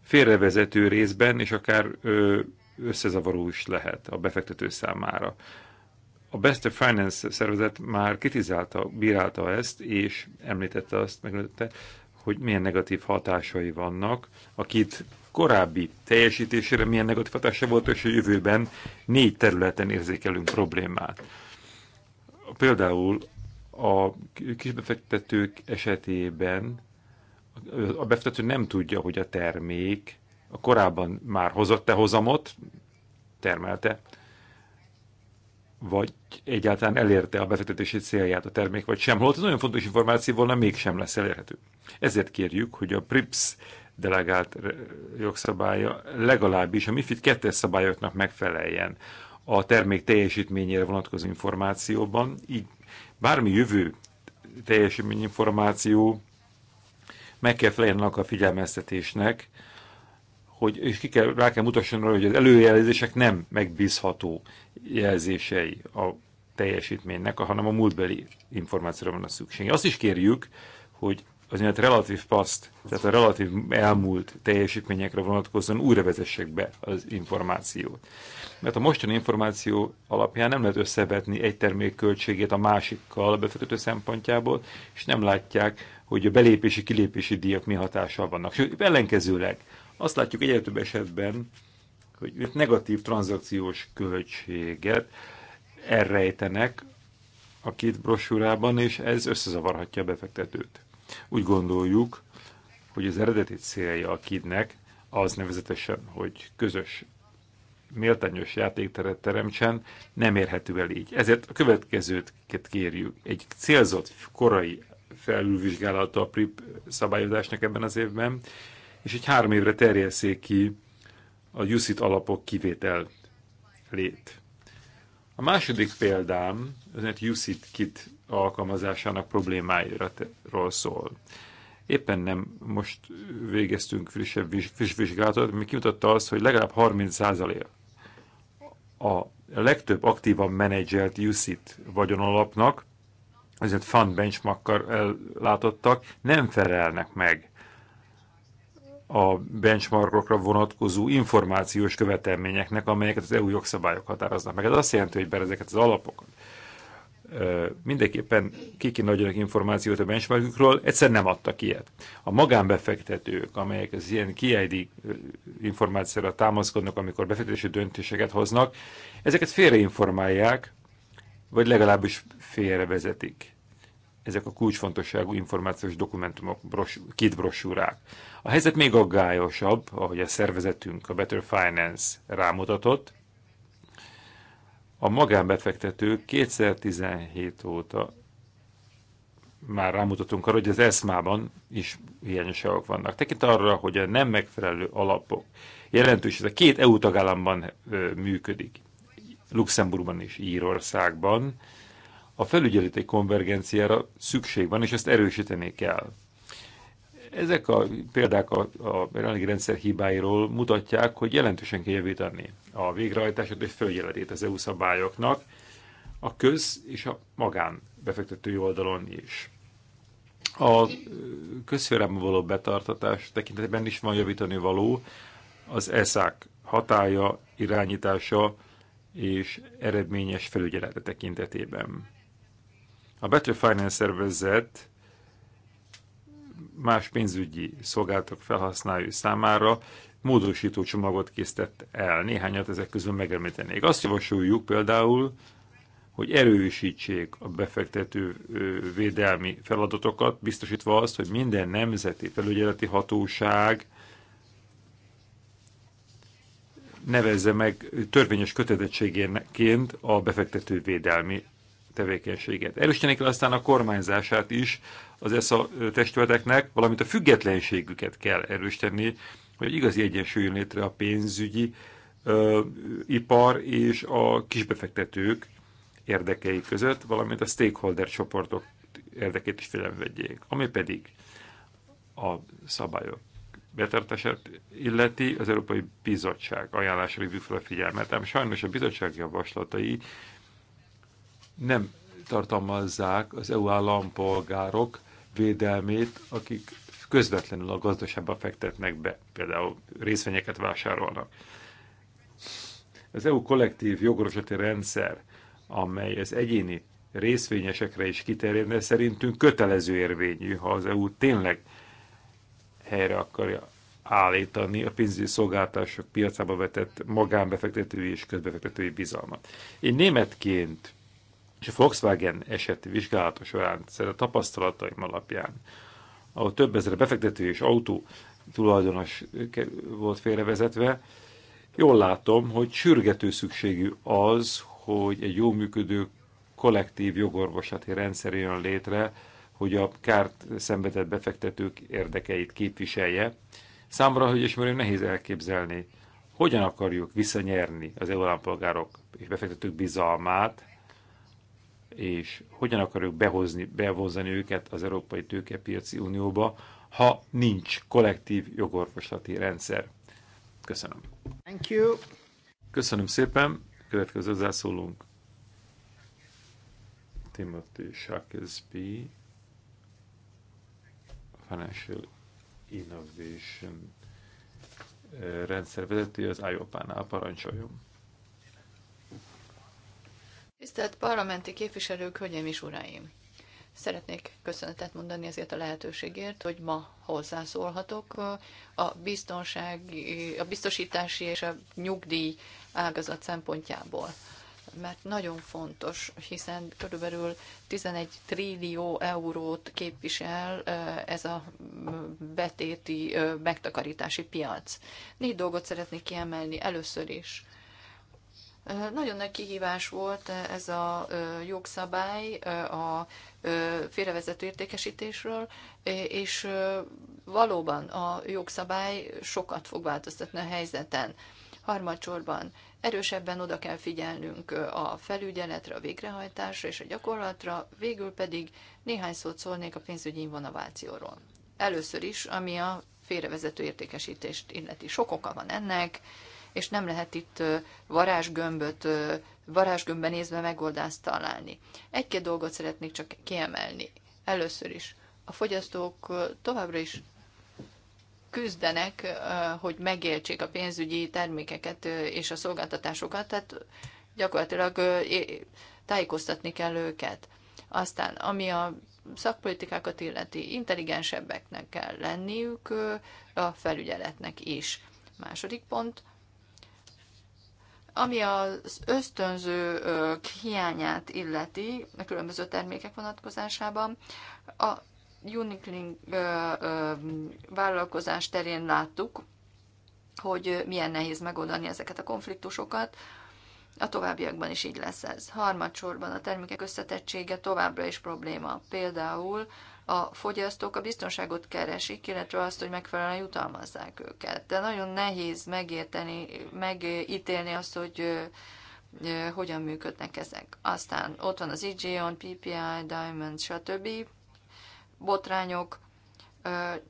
félrevezető részben, és akár összezavaró is lehet a befektető számára. A Best of Finance szervezet már kritizálta, bírálta ezt, és említette azt, megmutatta, hogy milyen negatív hatásai vannak, akit korábbi teljesítésére milyen negatív hatása volt, és a jövőben négy területen érzékelünk problémát. Például a kisbefektetők esetében a befektető nem tudja, hogy a termék a korábban már hozott-e hozamot, termelte, vagy egyáltalán elérte a befektetési célját a termék, vagy sem. Holott ez nagyon fontos információ volna, mégsem lesz elérhető. Ezért kérjük, hogy a PRIPS delegált jogszabálya legalábbis a MIFID 2 szabályoknak megfeleljen a termék teljesítményére vonatkozó információban, így bármi jövő teljesítményinformáció meg kell feleljenek a figyelmeztetésnek, hogy, és ki kell, rá kell mutasson arra, hogy az előjelzések nem megbízható jelzései a teljesítménynek, hanem a múltbeli információra van a szükség. Azt is kérjük, hogy az úgynevezett relatív paszt, tehát a relatív elmúlt teljesítményekre vonatkozóan újra vezessek be az információt. Mert a mostani információ alapján nem lehet összevetni egy termék költségét a másikkal a befektető szempontjából, és nem látják, hogy a belépési-kilépési díjak mi hatással vannak. Sőt, ellenkezőleg azt látjuk egyre több esetben, hogy negatív tranzakciós költséget elrejtenek a két brosúrában, és ez összezavarhatja a befektetőt. Úgy gondoljuk, hogy az eredeti célja a kidnek, az nevezetesen, hogy közös méltányos játékteret teremtsen, nem érhető el így. Ezért a következőt kérjük. Egy célzott korai felülvizsgálata a PRIP szabályozásnak ebben az évben, és egy három évre terjeszék ki a UCIT alapok kivétel lét. A második példám, az UCIT kit alkalmazásának problémáiról szól. Éppen nem most végeztünk frissebb friss vizsgálatot, ami kimutatta azt, hogy legalább 30% a legtöbb aktívan menedzselt UCIT vagyonalapnak, ezért fund benchmarkkal ellátottak, nem felelnek meg a benchmarkokra vonatkozó információs követelményeknek, amelyeket az EU jogszabályok határoznak meg. Ez azt jelenti, hogy bár ezeket az alapokat, mindenképpen kikinadjanak információt a benchmarkokról, egyszer nem adtak ilyet. A magánbefektetők, amelyek az ilyen KID információra támaszkodnak, amikor befektetési döntéseket hoznak, ezeket félreinformálják, vagy legalábbis félrevezetik. Ezek a kulcsfontosságú információs dokumentumok, bros, kit brosúrák. A helyzet még aggályosabb, ahogy a szervezetünk, a Better Finance rámutatott, a magánbefektetők 2017 óta már rámutatunk arra, hogy az eszmában is hiányosságok vannak. Tekint arra, hogy a nem megfelelő alapok jelentős, ez a két EU tagállamban működik, Luxemburgban és Írországban, a felügyeleti konvergenciára szükség van, és ezt erősíteni kell. Ezek a példák a, a jelenlegi rendszer hibáiról mutatják, hogy jelentősen kell javítani a végrehajtását és följeletét az EU szabályoknak a köz és a magán befektetői oldalon is. A közférában való betartatás tekintetében is van javítani való az ESZÁK hatája, irányítása és eredményes felügyelete tekintetében. A Better Finance szervezet más pénzügyi szolgáltatók felhasználói számára módosító csomagot készített el. Néhányat ezek közül megemlítenék. Azt javasoljuk például, hogy erősítsék a befektető védelmi feladatokat, biztosítva azt, hogy minden nemzeti felügyeleti hatóság nevezze meg törvényes kötelezettségének a befektető védelmi tevékenységet. erősíteni kell aztán a kormányzását is az ESZA testületeknek, valamint a függetlenségüket kell erősíteni, hogy igazi egyensúly létre a pénzügyi ö, ipar és a kisbefektetők érdekei között, valamint a stakeholder csoportok érdekét is figyelembe vegyék. Ami pedig a szabályok betartását illeti, az Európai Bizottság ajánlásra hívjuk fel a figyelmet, ám sajnos a bizottság javaslatai nem tartalmazzák az EU állampolgárok védelmét, akik közvetlenül a gazdaságba fektetnek be, például részvényeket vásárolnak. Az EU kollektív jogorvoslati rendszer, amely az egyéni részvényesekre is kiterjedne, szerintünk kötelező érvényű, ha az EU tényleg helyre akarja állítani a pénzügyi szolgáltások piacába vetett magánbefektetői és közbefektetői bizalmat. Én németként és a Volkswagen eseti vizsgálata során, a tapasztalataim alapján, ahol több ezer befektető és autó tulajdonos volt félrevezetve, jól látom, hogy sürgető szükségű az, hogy egy jó működő kollektív jogorvoslati rendszer jön létre, hogy a kárt szenvedett befektetők érdekeit képviselje. Számra, hogy ismerően nehéz elképzelni, hogyan akarjuk visszanyerni az állampolgárok és befektetők bizalmát, és hogyan akarjuk behozni, bevonzani őket az Európai Tőkepiaci Unióba, ha nincs kollektív jogorvoslati rendszer. Köszönöm. Thank you. Köszönöm szépen. Következő zászólunk. Timothy Shakespeare, Financial Innovation eh, Rendszervezető az IOPA-nál. Parancsoljon. Tisztelt parlamenti képviselők, hölgyeim és uraim! Szeretnék köszönetet mondani ezért a lehetőségért, hogy ma hozzászólhatok a, biztonság, a biztosítási és a nyugdíj ágazat szempontjából. Mert nagyon fontos, hiszen körülbelül 11 trillió eurót képvisel ez a betéti megtakarítási piac. Négy dolgot szeretnék kiemelni először is nagyon nagy kihívás volt ez a jogszabály a félrevezető értékesítésről, és valóban a jogszabály sokat fog változtatni a helyzeten. Harmadsorban erősebben oda kell figyelnünk a felügyeletre, a végrehajtásra és a gyakorlatra, végül pedig néhány szót szólnék a pénzügyi innovációról. Először is, ami a félrevezető értékesítést illeti. Sok oka van ennek, és nem lehet itt varázsgömböt, varázsgömbben nézve megoldást találni. Egy-két dolgot szeretnék csak kiemelni. Először is, a fogyasztók továbbra is küzdenek, hogy megértsék a pénzügyi termékeket és a szolgáltatásokat, tehát gyakorlatilag tájékoztatni kell őket. Aztán, ami a szakpolitikákat illeti, intelligensebbeknek kell lenniük a felügyeletnek is. Második pont, ami az ösztönző hiányát illeti a különböző termékek vonatkozásában, a Uniclink vállalkozás terén láttuk, hogy milyen nehéz megoldani ezeket a konfliktusokat. A továbbiakban is így lesz ez. Harmadsorban a termékek összetettsége továbbra is probléma. Például a fogyasztók a biztonságot keresik, illetve azt, hogy megfelelően jutalmazzák őket. De nagyon nehéz megérteni, megítélni azt, hogy hogyan működnek ezek. Aztán ott van az IGON, PPI, Diamond, stb. botrányok.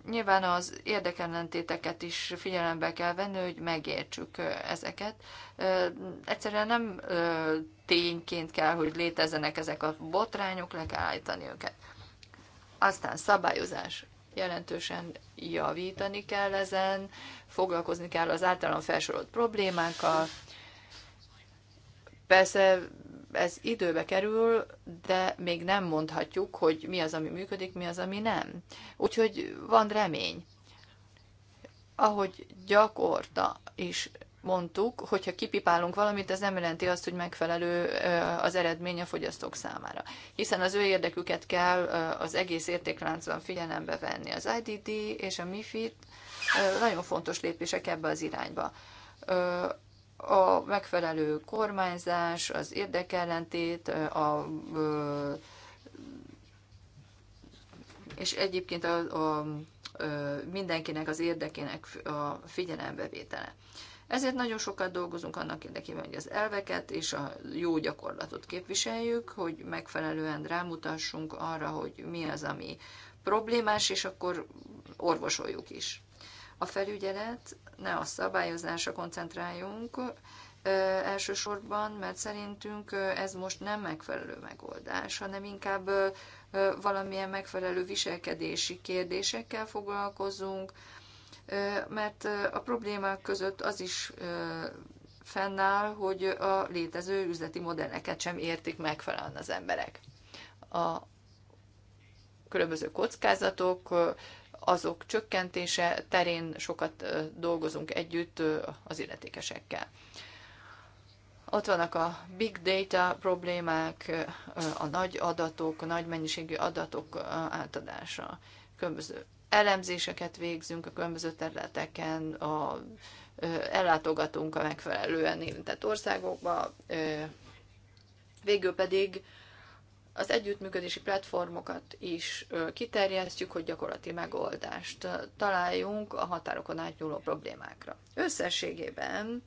Nyilván az érdekellentéteket is figyelembe kell venni, hogy megértsük ezeket. Egyszerűen nem tényként kell, hogy létezzenek ezek a botrányok, le kell állítani őket. Aztán szabályozás. Jelentősen javítani kell ezen, foglalkozni kell az általán felsorolt problémákkal. Persze ez időbe kerül, de még nem mondhatjuk, hogy mi az, ami működik, mi az, ami nem. Úgyhogy van remény. Ahogy gyakorta is mondtuk, hogyha kipipálunk valamit, ez nem jelenti azt, hogy megfelelő az eredmény a fogyasztók számára. Hiszen az ő érdeküket kell az egész értékláncban figyelembe venni. Az IDD és a MIFID nagyon fontos lépések ebbe az irányba. A megfelelő kormányzás, az érdekellentét, a és egyébként a, a, a mindenkinek az érdekének a figyelembevétele. Ezért nagyon sokat dolgozunk annak érdekében, hogy az elveket és a jó gyakorlatot képviseljük, hogy megfelelően rámutassunk arra, hogy mi az, ami problémás, és akkor orvosoljuk is. A felügyelet, ne a szabályozásra koncentráljunk elsősorban, mert szerintünk ez most nem megfelelő megoldás, hanem inkább valamilyen megfelelő viselkedési kérdésekkel foglalkozunk, mert a problémák között az is fennáll, hogy a létező üzleti modelleket sem értik megfelelően az emberek. A különböző kockázatok, azok csökkentése terén sokat dolgozunk együtt az illetékesekkel. Ott vannak a big data problémák, a nagy adatok, a nagy mennyiségű adatok átadása, különböző elemzéseket végzünk a különböző területeken, a, ellátogatunk a megfelelően érintett országokba, végül pedig az együttműködési platformokat is kiterjesztjük, hogy gyakorlati megoldást találjunk a határokon átnyúló problémákra. Összességében,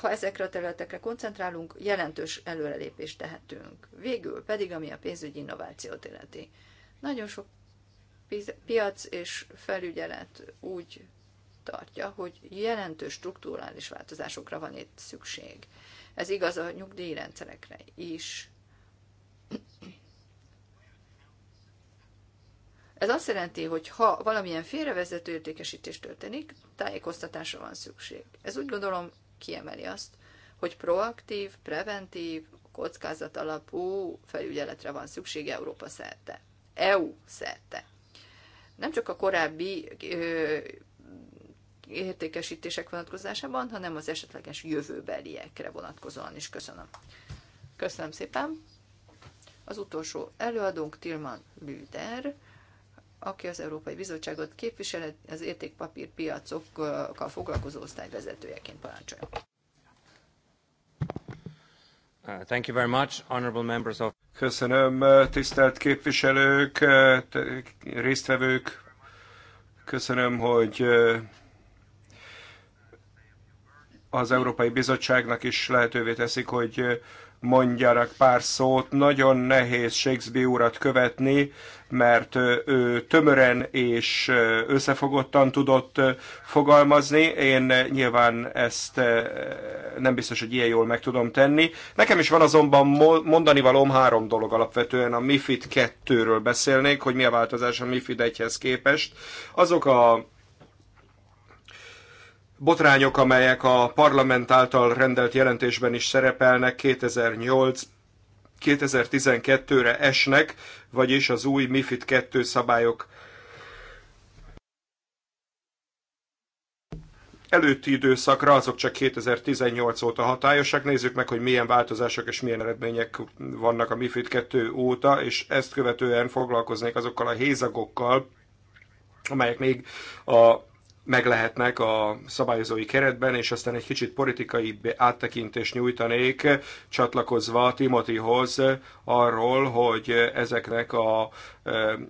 ha ezekre a területekre koncentrálunk, jelentős előrelépést tehetünk. Végül pedig, ami a pénzügyi innovációt illeti. Nagyon sok piac és felügyelet úgy tartja, hogy jelentős struktúrális változásokra van itt szükség. Ez igaz a nyugdíjrendszerekre is. Ez azt jelenti, hogy ha valamilyen félrevezető értékesítés történik, tájékoztatásra van szükség. Ez úgy gondolom kiemeli azt, hogy proaktív, preventív, kockázat alapú felügyeletre van szükség Európa szerte. EU szerte nem csak a korábbi értékesítések vonatkozásában, hanem az esetleges jövőbeliekre vonatkozóan is köszönöm. Köszönöm szépen. Az utolsó előadónk Tilman Lüder, aki az Európai Bizottságot képviseli, az értékpapírpiacokkal foglalkozó osztály vezetőjeként parancsolja. Uh, thank you very much, honorable members of... Köszönöm, uh, tisztelt képviselők, uh, résztvevők. Köszönöm, hogy az Európai Bizottságnak is lehetővé teszik, hogy mondjanak pár szót. Nagyon nehéz Shakespeare urat követni, mert ő tömören és összefogottan tudott fogalmazni. Én nyilván ezt nem biztos, hogy ilyen jól meg tudom tenni. Nekem is van azonban mondani valóm három dolog alapvetően. A MIFID 2-ről beszélnék, hogy mi a változás a MIFID 1-hez képest. Azok a botrányok, amelyek a parlament által rendelt jelentésben is szerepelnek 2008 2012-re esnek, vagyis az új MIFID 2 szabályok előtti időszakra, azok csak 2018 óta hatályosak. Nézzük meg, hogy milyen változások és milyen eredmények vannak a MIFID 2 óta, és ezt követően foglalkoznék azokkal a hézagokkal, amelyek még a meglehetnek a szabályozói keretben, és aztán egy kicsit politikai áttekintést nyújtanék, csatlakozva Timotihoz arról, hogy ezeknek a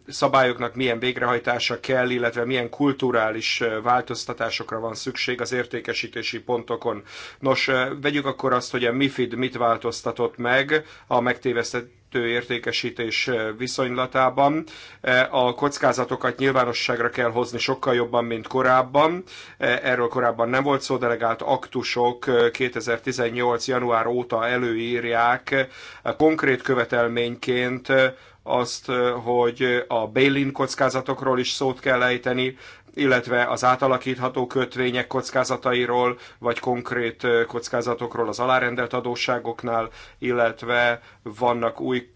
szabályoknak milyen végrehajtása kell, illetve milyen kulturális változtatásokra van szükség az értékesítési pontokon. Nos, vegyük akkor azt, hogy a MIFID mit változtatott meg a megtévesztett értékesítés viszonylatában. A kockázatokat nyilvánosságra kell hozni sokkal jobban, mint korábban. Erről korábban nem volt szó, delegált aktusok 2018. január óta előírják konkrét követelményként azt, hogy a bail-in kockázatokról is szót kell ejteni, illetve az átalakítható kötvények kockázatairól, vagy konkrét kockázatokról az alárendelt adósságoknál, illetve vannak új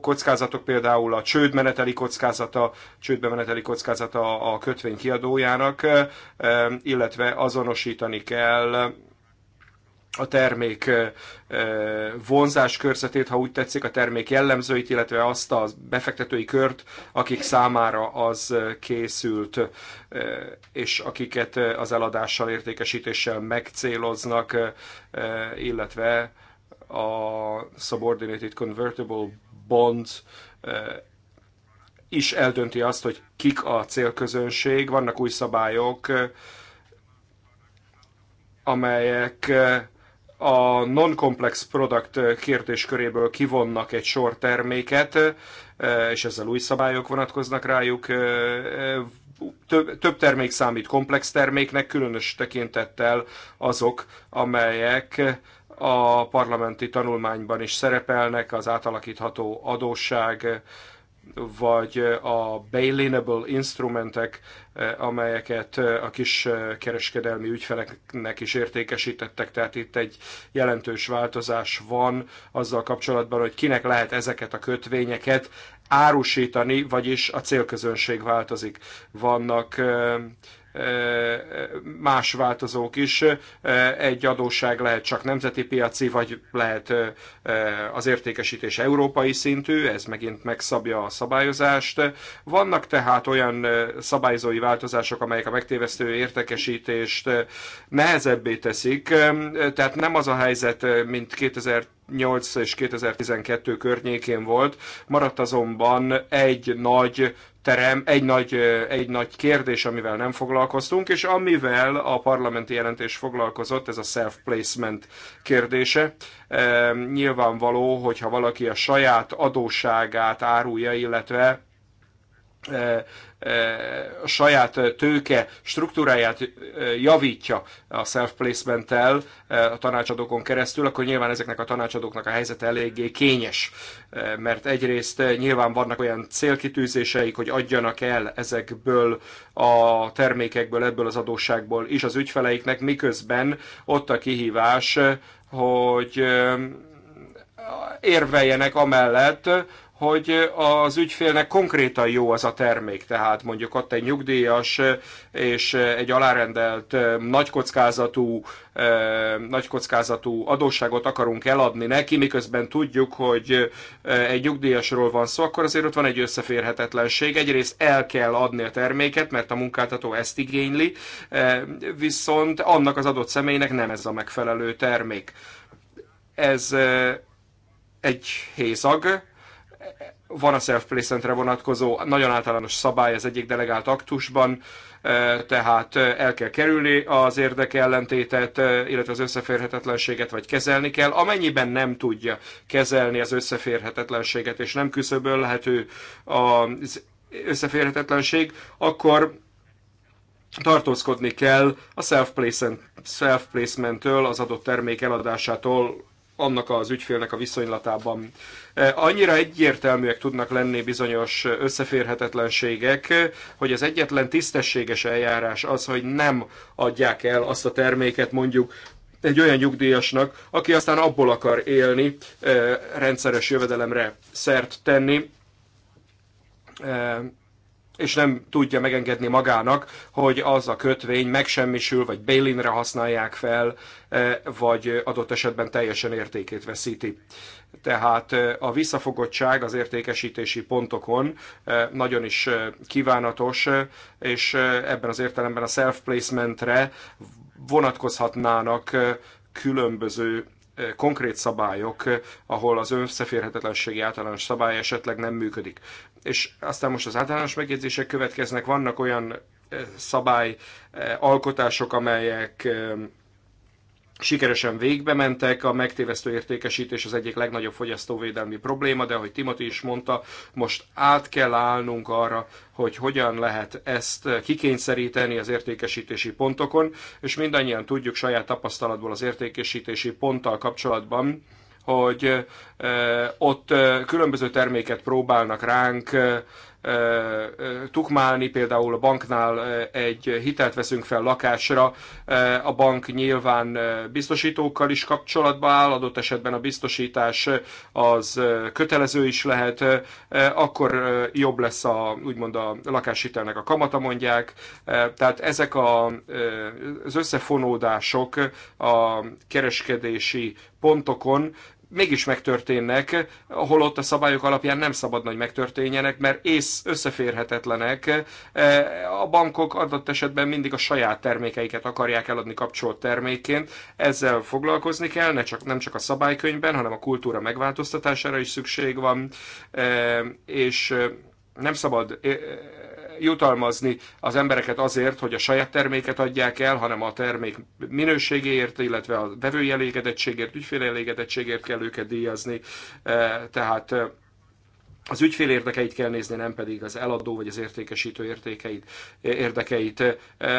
kockázatok, például a csődmeneteli kockázata, csődbemeneteli kockázata a kötvény kiadójának, illetve azonosítani kell a termék vonzás körzetét, ha úgy tetszik, a termék jellemzőit, illetve azt a befektetői kört, akik számára az készült, és akiket az eladással, értékesítéssel megcéloznak, illetve a Subordinated Convertible Bond is eldönti azt, hogy kik a célközönség. Vannak új szabályok, amelyek a non-complex product kérdésköréből kivonnak egy sor terméket, e, és ezzel új szabályok vonatkoznak rájuk. E, e, több, több termék számít komplex terméknek, különös tekintettel azok, amelyek a parlamenti tanulmányban is szerepelnek, az átalakítható adósság, vagy a bailinable instrumentek, eh, amelyeket eh, a kis eh, kereskedelmi ügyfeleknek is értékesítettek, tehát itt egy jelentős változás van azzal kapcsolatban, hogy kinek lehet ezeket a kötvényeket árusítani, vagyis a célközönség változik. Vannak más változók is. Egy adósság lehet csak nemzeti piaci, vagy lehet az értékesítés európai szintű, ez megint megszabja a szabályozást. Vannak tehát olyan szabályozói változások, amelyek a megtévesztő értékesítést nehezebbé teszik, tehát nem az a helyzet, mint 2000 2008 és 2012 környékén volt, maradt azonban egy nagy terem, egy nagy, egy nagy kérdés, amivel nem foglalkoztunk, és amivel a parlamenti jelentés foglalkozott, ez a self-placement kérdése. Nyilvánvaló, hogyha valaki a saját adósságát árulja, illetve a saját tőke struktúráját javítja a self placement tel a tanácsadókon keresztül, akkor nyilván ezeknek a tanácsadóknak a helyzet eléggé kényes, mert egyrészt nyilván vannak olyan célkitűzéseik, hogy adjanak el ezekből a termékekből, ebből az adósságból is az ügyfeleiknek, miközben ott a kihívás, hogy érveljenek amellett, hogy az ügyfélnek konkrétan jó az a termék, tehát mondjuk ott egy nyugdíjas és egy alárendelt nagy kockázatú eh, adósságot akarunk eladni neki, miközben tudjuk, hogy eh, egy nyugdíjasról van szó, akkor azért ott van egy összeférhetetlenség. Egyrészt el kell adni a terméket, mert a munkáltató ezt igényli, eh, viszont annak az adott személynek nem ez a megfelelő termék. Ez egy hézag, van a self-placementre vonatkozó nagyon általános szabály az egyik delegált aktusban, e, tehát e, el kell kerülni az érdekellentétet, e, illetve az összeférhetetlenséget, vagy kezelni kell. Amennyiben nem tudja kezelni az összeférhetetlenséget, és nem küszöbölhető az összeférhetetlenség, akkor tartózkodni kell a self-placement-től, az adott termék eladásától annak az ügyfélnek a viszonylatában. E, annyira egyértelműek tudnak lenni bizonyos összeférhetetlenségek, hogy az egyetlen tisztességes eljárás az, hogy nem adják el azt a terméket mondjuk egy olyan nyugdíjasnak, aki aztán abból akar élni, e, rendszeres jövedelemre szert tenni, e, és nem tudja megengedni magának, hogy az a kötvény megsemmisül, vagy bailinre használják fel, e, vagy adott esetben teljesen értékét veszíti. Tehát e, a visszafogottság az értékesítési pontokon e, nagyon is kívánatos, és ebben az értelemben a self-placementre vonatkozhatnának különböző konkrét szabályok, ahol az összeférhetetlenségi általános szabály esetleg nem működik. És aztán most az általános megjegyzések következnek, vannak olyan szabály alkotások, amelyek sikeresen végbe mentek. A megtévesztő értékesítés az egyik legnagyobb fogyasztóvédelmi probléma, de ahogy Timothy is mondta, most át kell állnunk arra, hogy hogyan lehet ezt kikényszeríteni az értékesítési pontokon, és mindannyian tudjuk saját tapasztalatból az értékesítési ponttal kapcsolatban, hogy eh, ott eh, különböző terméket próbálnak ránk eh, tukmálni, például a banknál egy hitelt veszünk fel lakásra, a bank nyilván biztosítókkal is kapcsolatba áll, adott esetben a biztosítás az kötelező is lehet, akkor jobb lesz a, úgymond a lakáshitelnek a kamata mondják, tehát ezek a, az összefonódások a kereskedési pontokon mégis megtörténnek, holott a szabályok alapján nem szabadna, hogy megtörténjenek, mert ész összeférhetetlenek. E, a bankok adott esetben mindig a saját termékeiket akarják eladni kapcsolt termékként. Ezzel foglalkozni kell, ne csak, nem csak a szabálykönyvben, hanem a kultúra megváltoztatására is szükség van, e, és e, nem szabad jutalmazni az embereket azért, hogy a saját terméket adják el, hanem a termék minőségéért, illetve a vevői elégedettségért, ügyfél elégedettségért kell őket díjazni. Eh, tehát eh, az ügyfél érdekeit kell nézni, nem pedig az eladó vagy az értékesítő értékeit, érdekeit.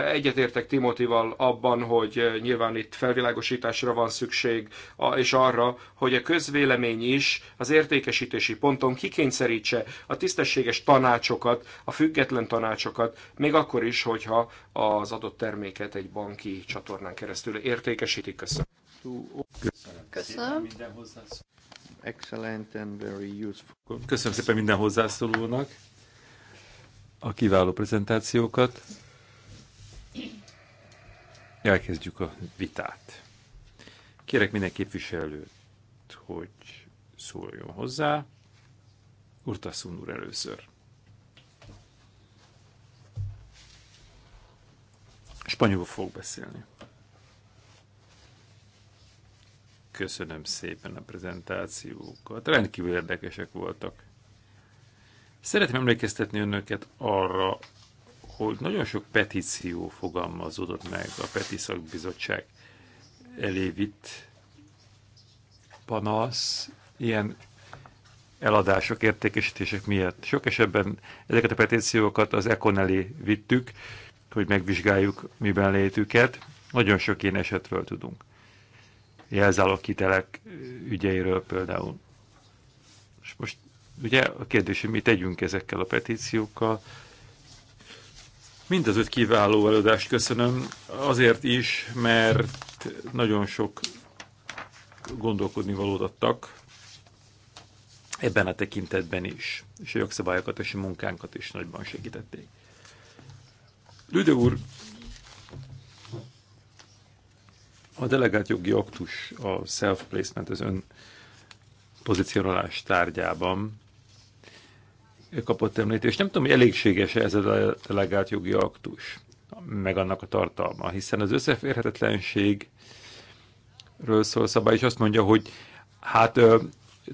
Egyetértek Timotival abban, hogy nyilván itt felvilágosításra van szükség, és arra, hogy a közvélemény is az értékesítési ponton kikényszerítse a tisztességes tanácsokat, a független tanácsokat, még akkor is, hogyha az adott terméket egy banki csatornán keresztül értékesítik. Köszönöm. Köszönöm. Köszönöm excellent and very useful. Köszönöm szépen minden hozzászólónak a kiváló prezentációkat. Elkezdjük a vitát. Kérek minden képviselőt, hogy szóljon hozzá. Urtaszun úr először. Spanyolul fog beszélni. Köszönöm szépen a prezentációkat. Rendkívül érdekesek voltak. Szeretném emlékeztetni önöket arra, hogy nagyon sok petíció fogalmazódott meg a Peti Szakbizottság elévitt panasz ilyen eladások, értékesítések miatt. Sok esetben ezeket a petíciókat az Econ elé vittük, hogy megvizsgáljuk miben létüket. Nagyon sok ilyen esetről tudunk jelzálogkitelek ügyeiről például. És most ugye a kérdés, hogy mit tegyünk ezekkel a petíciókkal. Mind az öt kiváló előadást köszönöm, azért is, mert nagyon sok gondolkodni valót adtak ebben a tekintetben is, és a jogszabályokat és a munkánkat is nagyban segítették. Lüde úr A delegált jogi aktus a self-placement, az ön pozícionálás tárgyában kapott említést. Nem tudom, hogy elégséges-e ez a delegált jogi aktus, meg annak a tartalma, hiszen az összeférhetetlenségről szól szabály, és azt mondja, hogy hát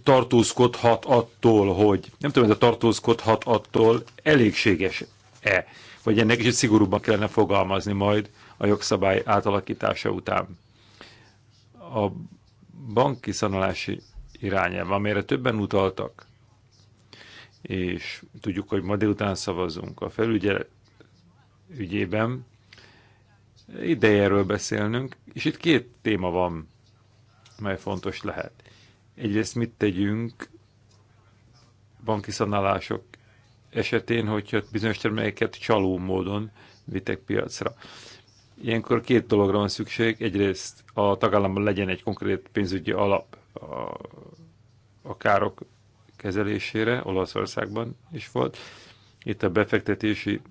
tartózkodhat attól, hogy nem tudom, ez a tartózkodhat attól elégséges-e, vagy ennek is szigorúbban kellene fogalmazni majd a jogszabály átalakítása után a banki szanalási irányába, amire többen utaltak, és tudjuk, hogy ma délután szavazunk a felügyel ügyében, idejéről beszélnünk, és itt két téma van, mely fontos lehet. Egyrészt mit tegyünk banki szanalások esetén, hogyha bizonyos termékeket csaló módon vitek piacra. Ilyenkor két dologra van szükség. Egyrészt a tagállamban legyen egy konkrét pénzügyi alap a, a károk kezelésére, Olaszországban is volt. Itt a befektetési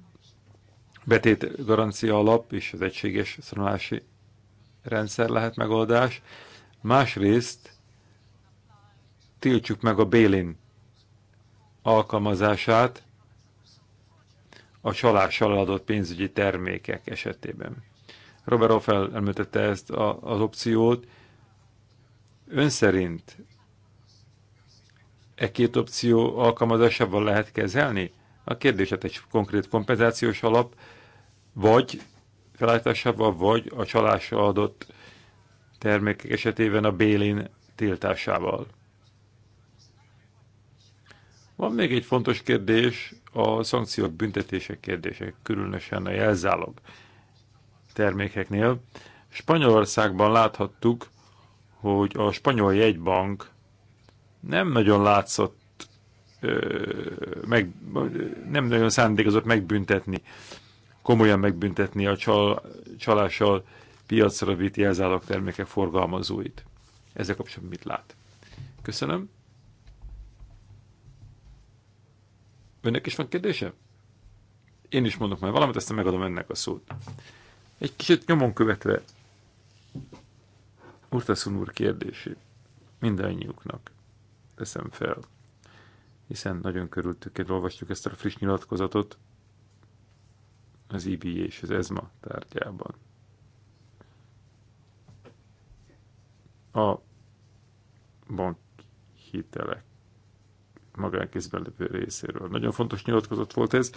betét garancia alap és az egységes szonolási rendszer lehet megoldás. Másrészt tiltsuk meg a bélin alkalmazását a csalással adott pénzügyi termékek esetében. Robert Offel említette ezt a, az opciót. Ön szerint e két opció alkalmazásával lehet kezelni? A kérdéset egy konkrét kompenzációs alap, vagy felállításával, vagy a csalásra adott termékek esetében a bélin tiltásával. Van még egy fontos kérdés, a szankciók, büntetések kérdése, különösen a jelzálog termékeknél. Spanyolországban láthattuk, hogy a spanyol jegybank nem nagyon látszott meg, nem nagyon szándékozott megbüntetni, komolyan megbüntetni a csal, csalással piacra vitt jelzálog termékek forgalmazóit. Ezzel kapcsolatban mit lát? Köszönöm. Önnek is van kérdése? Én is mondok majd valamit, aztán megadom önnek a szót. Egy kicsit nyomon követve Urtaszun úr kérdését mindannyiuknak teszem fel, hiszen nagyon körültőként olvastuk ezt a friss nyilatkozatot az IBA és az ESMA tárgyában. A bankhitelek magánkézben lévő részéről. Nagyon fontos nyilatkozat volt ez,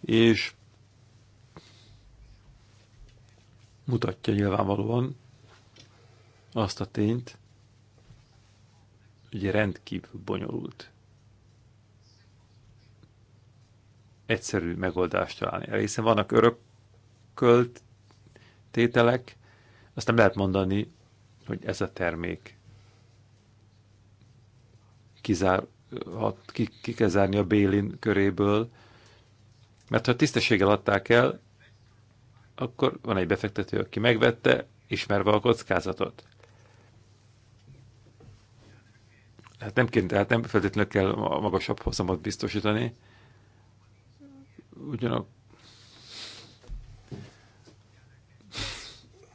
és mutatja nyilvánvalóan azt a tényt, hogy rendkívül bonyolult egyszerű megoldást találni. Hiszen vannak örökkölt tételek, azt nem lehet mondani, hogy ez a termék kizár, hat, ki, a Bélin köréből, mert ha tisztességgel adták el, akkor van egy befektető, aki megvette, ismerve a kockázatot. Hát nem, kéne, hát nem feltétlenül kell a magasabb hozamot biztosítani. Ugyanak.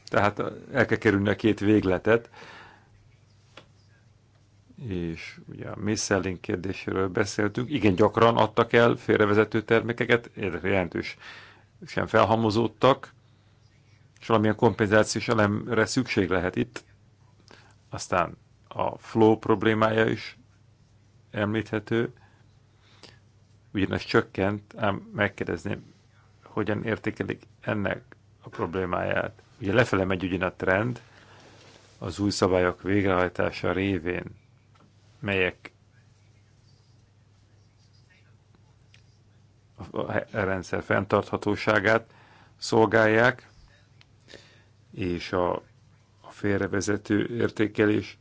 Tehát el kell kerülni a két végletet. És ugye a misselling kérdéséről beszéltünk. Igen, gyakran adtak el félrevezető termékeket, érdekes jelentős sem felhamozódtak, és valamilyen kompenzációs elemre szükség lehet itt. Aztán a flow problémája is említhető, ugyanis csökkent, ám megkérdezném, hogyan értékelik ennek a problémáját. Ugye lefele megy ugyan a trend az új szabályok végrehajtása révén, melyek a rendszer fenntarthatóságát szolgálják, és a, a félrevezető értékelés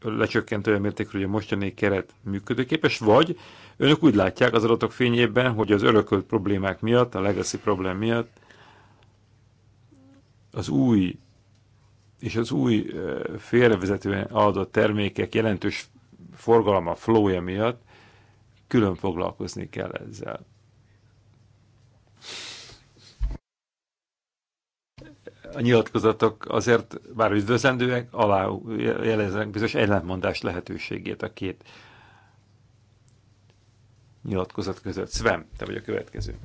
lecsökkent olyan mértékre, hogy a mostani keret működőképes, vagy önök úgy látják az adatok fényében, hogy az örökölt problémák miatt, a legacy problém miatt az új és az új félrevezetően adott termékek jelentős forgalma, flója miatt külön foglalkozni kell ezzel. a nyilatkozatok azért, bár üdvözlendőek, alá jeleznek bizonyos ellentmondás lehetőségét a két nyilatkozat között. Sven, te vagy a következő.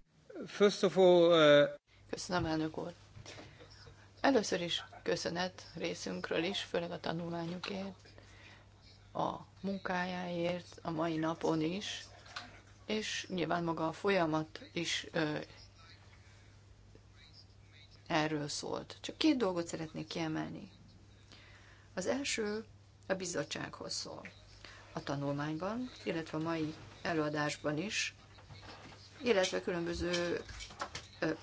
First of all, uh... Köszönöm, elnök úr. Először is köszönet részünkről is, főleg a tanulmányukért, a munkájáért, a mai napon is, és nyilván maga a folyamat is uh, erről szólt. Csak két dolgot szeretnék kiemelni. Az első a bizottsághoz szól. A tanulmányban, illetve a mai előadásban is, illetve különböző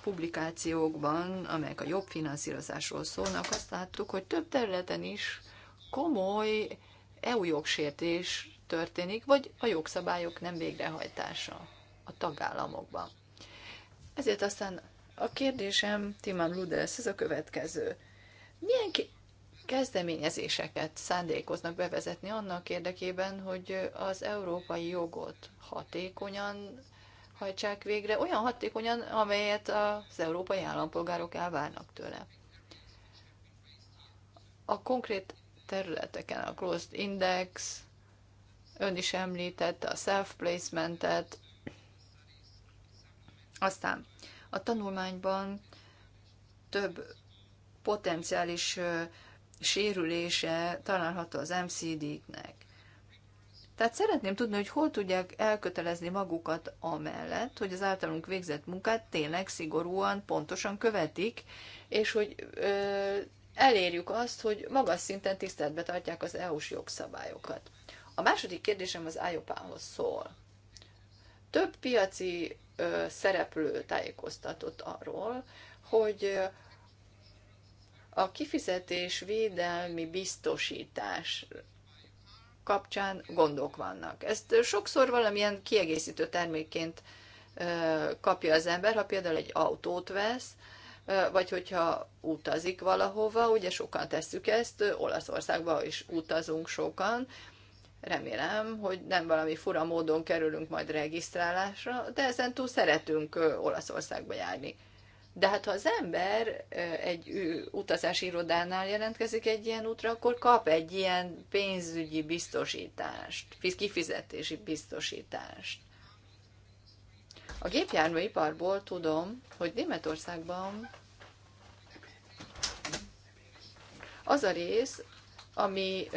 publikációkban, amelyek a jobb finanszírozásról szólnak, azt láttuk, hogy több területen is komoly EU jogsértés történik, vagy a jogszabályok nem végrehajtása a tagállamokban. Ezért aztán a kérdésem Timan Ludes, ez a következő. Milyen ki- kezdeményezéseket szándékoznak bevezetni annak érdekében, hogy az európai jogot hatékonyan hajtsák végre, olyan hatékonyan, amelyet az európai állampolgárok elvárnak tőle. A konkrét területeken a Closed Index, ön is említette a self-placementet, aztán a tanulmányban több potenciális sérülése található az MCD-knek. Tehát szeretném tudni, hogy hol tudják elkötelezni magukat amellett, hogy az általunk végzett munkát tényleg szigorúan, pontosan követik, és hogy ö, elérjük azt, hogy magas szinten tiszteletbe tartják az EU-s jogszabályokat. A második kérdésem az IOPA-hoz szól. Több piaci szereplő tájékoztatott arról, hogy a kifizetés védelmi biztosítás kapcsán gondok vannak. Ezt sokszor valamilyen kiegészítő termékként kapja az ember, ha például egy autót vesz, vagy hogyha utazik valahova, ugye sokan tesszük ezt, Olaszországba is utazunk sokan, Remélem, hogy nem valami fura módon kerülünk majd regisztrálásra, de ezen túl szeretünk Olaszországba járni. De hát ha az ember egy utazási irodánál jelentkezik egy ilyen útra, akkor kap egy ilyen pénzügyi biztosítást, kifizetési biztosítást. A gépjárműiparból tudom, hogy Németországban az a rész, ami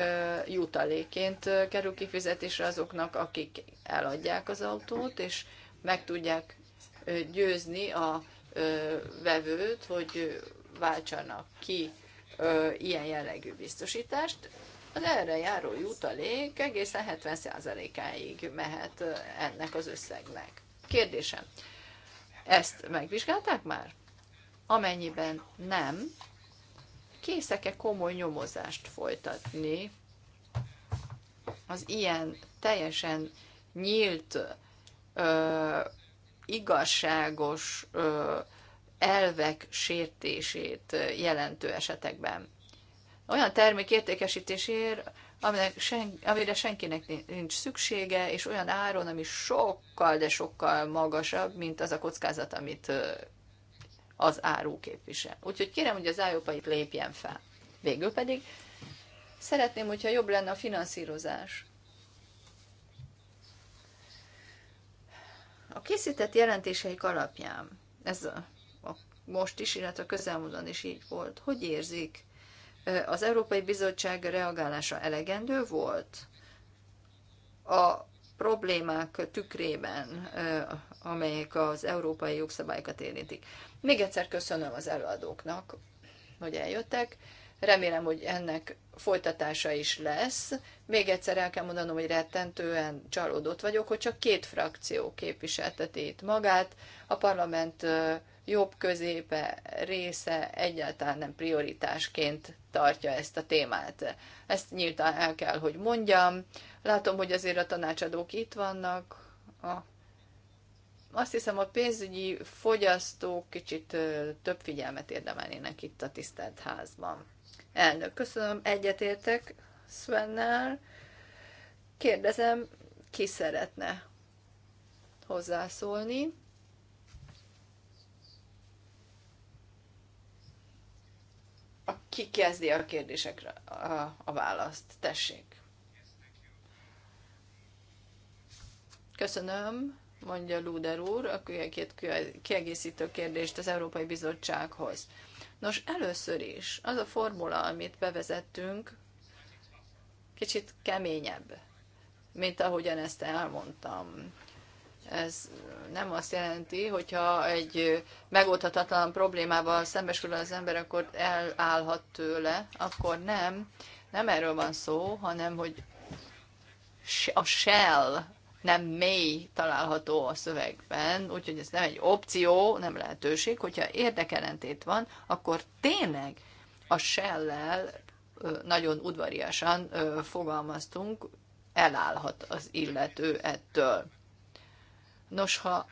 jutaléként kerül kifizetésre azoknak, akik eladják az autót, és meg tudják győzni a vevőt, hogy váltsanak ki ilyen jellegű biztosítást. Az erre járó jutalék egészen 70%-áig mehet ennek az összegnek. Kérdésem, ezt megvizsgálták már? Amennyiben nem, készek-e komoly nyomozást folytatni az ilyen teljesen nyílt, ö, igazságos ö, elvek sértését jelentő esetekben. Olyan termék értékesítésért, aminek sen, amire senkinek nincs szüksége, és olyan áron, ami sokkal, de sokkal magasabb, mint az a kockázat, amit az áru képvisel. Úgyhogy kérem, hogy az IOPA itt lépjen fel. Végül pedig szeretném, hogyha jobb lenne a finanszírozás. A készített jelentéseik alapján, ez a, a most is, illetve a közelmúltban is így volt, hogy érzik? Az Európai Bizottság reagálása elegendő volt? A problémák tükrében, amelyek az európai jogszabályokat érintik. Még egyszer köszönöm az előadóknak, hogy eljöttek. Remélem, hogy ennek folytatása is lesz. Még egyszer el kell mondanom, hogy rettentően csalódott vagyok, hogy csak két frakció képviselteti itt magát. A parlament jobb középe része egyáltalán nem prioritásként tartja ezt a témát. Ezt nyíltan el kell, hogy mondjam. Látom, hogy azért a tanácsadók itt vannak. A, azt hiszem, a pénzügyi fogyasztók kicsit több figyelmet érdemelnének itt a tisztelt házban. Elnök, köszönöm, egyetértek Svennel. Kérdezem, ki szeretne hozzászólni? ki kezdi a kérdésekre a, a választ. Tessék. Köszönöm, mondja Luder úr, a két kiegészítő kérdést az Európai Bizottsághoz. Nos, először is az a formula, amit bevezettünk, kicsit keményebb, mint ahogyan ezt elmondtam. Ez nem azt jelenti, hogyha egy megoldhatatlan problémával szembesül az ember, akkor elállhat tőle, akkor nem. Nem erről van szó, hanem hogy a shell nem mély található a szövegben, úgyhogy ez nem egy opció, nem lehetőség. Hogyha érdekelentét van, akkor tényleg a shell nagyon udvariasan fogalmaztunk, elállhat az illető ettől. Nos, ha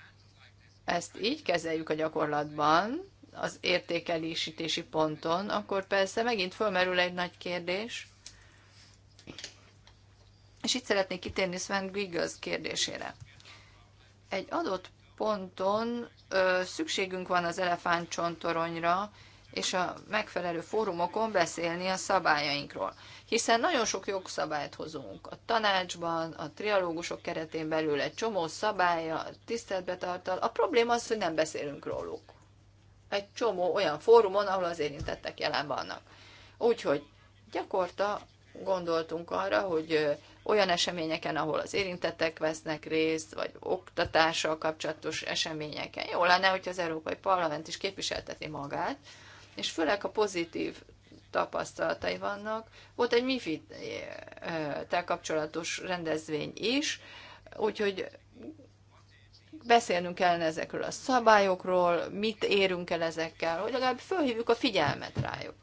ezt így kezeljük a gyakorlatban, az értékelésítési ponton, akkor persze megint fölmerül egy nagy kérdés. És itt szeretnék kitérni Sven Giggles kérdésére. Egy adott ponton ö, szükségünk van az elefántcsontoronyra és a megfelelő fórumokon beszélni a szabályainkról hiszen nagyon sok jogszabályt hozunk. A tanácsban, a trialógusok keretén belül egy csomó szabálya, tiszteletbe tartal. A probléma az, hogy nem beszélünk róluk. Egy csomó olyan fórumon, ahol az érintettek jelen vannak. Úgyhogy gyakorta gondoltunk arra, hogy olyan eseményeken, ahol az érintettek vesznek részt, vagy oktatással kapcsolatos eseményeken. Jó lenne, hogy az Európai Parlament is képviselteti magát, és főleg a pozitív tapasztalatai vannak. Volt egy MIFID-tel eh, eh, kapcsolatos rendezvény is, úgyhogy beszélnünk kellene ezekről a szabályokról, mit érünk el ezekkel, hogy legalább fölhívjuk a figyelmet rájuk.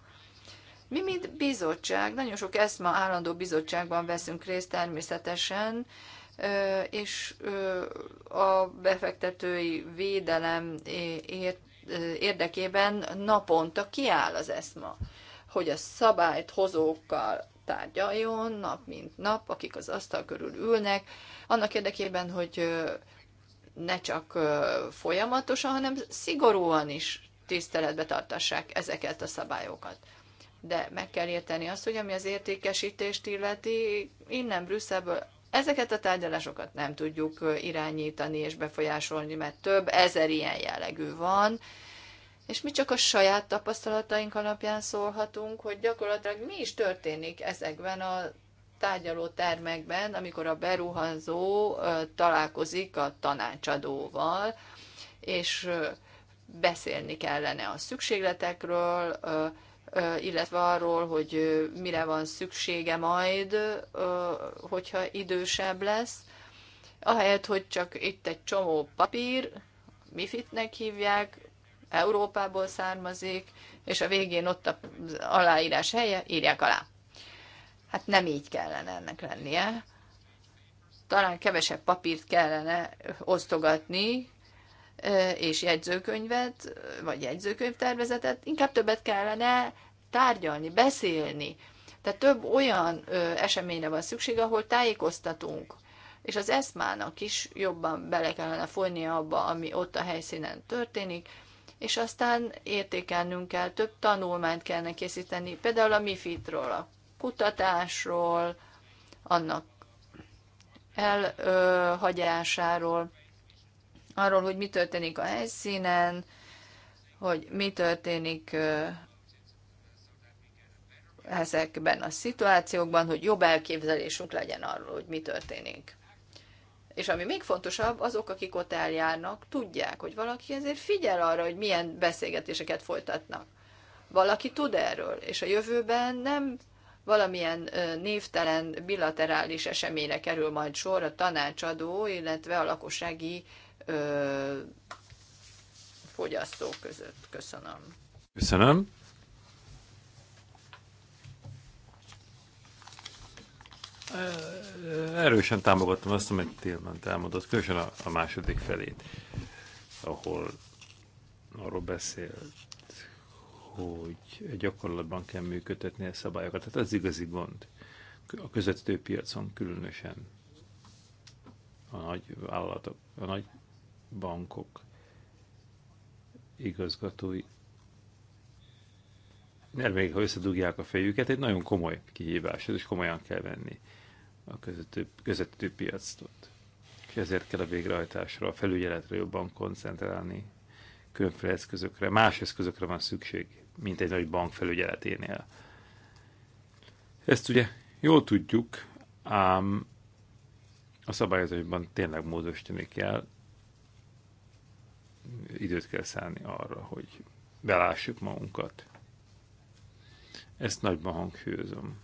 Mi, mint bizottság, nagyon sok ESMA állandó bizottságban veszünk részt természetesen, eh, és a befektetői védelem érdekében naponta kiáll az ESMA hogy a szabályt hozókkal tárgyaljon nap mint nap, akik az asztal körül ülnek, annak érdekében, hogy ne csak folyamatosan, hanem szigorúan is tiszteletbe tartassák ezeket a szabályokat. De meg kell érteni azt, hogy ami az értékesítést illeti, innen Brüsszelből ezeket a tárgyalásokat nem tudjuk irányítani és befolyásolni, mert több ezer ilyen jellegű van, és mi csak a saját tapasztalataink alapján szólhatunk, hogy gyakorlatilag mi is történik ezekben a tárgyaló termekben, amikor a beruházó találkozik a tanácsadóval, és beszélni kellene a szükségletekről, illetve arról, hogy mire van szüksége majd, hogyha idősebb lesz, ahelyett, hogy csak itt egy csomó papír, mifitnek hívják, Európából származik, és a végén ott a aláírás helye, írják alá. Hát nem így kellene ennek lennie. Talán kevesebb papírt kellene osztogatni, és jegyzőkönyvet, vagy jegyzőkönyvtervezetet, inkább többet kellene tárgyalni, beszélni. Tehát több olyan eseményre van szükség, ahol tájékoztatunk, és az eszmának is jobban bele kellene folynia abba, ami ott a helyszínen történik, és aztán értékelnünk kell, több tanulmányt kellene készíteni, például a MIFID-ról, a kutatásról, annak elhagyásáról, arról, hogy mi történik a helyszínen, hogy mi történik ezekben a szituációkban, hogy jobb elképzelésünk legyen arról, hogy mi történik. És ami még fontosabb, azok, akik ott eljárnak, tudják, hogy valaki ezért figyel arra, hogy milyen beszélgetéseket folytatnak. Valaki tud erről, és a jövőben nem valamilyen névtelen bilaterális eseményre kerül majd sor a tanácsadó, illetve a lakossági ö, fogyasztók között. Köszönöm. Köszönöm. erősen támogattam azt, amit Tillman támadott, különösen a, a második felét, ahol arról beszélt, hogy gyakorlatban kell működtetni a szabályokat. Tehát az igazi gond. A közvetítő piacon különösen a nagy vállalatok, a nagy bankok igazgatói mert még ha összedugják a fejüket, egy nagyon komoly kihívás, és komolyan kell venni a közvetítő piacot. És ezért kell a végrehajtásra, a felügyeletre jobban koncentrálni, különféle eszközökre, más eszközökre van szükség, mint egy nagy bank felügyeleténél. Ezt ugye jól tudjuk, ám a szabályozásban tényleg módosítani kell, időt kell szállni arra, hogy belássuk magunkat. Ezt nagyban hangsúlyozom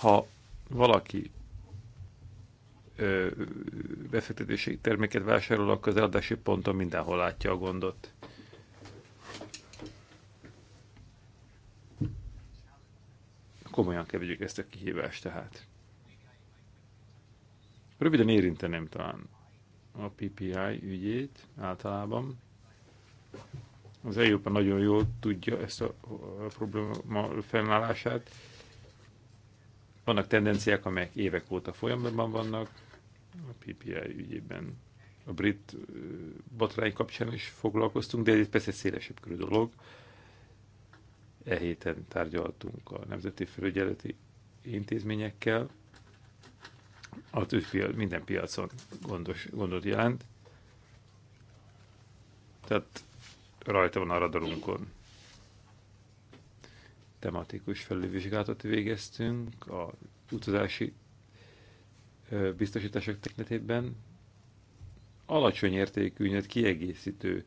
ha valaki befektetési terméket vásárol, akkor az eladási ponton mindenhol látja a gondot. Komolyan kell vegyük ezt a kihívást tehát. Röviden érinteném talán a PPI ügyét általában. Az Európa nagyon jól tudja ezt a, a probléma fennállását vannak tendenciák, amelyek évek óta folyamatban vannak, a PPI ügyében a brit botrány kapcsán is foglalkoztunk, de ez egy persze szélesebb körű dolog. E héten tárgyaltunk a Nemzeti Felügyeleti Intézményekkel. A tűzpiac minden piacon gondos, gondot jelent. Tehát rajta van a radarunkon tematikus felülvizsgálatot végeztünk a utazási biztosítások tekintetében. Alacsony értékű, illetve kiegészítő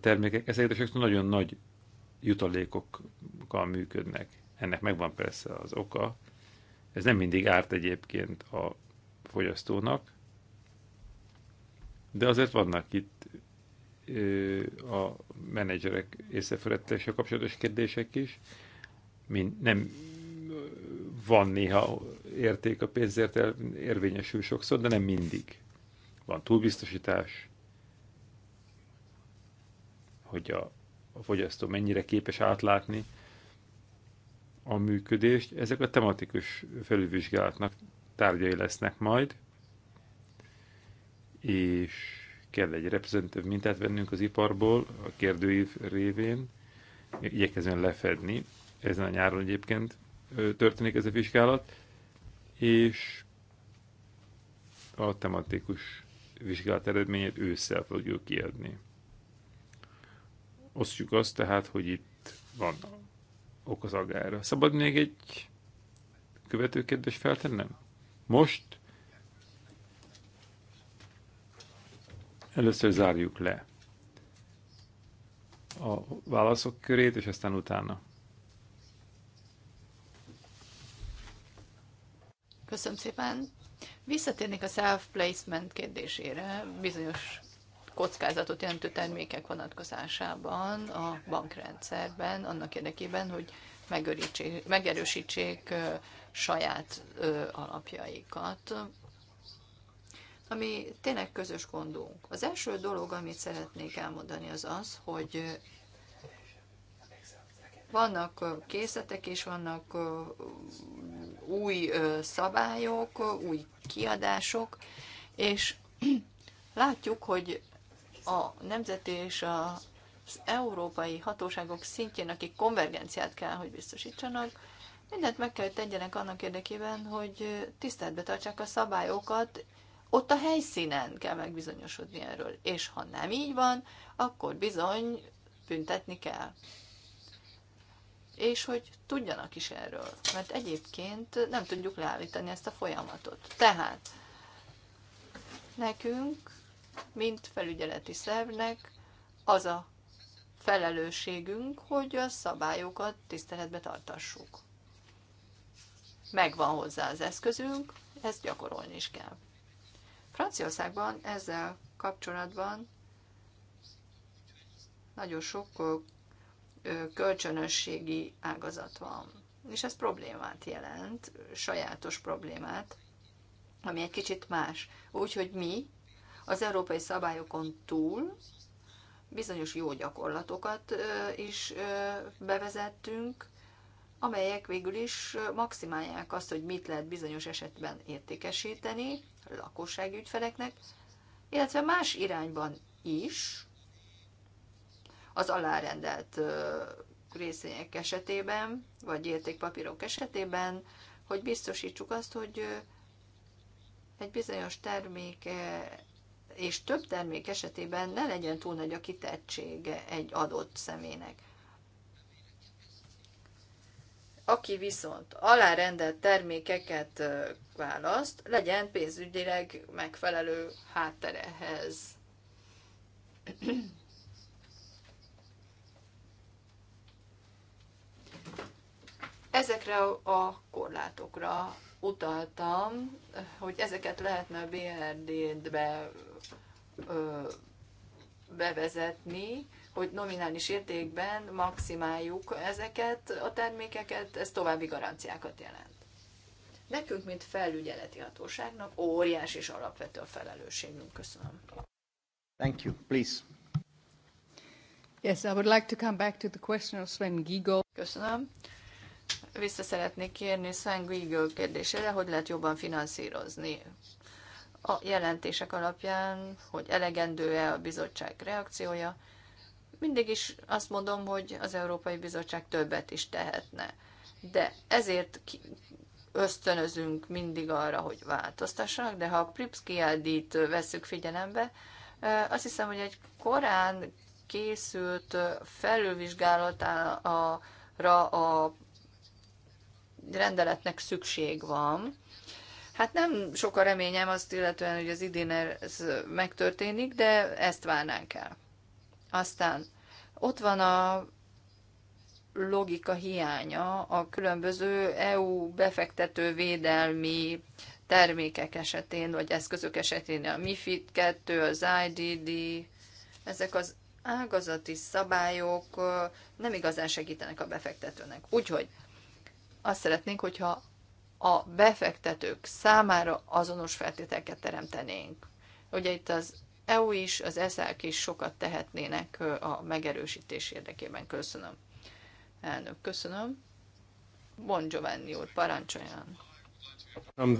termékek, ezek sokszor nagyon nagy jutalékokkal működnek. Ennek megvan persze az oka. Ez nem mindig árt egyébként a fogyasztónak, de azért vannak itt a menedzserek észrefelettelése kapcsolatos kérdések is. Mint nem van néha érték a pénzért, érvényesül sokszor, de nem mindig. Van túlbiztosítás, hogy a, a fogyasztó mennyire képes átlátni a működést. Ezek a tematikus felülvizsgálatnak tárgyai lesznek majd, és Kell egy reprezentatív mintát vennünk az iparból a kérdőív révén, igyekezően lefedni. Ezen a nyáron egyébként történik ez a vizsgálat, és a tematikus vizsgálat eredményét ősszel fogjuk kiadni. Osztjuk azt tehát, hogy itt van ok az agára. Szabad még egy követő kérdést feltennem? Most Először zárjuk le a válaszok körét, és aztán utána. Köszönöm szépen. Visszatérnék a self-placement kérdésére, bizonyos kockázatot jelentő termékek vonatkozásában a bankrendszerben, annak érdekében, hogy megerősítsék saját alapjaikat ami tényleg közös gondunk. Az első dolog, amit szeretnék elmondani, az az, hogy vannak készletek és vannak új szabályok, új kiadások, és látjuk, hogy a nemzeti és az európai hatóságok szintjén, akik konvergenciát kell, hogy biztosítsanak, mindent meg kell tegyenek annak érdekében, hogy tiszteletbe tartsák a szabályokat, ott a helyszínen kell megbizonyosodni erről. És ha nem így van, akkor bizony büntetni kell. És hogy tudjanak is erről, mert egyébként nem tudjuk leállítani ezt a folyamatot. Tehát nekünk, mint felügyeleti szervnek az a felelősségünk, hogy a szabályokat tiszteletbe tartassuk. Megvan hozzá az eszközünk, ezt gyakorolni is kell. Franciaországban ezzel kapcsolatban nagyon sok kölcsönösségi ágazat van. És ez problémát jelent, sajátos problémát, ami egy kicsit más. Úgyhogy mi az európai szabályokon túl bizonyos jó gyakorlatokat is bevezettünk, amelyek végül is maximálják azt, hogy mit lehet bizonyos esetben értékesíteni, lakossági ügyfeleknek, illetve más irányban is, az alárendelt részvények esetében, vagy értékpapírok esetében, hogy biztosítsuk azt, hogy egy bizonyos termék és több termék esetében ne legyen túl nagy a kitettsége egy adott személynek. Aki viszont alárendelt termékeket választ, legyen pénzügyileg megfelelő hátterehez. Ezekre a korlátokra utaltam, hogy ezeket lehetne a BRD-be bevezetni, hogy nominális értékben maximáljuk ezeket a termékeket, ez további garanciákat jelent. Nekünk, mint felügyeleti hatóságnak óriás és alapvető a felelősségünk. Köszönöm. Thank you. Please. Yes, I would like to come back to the question of Sven Gigo. Köszönöm. Vissza szeretnék kérni Sven Gigo kérdésére, hogy lehet jobban finanszírozni a jelentések alapján, hogy elegendő-e a bizottság reakciója, mindig is azt mondom, hogy az Európai Bizottság többet is tehetne. De ezért ösztönözünk mindig arra, hogy változtassanak, de ha a Pripsky id veszük figyelembe, azt hiszem, hogy egy korán készült felülvizsgálatára a rendeletnek szükség van. Hát nem sok a reményem azt illetően, hogy az idén ez megtörténik, de ezt várnánk el. Aztán ott van a logika hiánya a különböző EU befektető védelmi termékek esetén, vagy eszközök esetén, a MIFID 2, az IDD, ezek az ágazati szabályok nem igazán segítenek a befektetőnek. Úgyhogy azt szeretnénk, hogyha a befektetők számára azonos feltételeket teremtenénk. Ugye itt az EU is, az ESZÁK is sokat tehetnének a megerősítés érdekében. Köszönöm. Elnök, köszönöm. Bon Giovanni úr, parancsoljon. Um,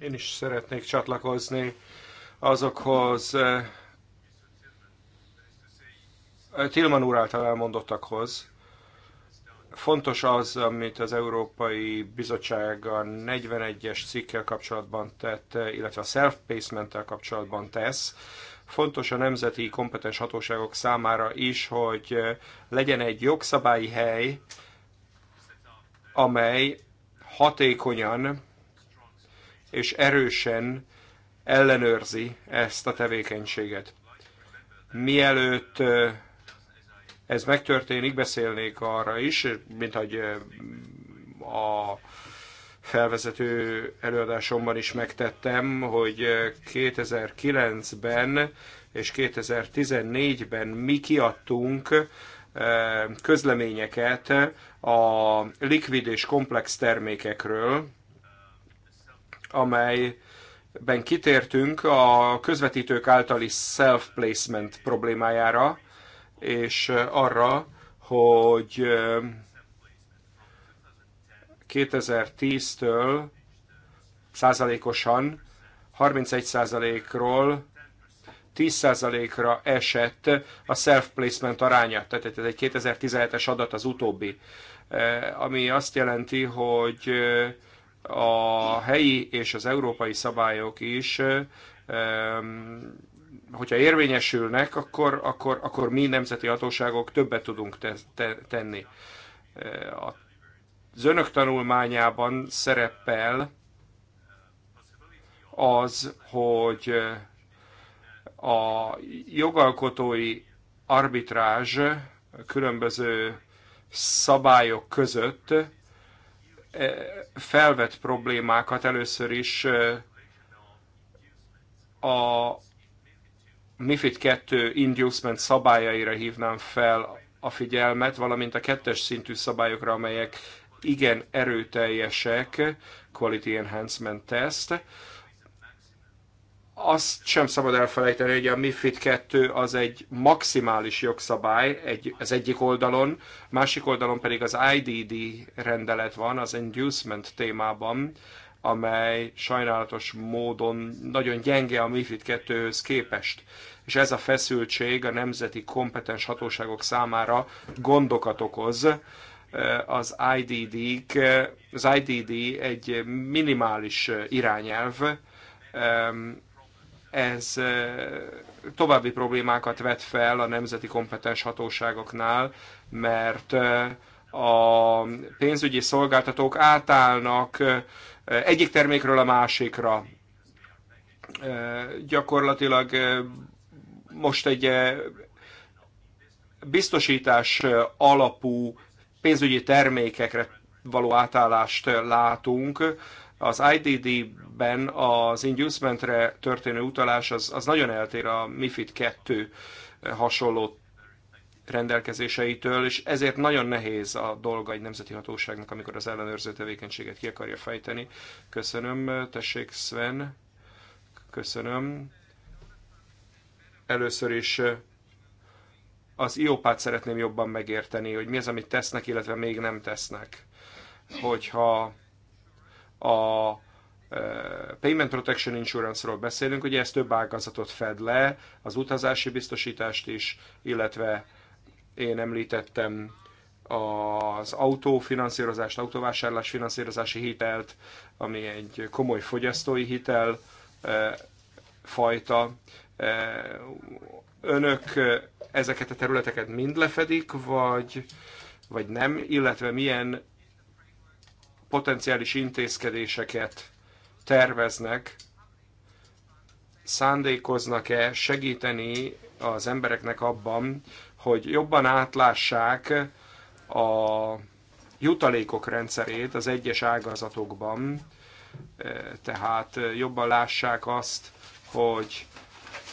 Én is szeretnék csatlakozni azokhoz, Tilman úr által elmondottakhoz. Fontos az, amit az Európai Bizottság a 41-es cikkel kapcsolatban tett, illetve a self-pacementtel kapcsolatban tesz. Fontos a nemzeti kompetens hatóságok számára is, hogy legyen egy jogszabályi hely, amely hatékonyan és erősen ellenőrzi ezt a tevékenységet. Mielőtt ez megtörténik, beszélnék arra is, mint hogy a felvezető előadásomban is megtettem, hogy 2009-ben és 2014-ben mi kiadtunk közleményeket a likvid és komplex termékekről, amelyben kitértünk a közvetítők általi self-placement problémájára, és arra, hogy 2010-től százalékosan 31 százalékról 10%-ra esett a self-placement aránya. Tehát ez egy 2017-es adat az utóbbi, ami azt jelenti, hogy a helyi és az európai szabályok is hogyha érvényesülnek, akkor, akkor, akkor mi nemzeti hatóságok többet tudunk te, te, tenni. E, a önök tanulmányában szerepel az, hogy a jogalkotói arbitrázs különböző szabályok között e, felvet problémákat először is e, a MIFID 2 inducement szabályaira hívnám fel a figyelmet, valamint a kettes szintű szabályokra, amelyek igen erőteljesek, Quality Enhancement Test. Azt sem szabad elfelejteni, hogy a MIFID 2 az egy maximális jogszabály egy, az egyik oldalon, másik oldalon pedig az IDD rendelet van az inducement témában, amely sajnálatos módon nagyon gyenge a MIFID 2-höz képest és ez a feszültség a nemzeti kompetens hatóságok számára gondokat okoz. Az IDD, az IDD egy minimális irányelv, ez további problémákat vet fel a nemzeti kompetens hatóságoknál, mert a pénzügyi szolgáltatók átállnak egyik termékről a másikra. Gyakorlatilag most egy eh, biztosítás eh, alapú pénzügyi termékekre való átállást eh, látunk. Az IDD-ben az inducementre történő utalás az, az nagyon eltér a MIFID 2 hasonló rendelkezéseitől, és ezért nagyon nehéz a dolga egy nemzeti hatóságnak, amikor az ellenőrző tevékenységet ki akarja fejteni. Köszönöm, tessék Sven, köszönöm. Először is az IOPÁT szeretném jobban megérteni, hogy mi az, amit tesznek, illetve még nem tesznek. Hogyha a Payment Protection Insurance-ról beszélünk, ugye ez több ágazatot fed le, az utazási biztosítást is, illetve én említettem az autófinanszírozást, autóvásárlás finanszírozási hitelt, ami egy komoly fogyasztói hitel fajta, Önök ezeket a területeket mind lefedik, vagy, vagy nem, illetve milyen potenciális intézkedéseket terveznek, szándékoznak-e segíteni az embereknek abban, hogy jobban átlássák a jutalékok rendszerét az egyes ágazatokban, tehát jobban lássák azt, hogy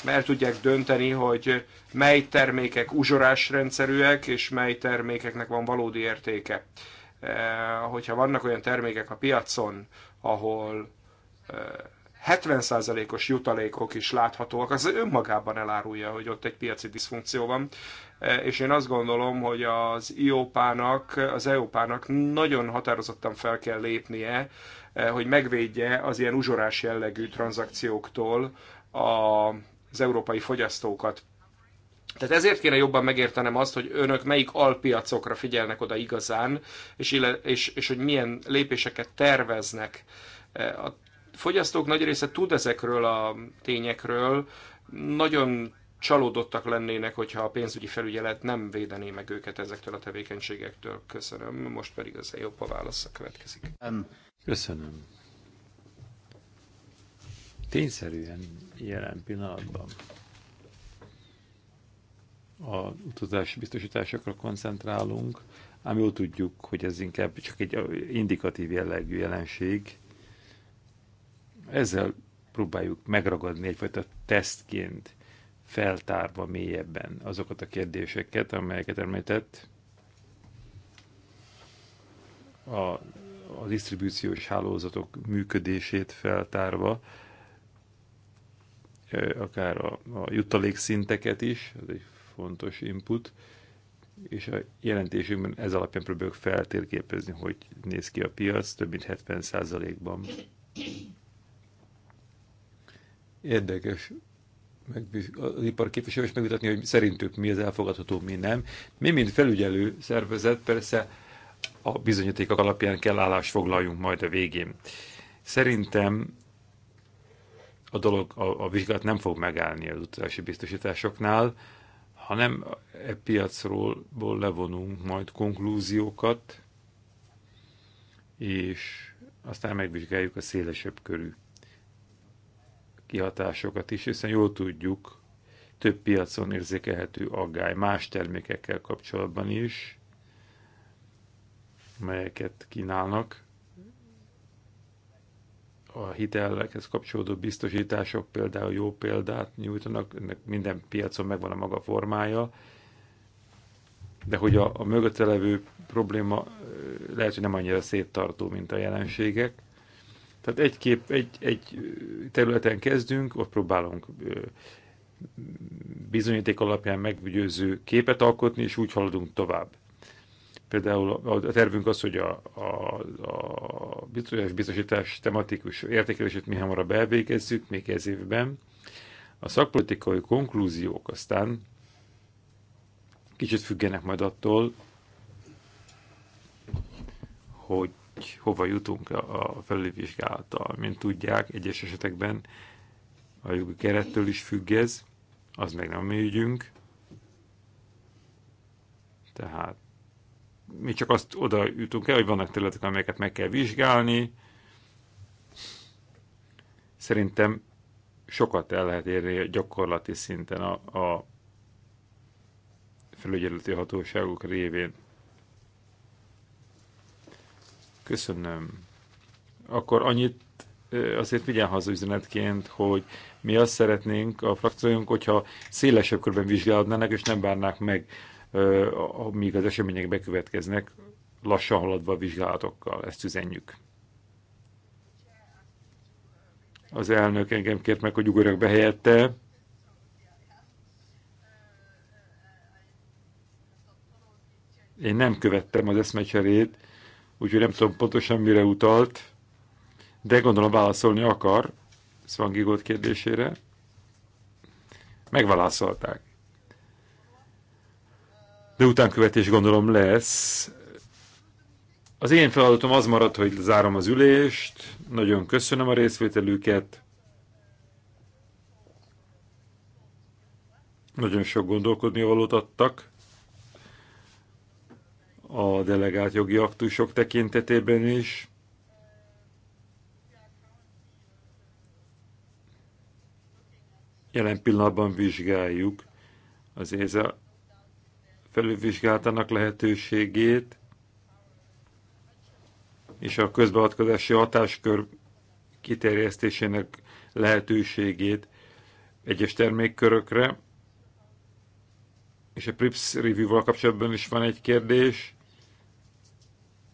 el tudják dönteni, hogy mely termékek uzsorás rendszerűek, és mely termékeknek van valódi értéke. E, hogyha vannak olyan termékek a piacon, ahol 70%-os e, jutalékok is láthatóak, az önmagában elárulja, hogy ott egy piaci diszfunkció van. E, és én azt gondolom, hogy az IOPának, az EOPának nagyon határozottan fel kell lépnie, hogy megvédje az ilyen uzsorás jellegű tranzakcióktól a az európai fogyasztókat. Tehát ezért kéne jobban megértenem azt, hogy önök melyik alpiacokra figyelnek oda igazán, és, és, és hogy milyen lépéseket terveznek. A fogyasztók nagy része tud ezekről a tényekről, nagyon csalódottak lennének, hogyha a pénzügyi felügyelet nem védené meg őket ezektől a tevékenységektől. Köszönöm. Most pedig az válasz a következik. Köszönöm tényszerűen jelen pillanatban a utazási biztosításokra koncentrálunk, ám jól tudjuk, hogy ez inkább csak egy indikatív jellegű jelenség. Ezzel próbáljuk megragadni egyfajta tesztként, feltárva mélyebben azokat a kérdéseket, amelyeket említett a, a disztribúciós hálózatok működését feltárva, Eh, akár a, a juttalékszinteket is, ez egy fontos input, és a jelentésünkben ez alapján próbáljuk feltérképezni, hogy néz ki a piac, több mint 70%-ban. Érdekes az ipar képviselő is megvitatni, hogy szerintük mi az elfogadható, mi nem. Mi, mint felügyelő szervezet, persze a bizonyítékok alapján kell állást foglaljunk majd a végén. Szerintem a dolog, a, a vizsgálat nem fog megállni az utazási biztosításoknál, hanem e piacról levonunk majd konklúziókat, és aztán megvizsgáljuk a szélesebb körű kihatásokat is, hiszen jól tudjuk, több piacon érzékelhető aggály más termékekkel kapcsolatban is, melyeket kínálnak, a hitelekhez kapcsolódó biztosítások például jó példát nyújtanak, ennek minden piacon megvan a maga formája, de hogy a, a mögötte levő probléma lehet, hogy nem annyira széttartó, mint a jelenségek. Tehát egy, kép, egy, egy területen kezdünk, ott próbálunk bizonyíték alapján meggyőző képet alkotni, és úgy haladunk tovább. Például a tervünk az, hogy a, a, a biztosítás, biztosítás tematikus értékelését mi hamarabb elvégezzük, még ez évben. A szakpolitikai konklúziók aztán kicsit függenek majd attól, hogy hova jutunk a felülvizsgálattal. Mint tudják, egyes esetekben a jogi kerettől is függ ez, az meg nem mi ügyünk. Tehát mi csak azt oda jutunk el, hogy vannak területek, amelyeket meg kell vizsgálni. Szerintem sokat el lehet érni gyakorlati szinten a, a felügyeleti hatóságok révén. Köszönöm. Akkor annyit azért vigyen haza üzenetként, hogy mi azt szeretnénk a frakciónk, hogyha szélesebb körben vizsgálódnának, és nem bárnák meg amíg az események bekövetkeznek, lassan haladva a vizsgálatokkal. Ezt üzenjük. Az elnök engem kért meg, hogy ugorjak be helyette. Én nem követtem az eszmecserét, úgyhogy nem tudom pontosan mire utalt, de gondolom válaszolni akar Szvangigot kérdésére. Megválaszolták de utánkövetés gondolom lesz. Az én feladatom az maradt, hogy zárom az ülést, nagyon köszönöm a részvételüket, nagyon sok gondolkodni valót adtak a delegált jogi aktusok tekintetében is. Jelen pillanatban vizsgáljuk az ÉZA felülvizsgáltanak lehetőségét és a közbeavatkozási hatáskör kiterjesztésének lehetőségét egyes termékkörökre. És a PRIPS review-val kapcsolatban is van egy kérdés,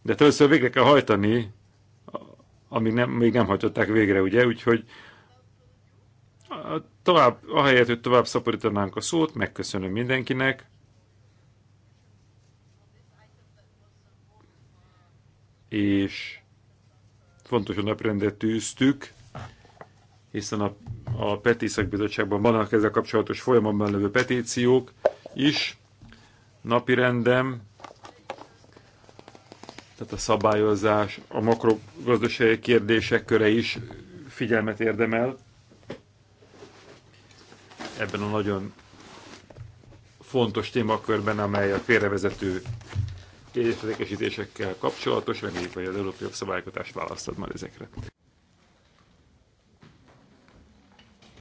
de először végre kell hajtani, amíg nem, még nem hajtották végre, ugye? Úgyhogy tovább, ahelyett, hogy tovább szaporítanánk a szót, megköszönöm mindenkinek, és fontos, hogy naprendet tűztük, hiszen a, a Peti Szakbizottságban vannak ezzel kapcsolatos folyamatban levő petíciók is, napi rendem, tehát a szabályozás, a makrogazdasági kérdések köre is figyelmet érdemel. Ebben a nagyon fontos témakörben, amely a félrevezető értékesítésekkel kapcsolatos, reméljük, hogy az európai jogszabályokat választod már ezekre.